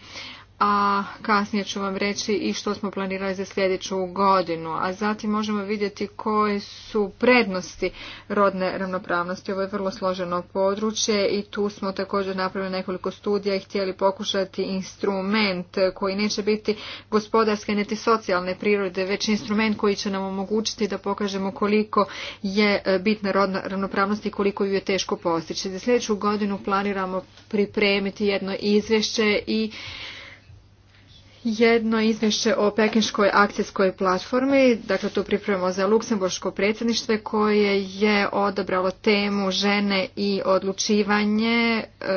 a kasnije ću vam reći i što smo planirali za sljedeću godinu. A zatim možemo vidjeti koje su prednosti rodne ravnopravnosti. Ovo je vrlo složeno područje i tu smo također napravili nekoliko studija i htjeli pokušati instrument koji neće biti gospodarske niti socijalne prirode, već instrument koji će nam omogućiti da pokažemo koliko je e, bitna rodna ravnopravnost i koliko ju je teško postići. Za sljedeću godinu planiramo pripremiti jedno izvješće i jedno izvješće o pekinškoj akcijskoj platformi, dakle tu pripremamo za luksemburško predsjedništvo koje je odabralo temu žene i odlučivanje, e,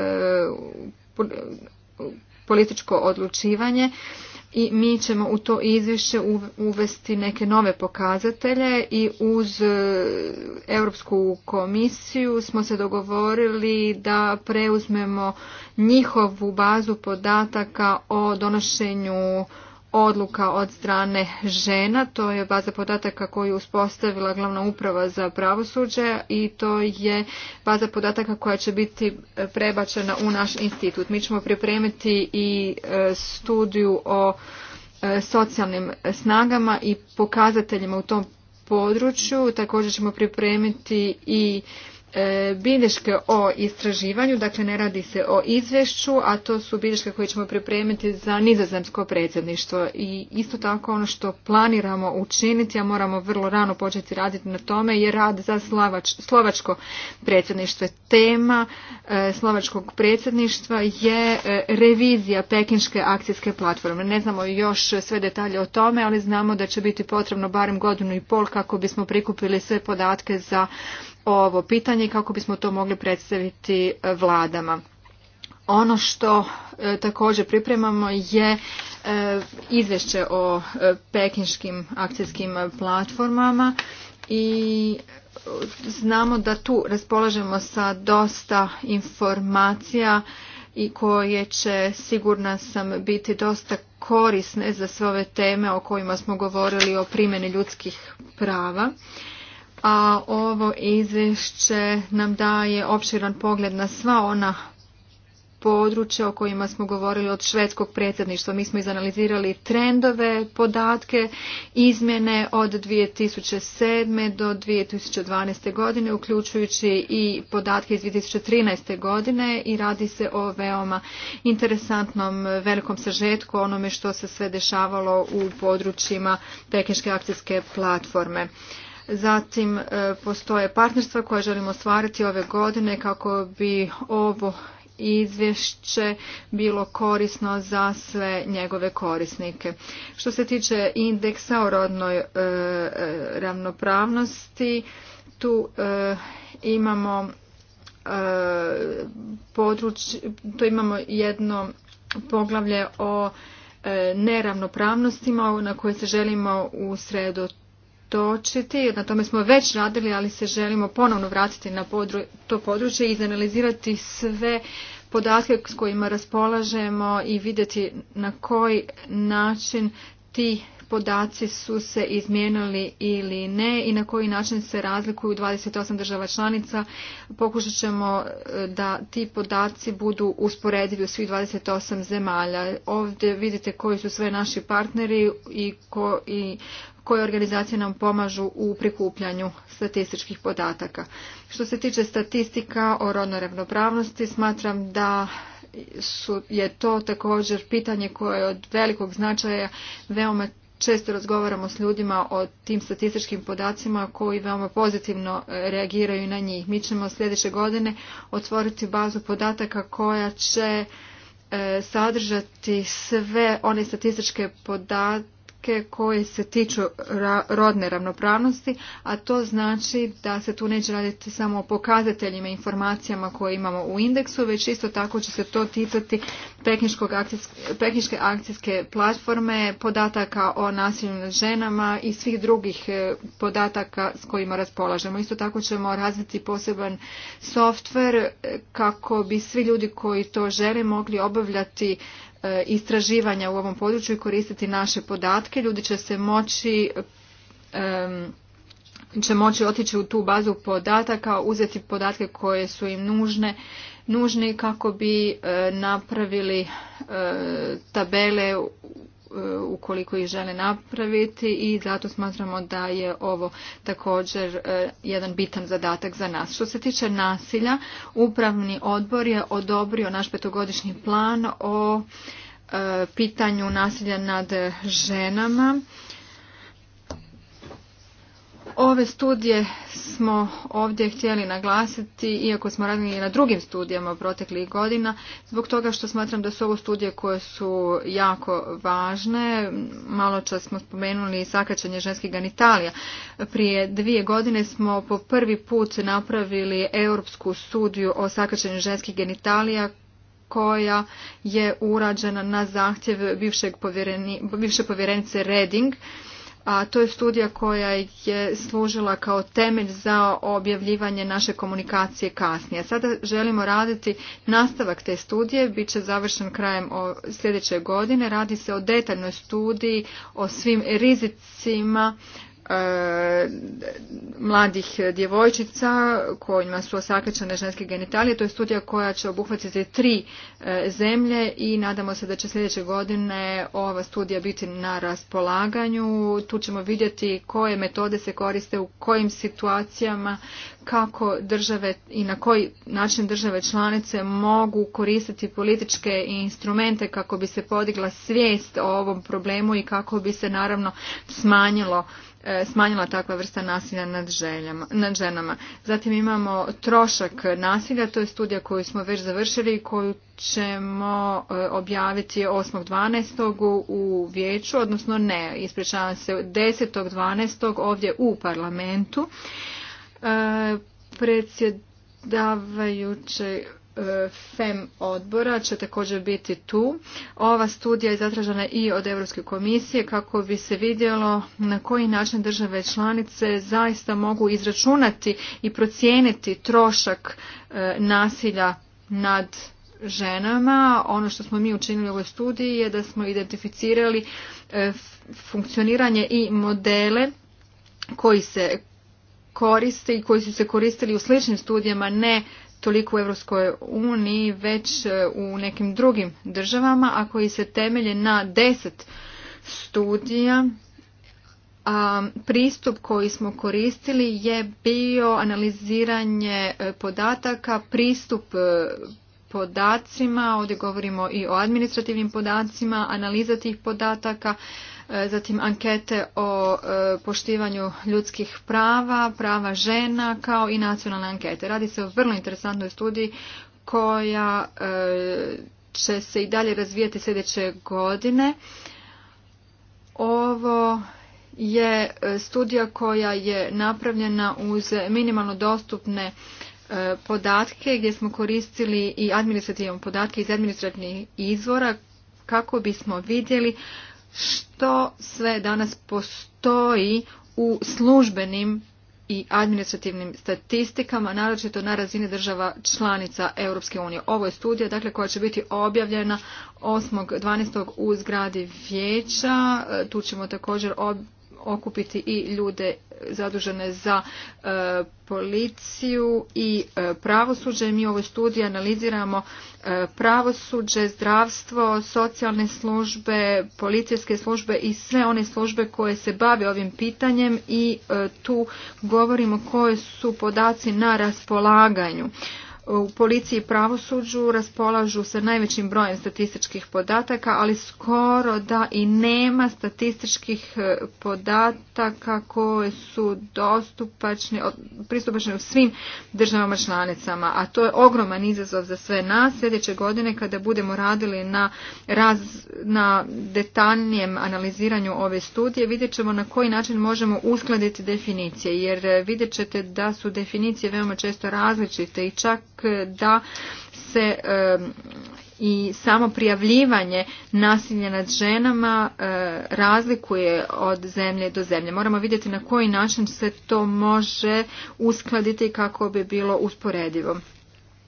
političko odlučivanje i mi ćemo u to izvješće uvesti neke nove pokazatelje i uz e, Europsku komisiju smo se dogovorili da preuzmemo njihovu bazu podataka o donošenju odluka od strane žena. To je baza podataka koju je uspostavila glavna uprava za pravosuđe i to je baza podataka koja će biti e, prebačena u naš institut. Mi ćemo pripremiti i e, studiju o e, socijalnim snagama i pokazateljima u tom području. Također ćemo pripremiti i E, bilješke o istraživanju, dakle ne radi se o izvješću, a to su bilješke koje ćemo pripremiti za nizozemsko predsjedništvo. I isto tako ono što planiramo učiniti, a moramo vrlo rano početi raditi na tome, je rad za slovačko predsjedništvo. Tema e, slovačkog predsjedništva je e, revizija pekinške akcijske platforme. Ne znamo još sve detalje o tome, ali znamo da će biti potrebno barem godinu i pol kako bismo prikupili sve podatke za ovo pitanje i kako bismo to mogli predstaviti e, vladama. Ono što e, također pripremamo je e, izvješće o pekinškim akcijskim platformama i znamo da tu raspolažemo sa dosta informacija i koje će sigurna sam biti dosta korisne za sve ove teme o kojima smo govorili o primjeni ljudskih prava a ovo izvješće nam daje opširan pogled na sva ona područja o kojima smo govorili od švedskog predsjedništva. Mi smo izanalizirali trendove, podatke, izmjene od 2007. do 2012. godine, uključujući i podatke iz 2013. godine i radi se o veoma interesantnom velikom sažetku onome što se sve dešavalo u područjima tehničke akcijske platforme. Zatim e, postoje partnerstva koje želimo ostvariti ove godine kako bi ovo izvješće bilo korisno za sve njegove korisnike. Što se tiče indeksa o rodnoj e, e, ravnopravnosti, tu imamo područje tu imamo jedno poglavlje o neravnopravnostima na koje se želimo usredotočiti točiti, na tome smo već radili, ali se želimo ponovno vratiti na to područje i izanalizirati sve podatke s kojima raspolažemo i vidjeti na koji način ti podaci su se izmijenili ili ne i na koji način se razlikuju 28 država članica. Pokušat ćemo e, da ti podaci budu usporedivi u svih 28 zemalja. Ovdje vidite koji su sve naši partneri i, koje organizacije nam pomažu u prikupljanju statističkih podataka. Što se tiče statistika o rodnoj ravnopravnosti, smatram da je to također pitanje koje je od velikog značaja veoma često razgovaramo s ljudima o tim statističkim podacima koji veoma pozitivno e, reagiraju na njih. Mi ćemo sljedeće godine otvoriti bazu podataka koja će e, sadržati sve one statističke podatke koje se tiču rodne ravnopravnosti, a to znači da se tu neće raditi samo o pokazateljima i informacijama koje imamo u indeksu, već isto tako će se to ticati tehničke akcijske platforme, podataka o nasilju nad ženama i svih drugih e, podataka s kojima raspolažemo. Isto tako ćemo razviti poseban softver e, kako bi svi ljudi koji to žele mogli obavljati E, istraživanja u ovom području i koristiti naše podatke. Ljudi će se moći e, će moći otići u tu bazu podataka, uzeti podatke koje su im nužne, nužni kako bi e, napravili tabele E, ukoliko ih žele napraviti i zato smatramo da je ovo također e, jedan bitan zadatak za nas. Što se tiče nasilja, upravni odbor je odobrio naš petogodišnji plan o e, pitanju nasilja nad ženama Ove studije smo ovdje htjeli naglasiti, iako smo radili na drugim studijama proteklih godina, zbog toga što smatram da su ovo studije koje su jako važne. Malo čas smo spomenuli sakačanje ženskih genitalija. Prije dvije godine smo po prvi put napravili europsku studiju o sakačenju ženskih genitalija koja je urađena na zahtjev bivše povjerenice Reding a to je studija koja je služila kao temelj za objavljivanje naše komunikacije kasnije. Sada želimo raditi nastavak te studije, bit će završen krajem sljedeće godine. Radi se o detaljnoj studiji, o svim rizicima E, mladih djevojčica kojima su osakačene ženske genitalije. To je studija koja će obuhvatiti tri e, zemlje i nadamo se da će sljedeće godine ova studija biti na raspolaganju. Tu ćemo vidjeti koje metode se koriste u kojim situacijama, kako države i na koji način države članice mogu koristiti političke instrumente kako bi se podigla svijest o ovom problemu i kako bi se naravno smanjilo E, smanjila takva vrsta nasilja nad, ženama. Zatim imamo trošak nasilja, to je studija koju smo već završili i koju ćemo e, objaviti 8.12. u vijeću, odnosno ne, ispričavam se, 10.12. ovdje u parlamentu. E, Predsjedavajuće E, FEM odbora će također biti tu. Ova studija je zatražena i od Europske komisije kako bi se vidjelo na koji način države članice zaista mogu izračunati i procijeniti trošak e, nasilja nad ženama. Ono što smo mi učinili u ovoj studiji je da smo identificirali e, funkcioniranje i modele koji se koriste i koji su se koristili u sličnim studijama, ne toliko u Europskoj uniji već e, u nekim drugim državama, a koji se temelje na deset studija a pristup koji smo koristili je bio analiziranje e, podataka, pristup e, podacima, ovdje govorimo i o administrativnim podacima, analiza tih podataka, zatim ankete o e, poštivanju ljudskih prava, prava žena kao i nacionalne ankete. Radi se o vrlo interesantnoj studiji koja e, će se i dalje razvijati sljedeće godine. Ovo je e, studija koja je napravljena uz minimalno dostupne podatke gdje smo koristili i administrativne podatke iz administrativnih izvora kako bismo vidjeli što sve danas postoji u službenim i administrativnim statistikama, naročito na razini država članica Europske unije. Ovo je studija dakle, koja će biti objavljena 8.12. u zgradi vijeća. E, tu ćemo također okupiti i ljude zadužene za e, policiju i e, pravosuđe. Mi u ovoj studiji analiziramo e, pravosuđe, zdravstvo, socijalne službe, policijske službe i sve one službe koje se bave ovim pitanjem i e, tu govorimo koje su podaci na raspolaganju u policiji i pravosuđu raspolažu sa najvećim brojem statističkih podataka, ali skoro da i nema statističkih e, podataka koje su dostupačne, pristupačne u svim državama članicama, a to je ogroman izazov za sve nas. Sljedeće godine kada budemo radili na, raz, na detaljnijem analiziranju ove studije, vidjet ćemo na koji način možemo uskladiti definicije, jer e, vidjet ćete da su definicije veoma često različite i čak da se i samo prijavljivanje nasilja nad ženama e, razlikuje od zemlje do zemlje. Moramo vidjeti na koji način se to može uskladiti kako bi bilo usporedivo.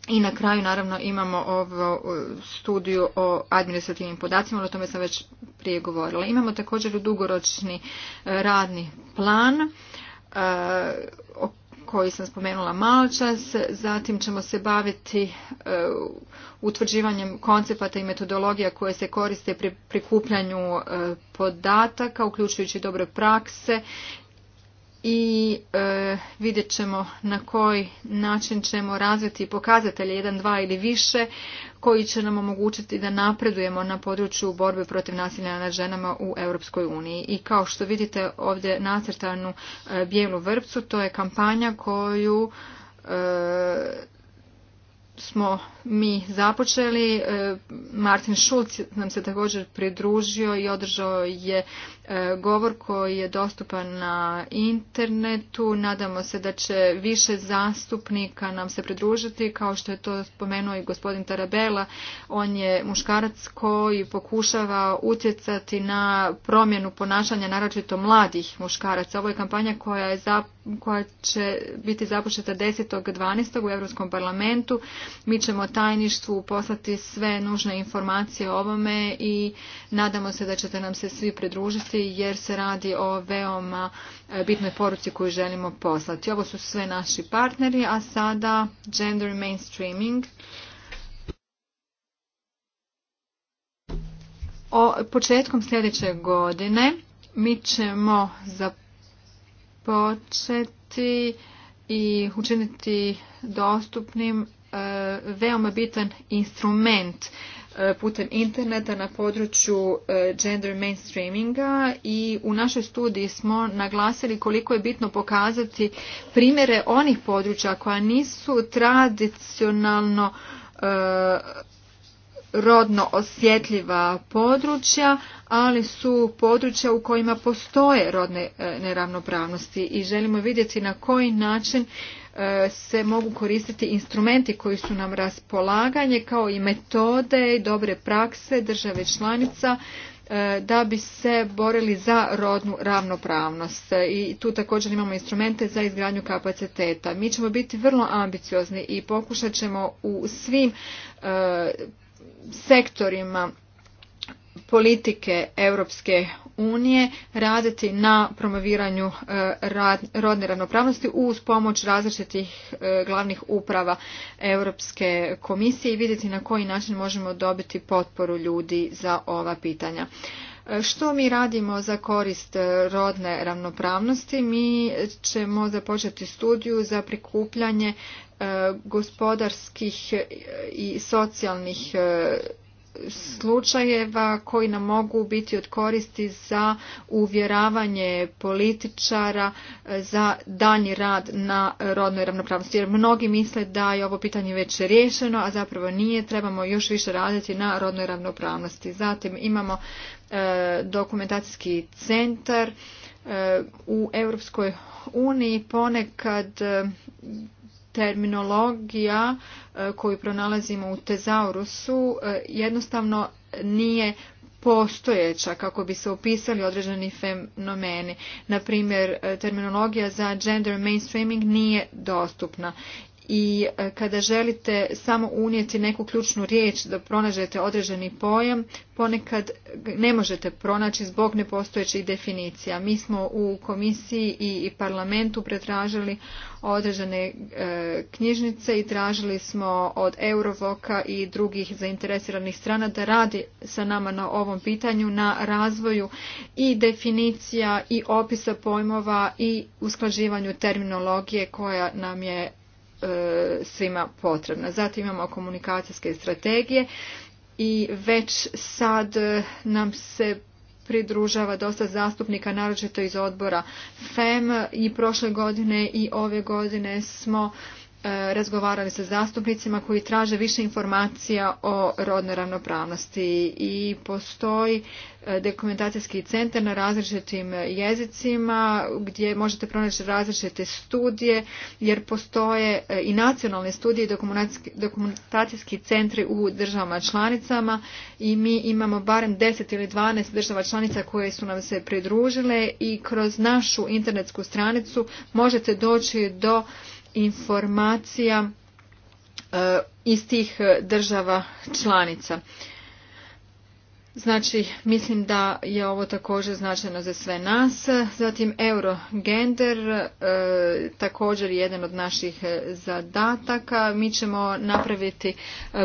I na kraju naravno imamo ovo e, studiju o administrativnim podacima, o tome sam već prije govorila. Imamo također dugoročni e, radni plan koji sam spomenula malo čas. Zatim ćemo se baviti e, utvrđivanjem koncepata i metodologija koje se koriste pri prikupljanju e, podataka, uključujući dobre prakse i e, vidjet ćemo na koji način ćemo razviti pokazatelje jedan, dva ili više koji će nam omogućiti da napredujemo na području borbe protiv nasilja nad ženama u Europskoj uniji. I kao što vidite ovdje nacrtanu e, bijelu vrpcu, to je kampanja koju e, smo mi započeli. E, Martin Schulz nam se također pridružio i održao je e, govor koji je dostupan na internetu. Nadamo se da će više zastupnika nam se pridružiti, kao što je to spomenuo i gospodin Tarabela. On je muškarac koji pokušava utjecati na promjenu ponašanja, naročito mladih muškaraca. Ovo je kampanja koja je za koja će biti započeta 10.12. u Europskom parlamentu. Mi ćemo tajništvu poslati sve nužne informacije o ovome i nadamo se da ćete nam se svi pridružiti jer se radi o veoma e, bitnoj poruci koju želimo poslati. Ovo su sve naši partneri, a sada gender mainstreaming. O početkom sljedeće godine mi ćemo započeti početi i učiniti dostupnim e, veoma bitan instrument e, putem interneta na području e, gender mainstreaminga i u našoj studiji smo naglasili koliko je bitno pokazati primjere onih područja koja nisu tradicionalno rodno osjetljiva područja, ali su područja u kojima postoje rodne e, neravnopravnosti i želimo vidjeti na koji način e, se mogu koristiti instrumenti koji su nam raspolaganje kao i metode i dobre prakse države članica e, da bi se borili za rodnu ravnopravnost i tu također imamo instrumente za izgradnju kapaciteta. Mi ćemo biti vrlo ambiciozni i pokušat ćemo u svim sektorima politike Europske unije raditi na promoviranju e, rodne ravnopravnosti uz pomoć različitih e, glavnih uprava Europske komisije i vidjeti na koji način možemo dobiti potporu ljudi za ova pitanja. Što mi radimo za korist rodne ravnopravnosti? Mi ćemo započeti studiju za prikupljanje e, gospodarskih e, i socijalnih e, slučajeva koji nam mogu biti od koristi za uvjeravanje političara e, za danji rad na rodnoj ravnopravnosti. Jer mnogi misle da je ovo pitanje već riješeno, a zapravo nije. Trebamo još više raditi na rodnoj ravnopravnosti. Zatim imamo e, dokumentacijski centar e, u Europskoj uniji ponekad terminologija e, koju pronalazimo u tezaurusu e, jednostavno nije postojeća kako bi se opisali određeni fenomeni. Naprimjer, e, terminologija za gender mainstreaming nije dostupna i e, kada želite samo unijeti neku ključnu riječ da pronađete određeni pojam, ponekad ne možete pronaći zbog nepostojećih definicija. Mi smo u komisiji i parlamentu pretražili određene e, knjižnice i tražili smo od Eurovoka i drugih zainteresiranih strana da radi sa nama na ovom pitanju na razvoju i definicija i opisa pojmova i usklađivanju terminologije koja nam je E, svima potrebna. Zatim imamo komunikacijske strategije i već sad nam se pridružava dosta zastupnika, naročito iz odbora FEM i prošle godine i ove godine smo E, razgovarali sa zastupnicima koji traže više informacija o rodnoj ravnopravnosti i postoji e, dokumentacijski centar na različitim jezicima gdje možete pronaći različite studije jer postoje e, i nacionalne studije i dokumentacijski centri u državama članicama i mi imamo barem 10 ili 12 država članica koje su nam se pridružile i kroz našu internetsku stranicu možete doći do informacija e, iz tih e, država članica. Znači, mislim da je ovo također značajno za sve nas. Zatim, Eurogender, e, također jedan od naših zadataka. Mi ćemo napraviti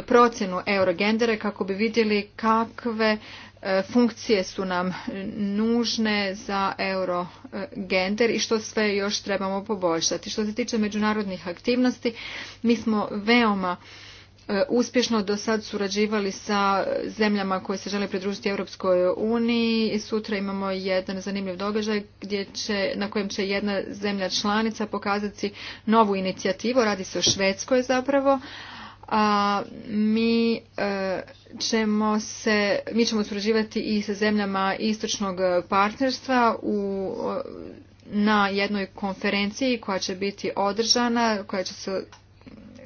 procjenu Eurogendere kako bi vidjeli kakve E, funkcije su nam nužne za Eurogender e, i što sve još trebamo poboljšati. Što se tiče međunarodnih aktivnosti, mi smo veoma e, uspješno do sad surađivali sa zemljama koje se žele pridružiti Europskoj uniji i sutra imamo jedan zanimljiv događaj gdje će, na kojem će jedna zemlja članica pokazati novu inicijativu, radi se o Švedskoj zapravo, a mi e, ćemo se, mi ćemo surađivati i sa zemljama istočnog partnerstva u na jednoj konferenciji koja će biti održana, koja će se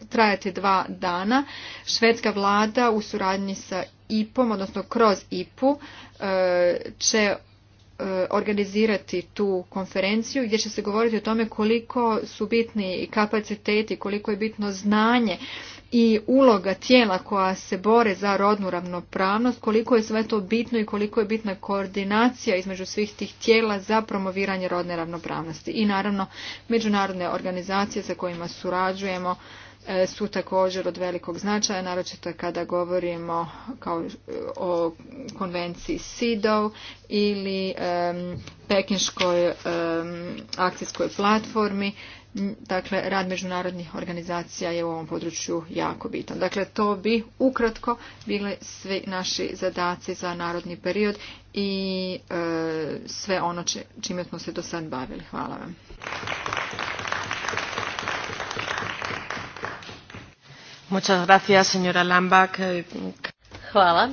trajati dva dana. Švedska vlada u suradnji sa IPom, odnosno kroz IPU, e, će e, organizirati tu konferenciju gdje će se govoriti o tome koliko su bitni kapaciteti, koliko je bitno znanje i uloga tijela koja se bore za rodnu ravnopravnost, koliko je sve to bitno i koliko je bitna koordinacija između svih tih tijela za promoviranje rodne ravnopravnosti. I naravno, međunarodne organizacije sa kojima surađujemo e, su također od velikog značaja, naročito kada govorimo kao e, o konvenciji SIDO ili pekinškoj akcijskoj platformi. Dakle, rad međunarodnih organizacija je u ovom području jako bitan. Dakle, to bi ukratko bile svi naši zadaci za narodni period i e, sve ono čime smo se do sad bavili. Hvala vam. Muchas Hvala,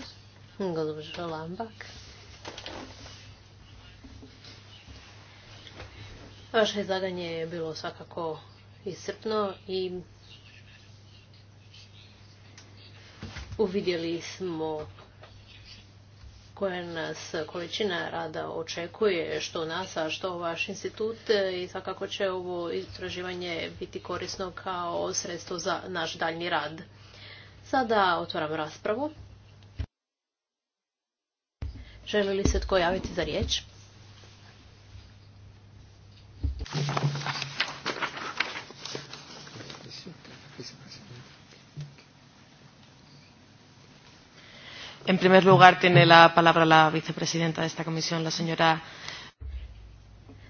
Vaše izlaganje je bilo svakako iscrpno i uvidjeli smo koja nas količina rada očekuje, što nas, a što vaš institut i svakako će ovo istraživanje biti korisno kao sredstvo za naš daljni rad. Sada otvaram raspravu. Želi li se tko javiti za riječ? En primer lugar, tiene la palabra la vicepresidenta de esta comisión, la señora.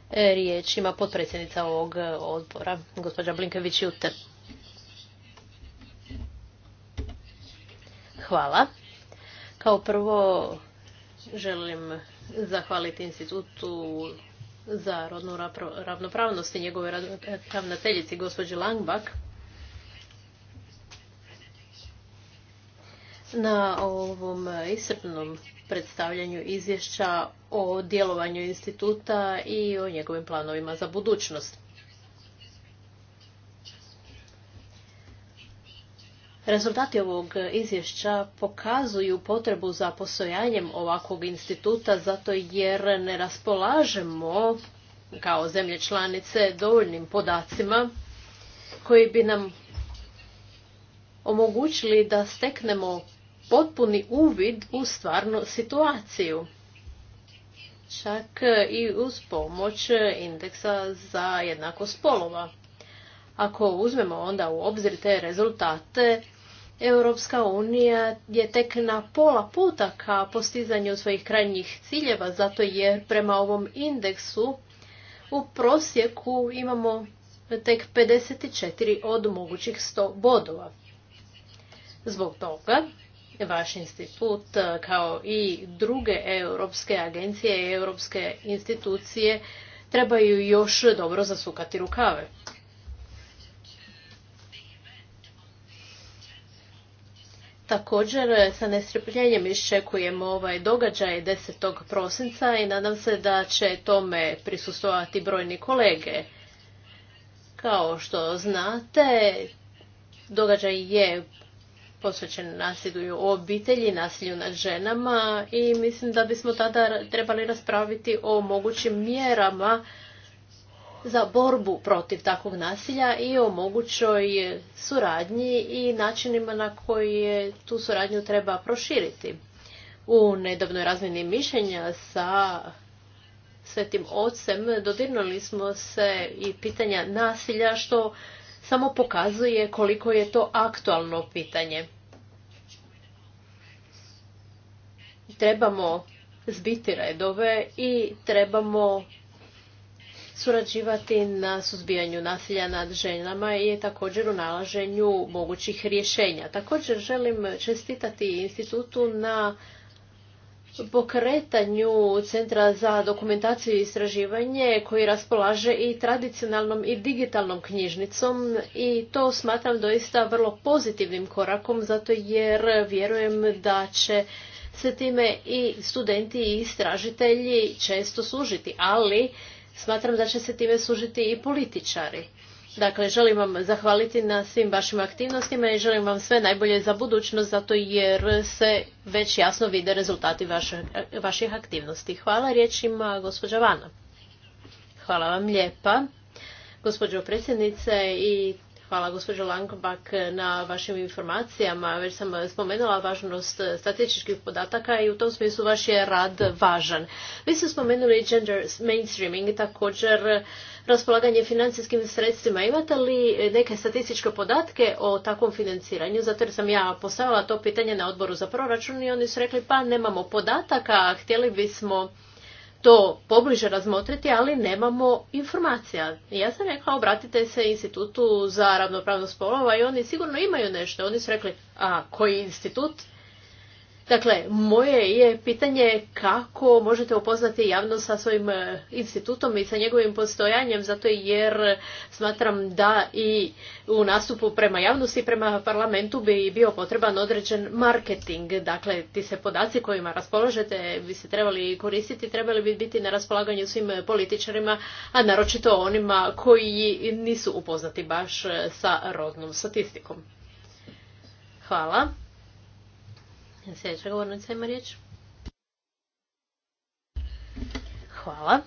Eh, riječ ima potpredsjednica ovog eh, odbora, gospođa Blinkević-Jute. Hvala. Kao prvo želim zahvaliti institutu za rodnu ravnopravnost i njegove ravnateljici gospođi Langbak na ovom isrpnom predstavljanju izvješća o djelovanju instituta i o njegovim planovima za budućnost. Rezultati ovog izvješća pokazuju potrebu za postojanjem ovakvog instituta zato jer ne raspolažemo kao zemlje članice dovoljnim podacima koji bi nam omogućili da steknemo potpuni uvid u stvarnu situaciju. Čak i uz pomoć indeksa za jednakost spolova. Ako uzmemo onda u obzir te rezultate, Europska unija je tek na pola puta ka postizanju svojih krajnjih ciljeva, zato jer prema ovom indeksu u prosjeku imamo tek 54 od mogućih 100 bodova. Zbog toga vaš institut kao i druge europske agencije i europske institucije trebaju još dobro zasukati rukave. Također sa nestrpljenjem iščekujemo ovaj događaj 10. prosinca i nadam se da će tome prisustovati brojni kolege. Kao što znate, događaj je posvećen nasilju u obitelji, nasilju nad ženama i mislim da bismo tada trebali raspraviti o mogućim mjerama za borbu protiv takvog nasilja i o mogućoj suradnji i načinima na koje tu suradnju treba proširiti. U nedavnoj razmjeni mišljenja sa Svetim Ocem dodirnuli smo se i pitanja nasilja što samo pokazuje koliko je to aktualno pitanje. Trebamo zbiti redove i trebamo surađivati na suzbijanju nasilja nad ženama i također u nalaženju mogućih rješenja. Također želim čestitati institutu na pokretanju Centra za dokumentaciju i istraživanje koji raspolaže i tradicionalnom i digitalnom knjižnicom i to smatram doista vrlo pozitivnim korakom zato jer vjerujem da će se time i studenti i istražitelji često služiti, ali Smatram da će se time služiti i političari. Dakle, želim vam zahvaliti na svim vašim aktivnostima i želim vam sve najbolje za budućnost, zato jer se već jasno vide rezultati vaših aktivnosti. Hvala riječima gospođa Vana. Hvala vam lijepa, gospođo predsjednice i Hvala gospođo Langbak na vašim informacijama. Već sam spomenula važnost statističkih podataka i u tom smislu vaš je rad važan. Vi ste spomenuli gender mainstreaming također raspolaganje financijskim sredstvima. Imate li neke statističke podatke o takvom financiranju? Zato jer sam ja postavila to pitanje na odboru za proračun i oni su rekli pa nemamo podataka, htjeli bismo to pobliže razmotriti, ali nemamo informacija. Ja sam rekla, obratite se institutu za ravnopravnost spolova i oni sigurno imaju nešto. Oni su rekli, a koji institut? Dakle, moje je pitanje kako možete upoznati javnost sa svojim e, institutom i sa njegovim postojanjem, zato jer smatram da i u nastupu prema javnosti i prema parlamentu bi bio potreban određen marketing. Dakle, ti se podaci kojima raspoložete bi se trebali koristiti, trebali bi biti na raspolaganju svim političarima, a naročito onima koji nisu upoznati baš sa rodnom statistikom. Hvala. Sljedeća govornica ima riječ. Hvala.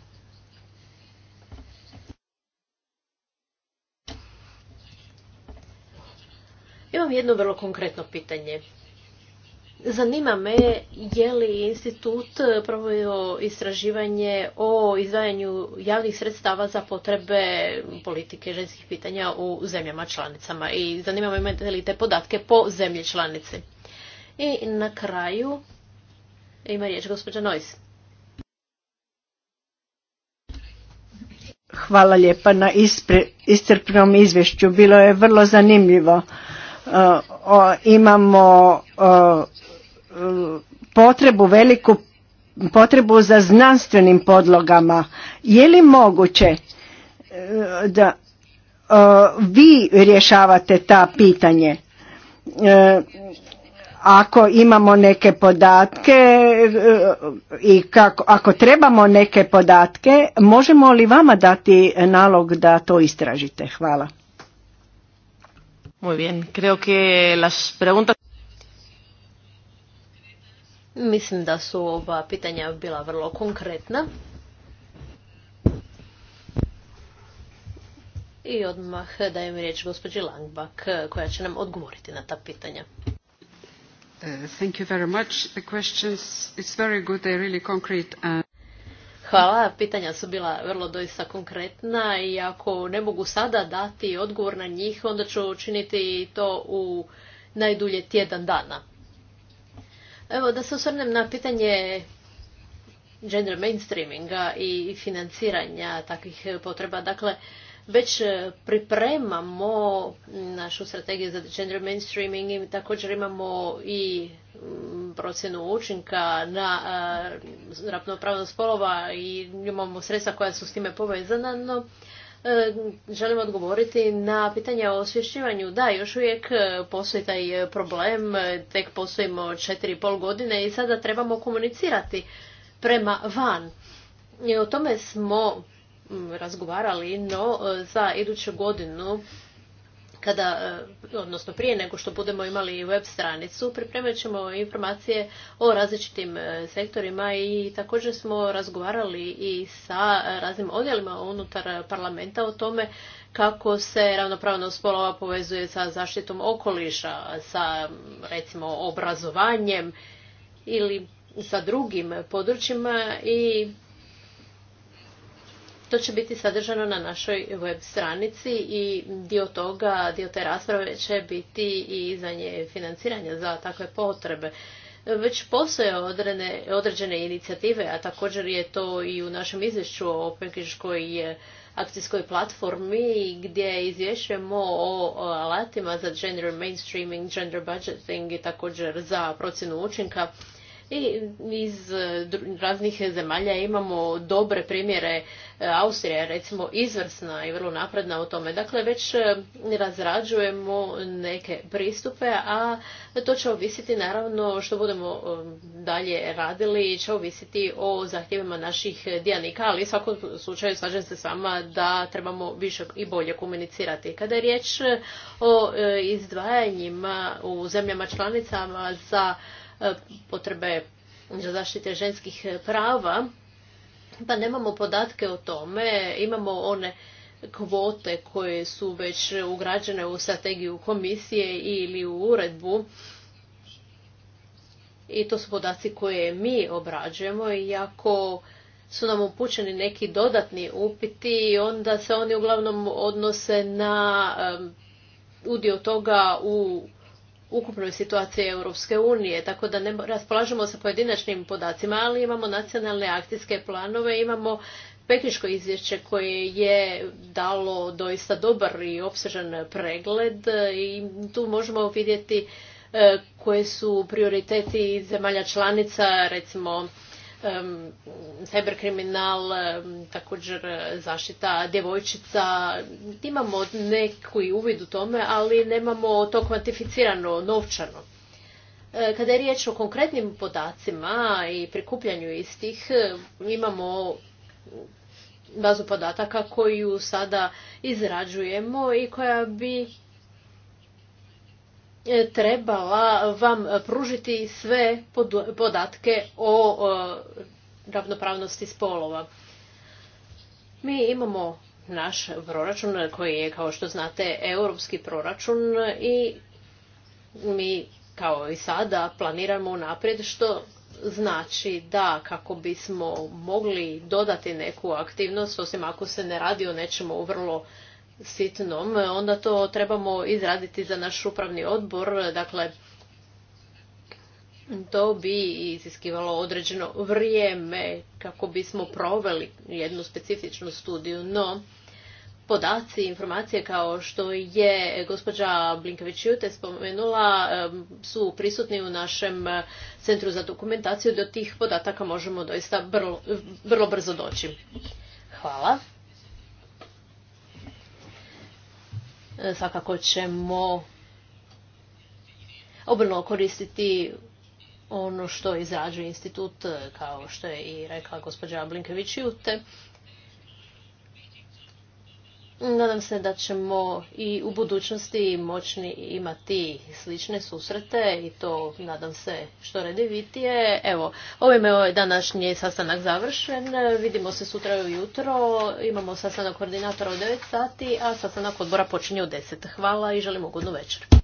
Imam jedno vrlo konkretno pitanje. Zanima me je li institut provio istraživanje o izdvajanju javnih sredstava za potrebe politike ženskih pitanja u zemljama članicama i zanima me imate li te podatke po zemlji članici. I na kraju ima riječ gospođa Nojs. Hvala lijepa na iscrpnom izvješću. Bilo je vrlo zanimljivo. E, imamo e, potrebu veliku potrebu za znanstvenim podlogama. Je li moguće e, da vi rješavate ta pitanje? Ako imamo neke podatke e, i kako, ako trebamo neke podatke, možemo li vama dati nalog da to istražite? Hvala. Muy bien. Creo que las preguntas... Mislim da su oba pitanja bila vrlo konkretna. I odmah dajem riječ gospođi Langbak e, koja će nam odgovoriti na ta pitanja. Thank Hvala, pitanja su bila vrlo doista konkretna i ako ne mogu sada dati odgovor na njih, onda ću učiniti to u najdulje tjedan dana. Evo, da se osvrnem na pitanje gender mainstreaminga i financiranja takvih potreba. Dakle, već e, pripremamo našu strategiju za gender mainstreaming i također imamo i mm, procjenu učinka na e, ravnopravnost spolova i imamo sredstva koja su s time povezana, no e, želim odgovoriti na pitanje o osvješćivanju. Da, još uvijek postoji taj problem, tek postojimo četiri pol godine i sada trebamo komunicirati prema van. I o tome smo razgovarali, no e, za iduću godinu kada, e, odnosno prije nego što budemo imali web stranicu, pripremit ćemo informacije o različitim e, sektorima i također smo razgovarali i sa raznim odjelima unutar parlamenta o tome kako se ravnopravnost spolova povezuje sa zaštitom okoliša, sa recimo obrazovanjem ili sa drugim područjima i to će biti sadržano na našoj web stranici i dio toga, dio te rasprave će biti i za nje financiranje za takve potrebe. Već postoje određene inicijative, a također je to i u našem izvješću o pekiškoj e, akcijskoj platformi gdje izvješćujemo o, o alatima za gender mainstreaming, gender budgeting i također za procjenu učinka i iz e, raznih zemalja imamo dobre primjere. E, Austrija je recimo izvrsna i vrlo napredna u tome. Dakle, već e, razrađujemo neke pristupe, a to će ovisiti naravno što budemo dalje radili, će ovisiti o zahtjevima naših dionika, ali u svakom slučaju slažem se s vama da trebamo više i bolje komunicirati. Kada je riječ o izdvajanjima u zemljama članicama za E, potrebe za zaštite ženskih e, prava, pa nemamo podatke o tome, imamo one kvote koje su već ugrađene u strategiju komisije ili u uredbu. I to su podaci koje mi obrađujemo i ako su nam upućeni neki dodatni upiti, onda se oni uglavnom odnose na e, udio toga u ukupnoj situaciji Europske unije, tako da ne raspolažemo sa pojedinačnim podacima, ali imamo nacionalne akcijske planove, imamo Pekiško izvješće koje je dalo doista dobar i opsežan pregled i tu možemo vidjeti e, koje su prioriteti zemalja članica, recimo cyberkriminal, također zaštita djevojčica. Imamo neki uvid u tome, ali nemamo to kvantificirano novčano. E, kada je riječ o konkretnim podacima i prikupljanju istih, imamo bazu podataka koju sada izrađujemo i koja bi E, trebala vam pružiti sve podatke o ravnopravnosti spolova. Mi imamo naš proračun koji je, kao što znate, europski proračun i mi, kao i sada, planiramo naprijed što znači da kako bismo mogli dodati neku aktivnost, osim ako se ne radi o nečemu vrlo sitnom, onda to trebamo izraditi za naš upravni odbor, dakle to bi iziskivalo određeno vrijeme kako bismo proveli jednu specifičnu studiju, no podaci, informacije kao što je gospođa Blinković jute spomenula su prisutni u našem centru za dokumentaciju. Do tih podataka možemo doista vrlo brzo doći. Hvala. Svakako ćemo obrno koristiti ono što izrađuje institut, kao što je i rekla gospođa Blinkević-Jute. Nadam se da ćemo i u budućnosti moćni imati slične susrete i to nadam se što redivitije. Evo, ovime je ovaj današnji sastanak završen. Vidimo se sutra ujutro. Imamo sastanak koordinatora u 9 sati, a sastanak odbora počinje u 10. Hvala i želim ugodnu večer.